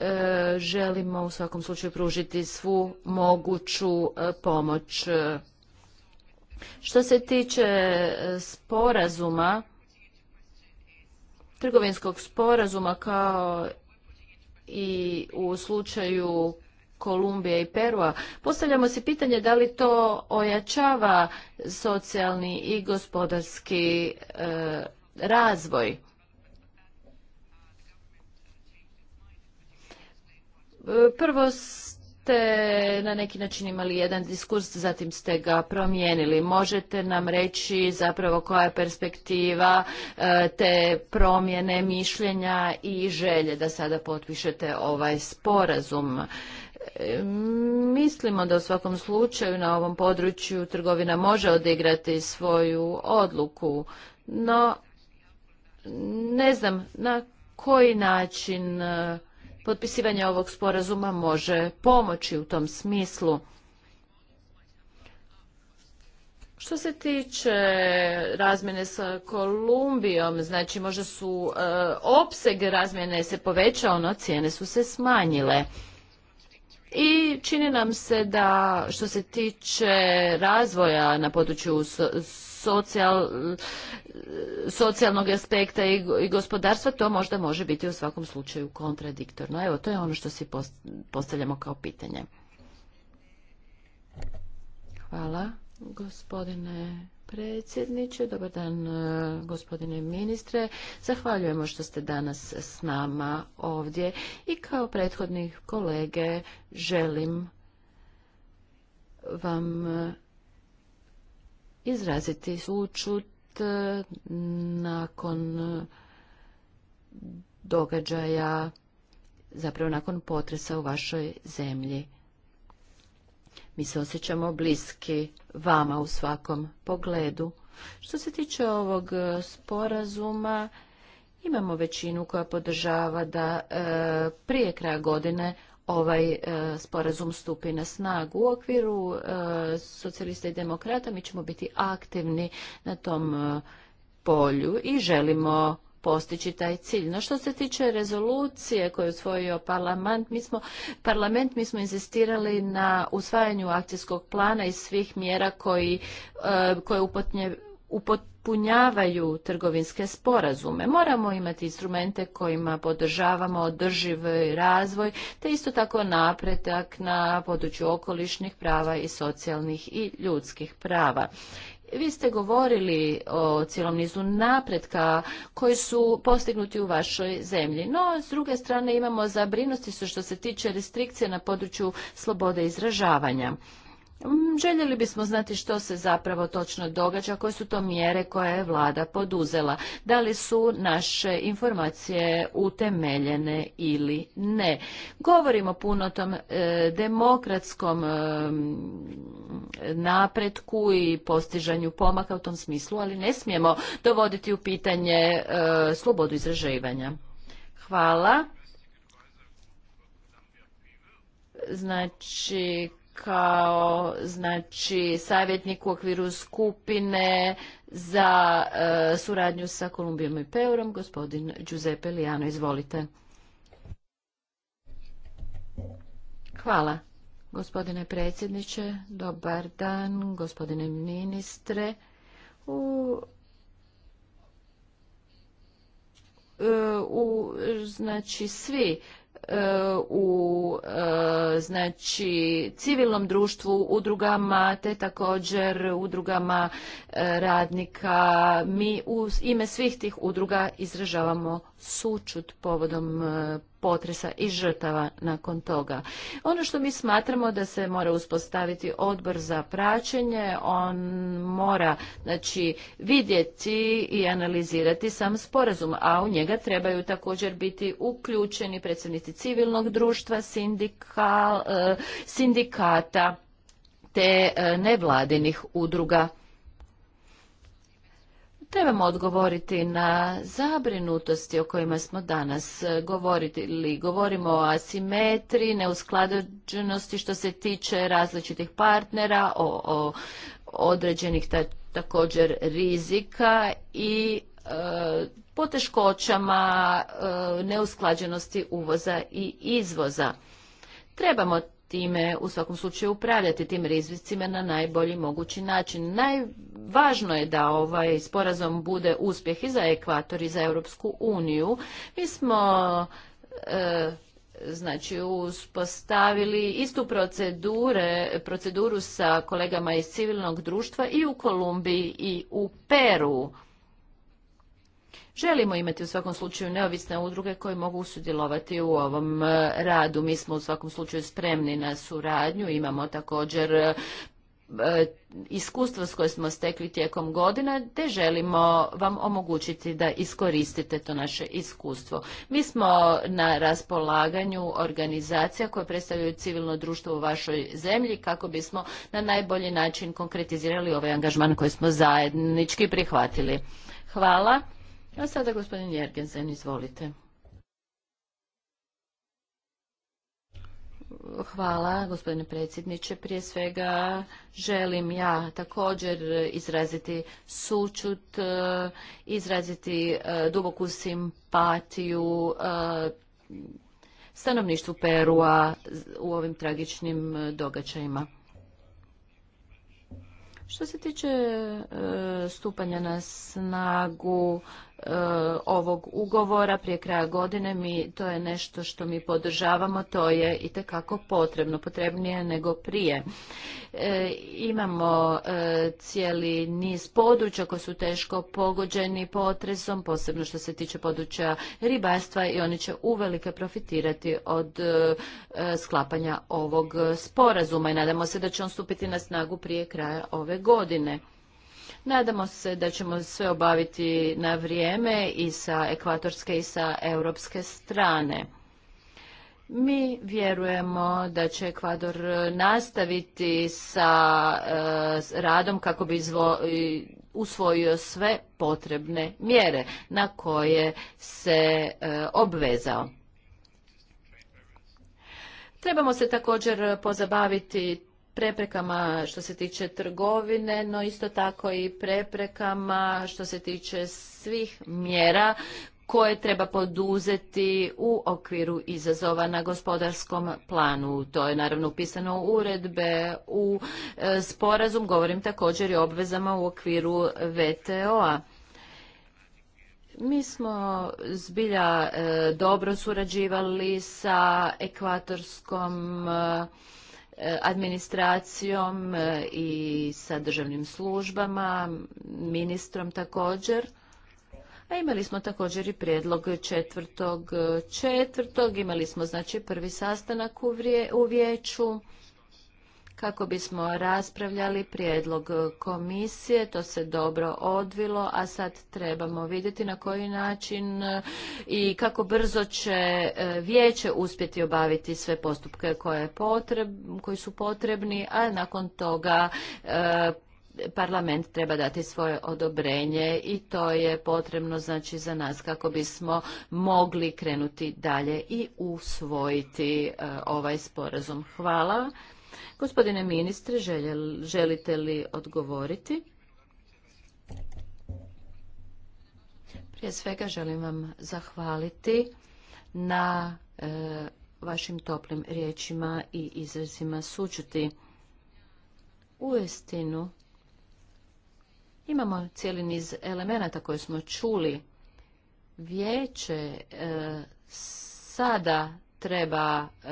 Speaker 2: E, želimo u svakom slučaju pružiti svu moguću e, pomoć što se tiče e, sporazuma, trgovinskog sporazuma kao i u slučaju Kolumbije i Perua. Postavljamo se pitanje da li to ojačava socijalni i gospodarski e, razvoj. E, prvo ste na neki način imali jedan diskurs, zatim ste ga promijenili. Možete nam reći zapravo koja je perspektiva e, te promjene mišljenja i želje da sada potpišete ovaj sporazum? E, mislimo da u svakom slučaju na ovom području trgovina može odigrati svoju odluku, no ne znam na koji način e, potpisivanje ovog sporazuma može pomoći u tom smislu. Što se tiče razmjene sa Kolumbijom, znači možda su e, opseg razmjene se povećao, no cijene su se smanjile. I čini nam se da što se tiče razvoja na području socijal, socijalnog aspekta i, gospodarstva, to možda može biti u svakom slučaju kontradiktorno. Evo, to je ono što si postavljamo kao pitanje. Hvala, gospodine predsjedniče. Dobar dan, e, gospodine ministre. Zahvaljujemo što ste danas s nama ovdje i kao prethodnih kolege želim vam izraziti sučut e, nakon e, događaja, zapravo nakon potresa u vašoj zemlji. Mi se osjećamo bliski vama u svakom pogledu. Što se tiče ovog e, sporazuma, imamo većinu koja podržava da prije kraja godine ovaj e, sporazum stupi na snagu. U okviru e, socijalista i demokrata mi ćemo biti aktivni na tom e, polju i želimo postići taj cilj. No što se tiče rezolucije koju je usvojio parlament, mi smo, parlament mi smo inzistirali na usvajanju akcijskog plana i svih mjera koji, koje upotnje upotpunjavaju trgovinske sporazume. Moramo imati instrumente kojima podržavamo održiv razvoj, te isto tako napretak na području okolišnih prava i socijalnih i ljudskih prava. Vi ste govorili o cijelom nizu napretka koji su postignuti u vašoj zemlji, no s druge strane imamo zabrinosti što se tiče restrikcije na području slobode izražavanja. Mm, željeli bismo znati što se zapravo točno događa, koje su to mjere koje je vlada poduzela, da li su naše informacije utemeljene ili ne. Govorimo puno o tom e, demokratskom e, napretku i postižanju pomaka u tom smislu, ali ne smijemo dovoditi u pitanje e, slobodu izraživanja. Hvala. Znači, kao znači savjetnik u okviru skupine za e, suradnju sa Kolumbijom i Peurom, gospodin Giuseppe Lijano, izvolite. Hvala. Gospodine predsjedniče, dobar dan, gospodine ministre. U e, u znači svi E, u e, znači civilnom društvu, udrugama te također udrugama e, radnika. Mi u ime svih tih udruga izražavamo sučut povodom potresa i žrtava nakon toga. Ono što mi smatramo da se mora uspostaviti odbor za praćenje, on mora znači, vidjeti i analizirati sam sporazum, a u njega trebaju također biti uključeni predsjednici civilnog društva, sindikal, e, sindikata te e, nevladinih udruga Trebamo odgovoriti na zabrinutosti o kojima smo danas e, govorili. Govorimo o asimetriji, neusklađenosti što se tiče različitih partnera, o, određenih također rizika i e, poteškoćama e, neusklađenosti uvoza i izvoza. Trebamo time u svakom slučaju upravljati tim rizicima na najbolji mogući način. Najvažno je da ovaj sporazum bude uspjeh i za ekvator i za Europsku uniju. Mi smo e, znači uspostavili istu procedure, proceduru sa kolegama iz civilnog društva i u Kolumbiji i u Peru. Želimo imati u svakom slučaju neovisne udruge koje mogu sudjelovati u ovom e, radu. Mi smo u svakom slučaju spremni na suradnju, imamo također e, iskustvo s koje smo stekli tijekom godina, te želimo vam omogućiti da iskoristite to naše iskustvo. Mi smo na raspolaganju organizacija koje predstavljaju civilno društvo u vašoj zemlji kako bismo na najbolji način konkretizirali ovaj angažman koji smo zajednički prihvatili. Hvala. A sada gospodin Jergensen, izvolite. Hvala, gospodine predsjedniče. Prije svega želim ja također izraziti sučut, e, izraziti e, duboku simpatiju e, stanovništvu Perua u ovim tragičnim događajima. Što se tiče stupanja na snagu E, ovog ugovora prije kraja godine mi to je nešto što mi podržavamo to je i tekako potrebno potrebnije nego prije e, imamo e, cijeli niz područja koji su teško pogođeni potresom posebno što se tiče područja ribarstva i oni će uvelike profitirati od sklapanja ovog sporazuma i nadamo se da će on stupiti na snagu prije kraja ove godine Nadamo se da ćemo sve obaviti na vrijeme i sa ekvatorske i sa europske strane. Mi vjerujemo da će Ekvador nastaviti sa e, radom kako bi usvojio sve potrebne mjere na koje se e, obvezao. Trebamo se također pozabaviti preprekama što se tiče trgovine, no isto tako i preprekama što se tiče svih mjera koje treba poduzeti u okviru izazova na gospodarskom planu. To je naravno upisano u uredbe, u e, sporazum, govorim također i o obvezama u okviru VTO-a. Mi smo zbilja e, dobro surađivali sa ekvatorskom e, administracijom e, i sa državnim službama, ministrom također. A imali smo također i prijedlog četvrtog e, četvrtog, imali smo znači prvi sastanak u, u vijeću kako bismo raspravljali prijedlog komisije. To se dobro odvilo, a sad trebamo vidjeti na koji način e, i kako brzo će e, vijeće uspjeti obaviti sve postupke koje koji su potrebni, a nakon toga e, parlament treba dati svoje odobrenje i to je potrebno znači za nas kako bismo mogli krenuti dalje i usvojiti ovaj sporazum. Hvala. Gospodine ministre, želite li odgovoriti? Prije svega želim vam zahvaliti na e, vašim toplim riječima i izrazima sučuti. Uistinu, imamo cijeli niz elemenata koje smo čuli. Vijeće e, sada treba e,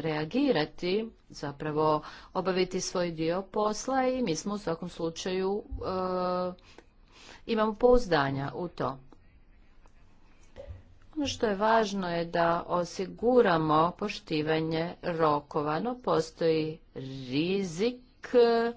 Speaker 2: reagirati zapravo obaviti svoj dio posla i mi smo u svakom slučaju e, imamo pouzdanja u to. Ono što je važno je da osiguramo poštivanje rokova, no postoji rizik e,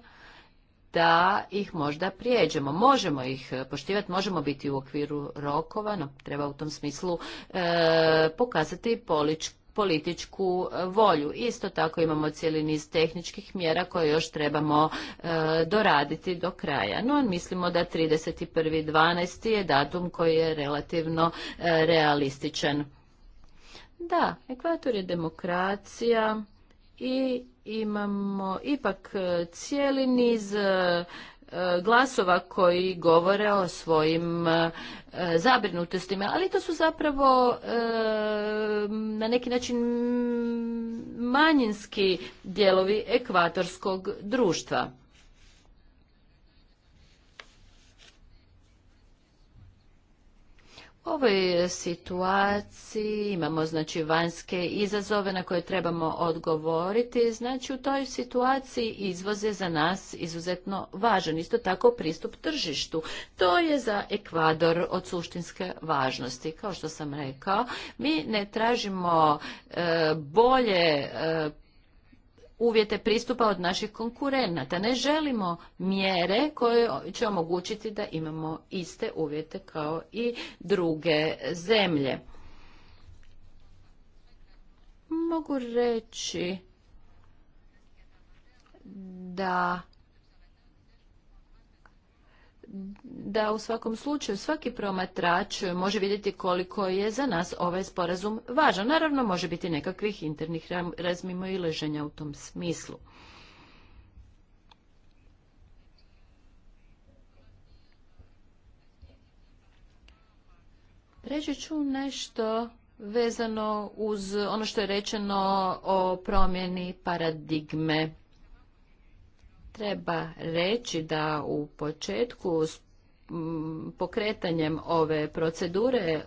Speaker 2: da ih možda prijeđemo. Možemo ih poštivati, možemo biti u okviru rokova, no treba u tom smislu e, pokazati poličku političku e, volju. Isto tako imamo cijeli niz tehničkih mjera koje još trebamo e, doraditi do kraja. No, mislimo da 31.12. je datum koji je relativno e, realističan. Da, ekvator je demokracija i imamo ipak cijeli niz E, glasova koji govore o svojim e, zabrinutostima, ali to su zapravo e, na neki način manjinski dijelovi ekvatorskog društva. ovoj situaciji imamo znači vanjske izazove na koje trebamo odgovoriti. Znači u toj situaciji izvoz je za nas izuzetno važan. Isto tako pristup tržištu. To je za Ekvador od suštinske važnosti. Kao što sam rekao, mi ne tražimo e, bolje e, uvjete pristupa od naših konkurenata. Ne želimo mjere koje će omogućiti da imamo iste uvjete kao i druge zemlje. Mogu reći da da u svakom slučaju svaki promatrač može vidjeti koliko je za nas ovaj sporazum važan. Naravno, može biti nekakvih internih leženja u tom smislu. Reći ću nešto vezano uz ono što je rečeno o promjeni paradigme treba reći da u početku pokretanjem ove procedure e,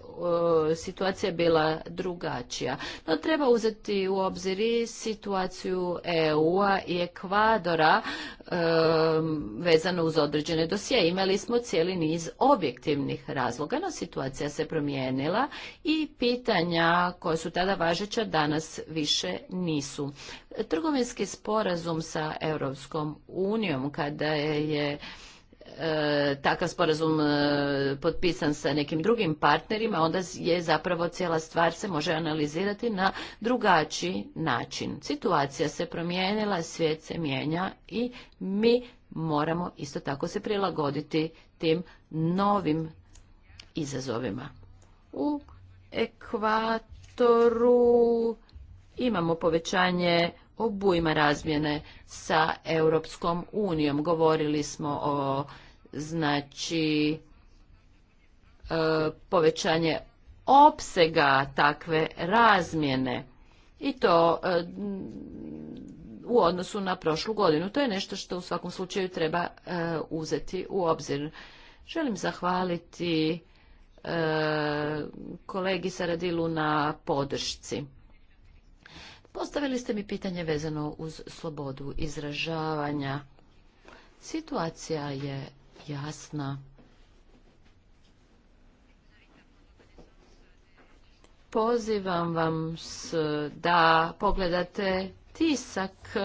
Speaker 2: situacija je bila drugačija. No treba uzeti u obzir i situaciju EU-a i Ekvadora e, vezano uz određene dosije. Imali smo cijeli niz objektivnih razloga, no situacija se promijenila i pitanja koja su tada važeća danas više nisu. Trgovinski sporazum sa Europskom unijom kada je E, takav sporazum e, potpisan sa nekim drugim partnerima, onda je zapravo cijela stvar se može analizirati na drugačiji način. Situacija se promijenila, svijet se mijenja i mi moramo isto tako se prilagoditi tim novim izazovima. U ekvatoru imamo povećanje obujma razmjene sa Europskom unijom. Govorili smo o znači e, povećanje opsega takve razmjene i to e, u odnosu na prošlu godinu. To je nešto što u svakom slučaju treba e, uzeti u obzir. Želim zahvaliti kolegi Saradilu na podršci. Postavili ste mi pitanje vezano uz slobodu izražavanja. Situacija je jasna. Pozivam vam da pogledate tisak,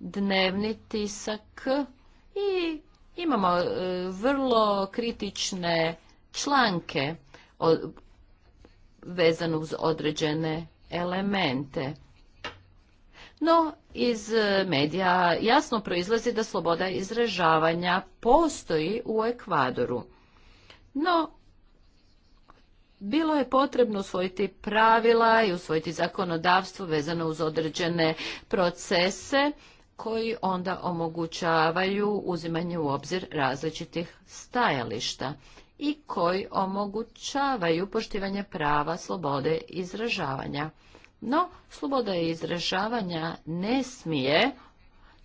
Speaker 2: dnevni tisak i imamo e, vrlo kritične članke vezano uz određene elemente. No, iz eh, medija jasno proizlazi da sloboda izražavanja postoji u Ekvadoru. No, bilo je potrebno usvojiti pravila i usvojiti zakonodavstvo vezano uz određene procese koji onda omogućavaju uzimanje u obzir različitih stajališta i koji omogućavaju poštivanje prava slobode izražavanja. No, sloboda izražavanja ne smije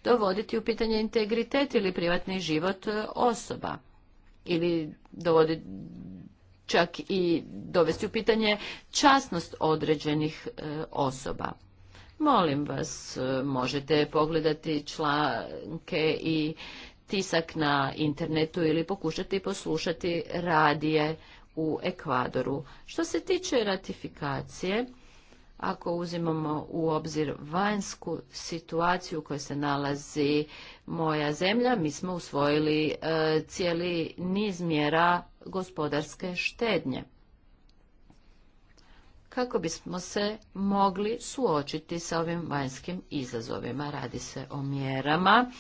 Speaker 2: dovoditi u pitanje integritet ili privatni život e, osoba ili dovodi čak i dovesti u pitanje časnost određenih e, osoba. Molim vas, e, možete pogledati članke i tisak na internetu ili pokušati poslušati radije u Ekvadoru. Što se tiče ratifikacije, ako uzimamo u obzir vanjsku situaciju u kojoj se nalazi moja zemlja, mi smo usvojili e, cijeli niz mjera gospodarske štednje. Kako bismo se mogli suočiti sa ovim vanjskim izazovima? Radi se o mjerama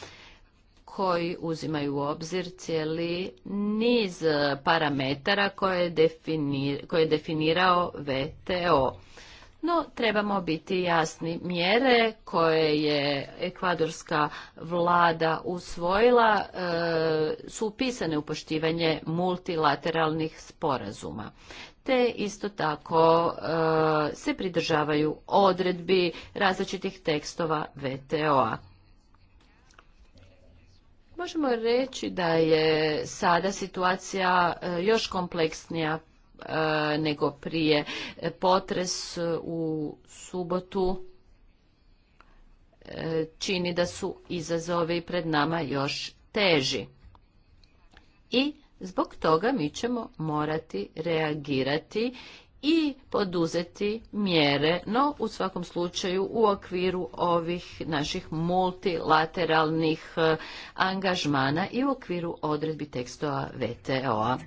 Speaker 2: koji uzimaju u obzir cijeli niz parametara koje je, koje je definirao VTO no, trebamo biti jasni. Mjere koje je ekvadorska vlada usvojila e, su upisane u poštivanje multilateralnih sporazuma te isto tako e, se pridržavaju odredbi različitih tekstova VTO-a. Možemo reći da je sada situacija e, još kompleksnija E, nego prije potres u subotu e, čini da su izazovi pred nama još teži. I zbog toga mi ćemo morati reagirati i poduzeti mjere, no u svakom slučaju u okviru ovih naših multilateralnih e, angažmana i u okviru odredbi tekstova VTO-a.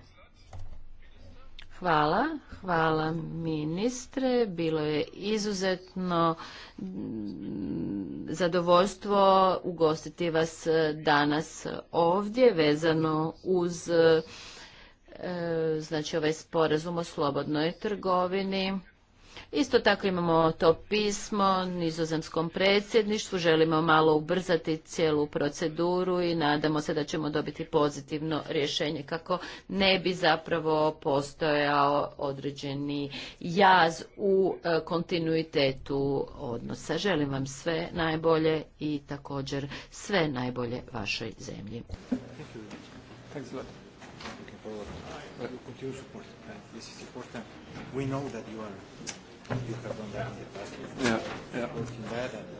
Speaker 2: Hvala, hvala ministre. Bilo je izuzetno mm, zadovoljstvo ugostiti vas e, danas ovdje vezano uz e, e, znači ovaj sporazum o slobodnoj trgovini Isto tako imamo to pismo nizozemskom predsjedništvu, želimo malo ubrzati cijelu proceduru i nadamo se da ćemo dobiti pozitivno rješenje kako ne bi zapravo postojao određeni jaz u e, kontinuitetu odnosa. Želim vam sve najbolje i također sve najbolje vašoj zemlji.
Speaker 1: We know that you are ja, ja.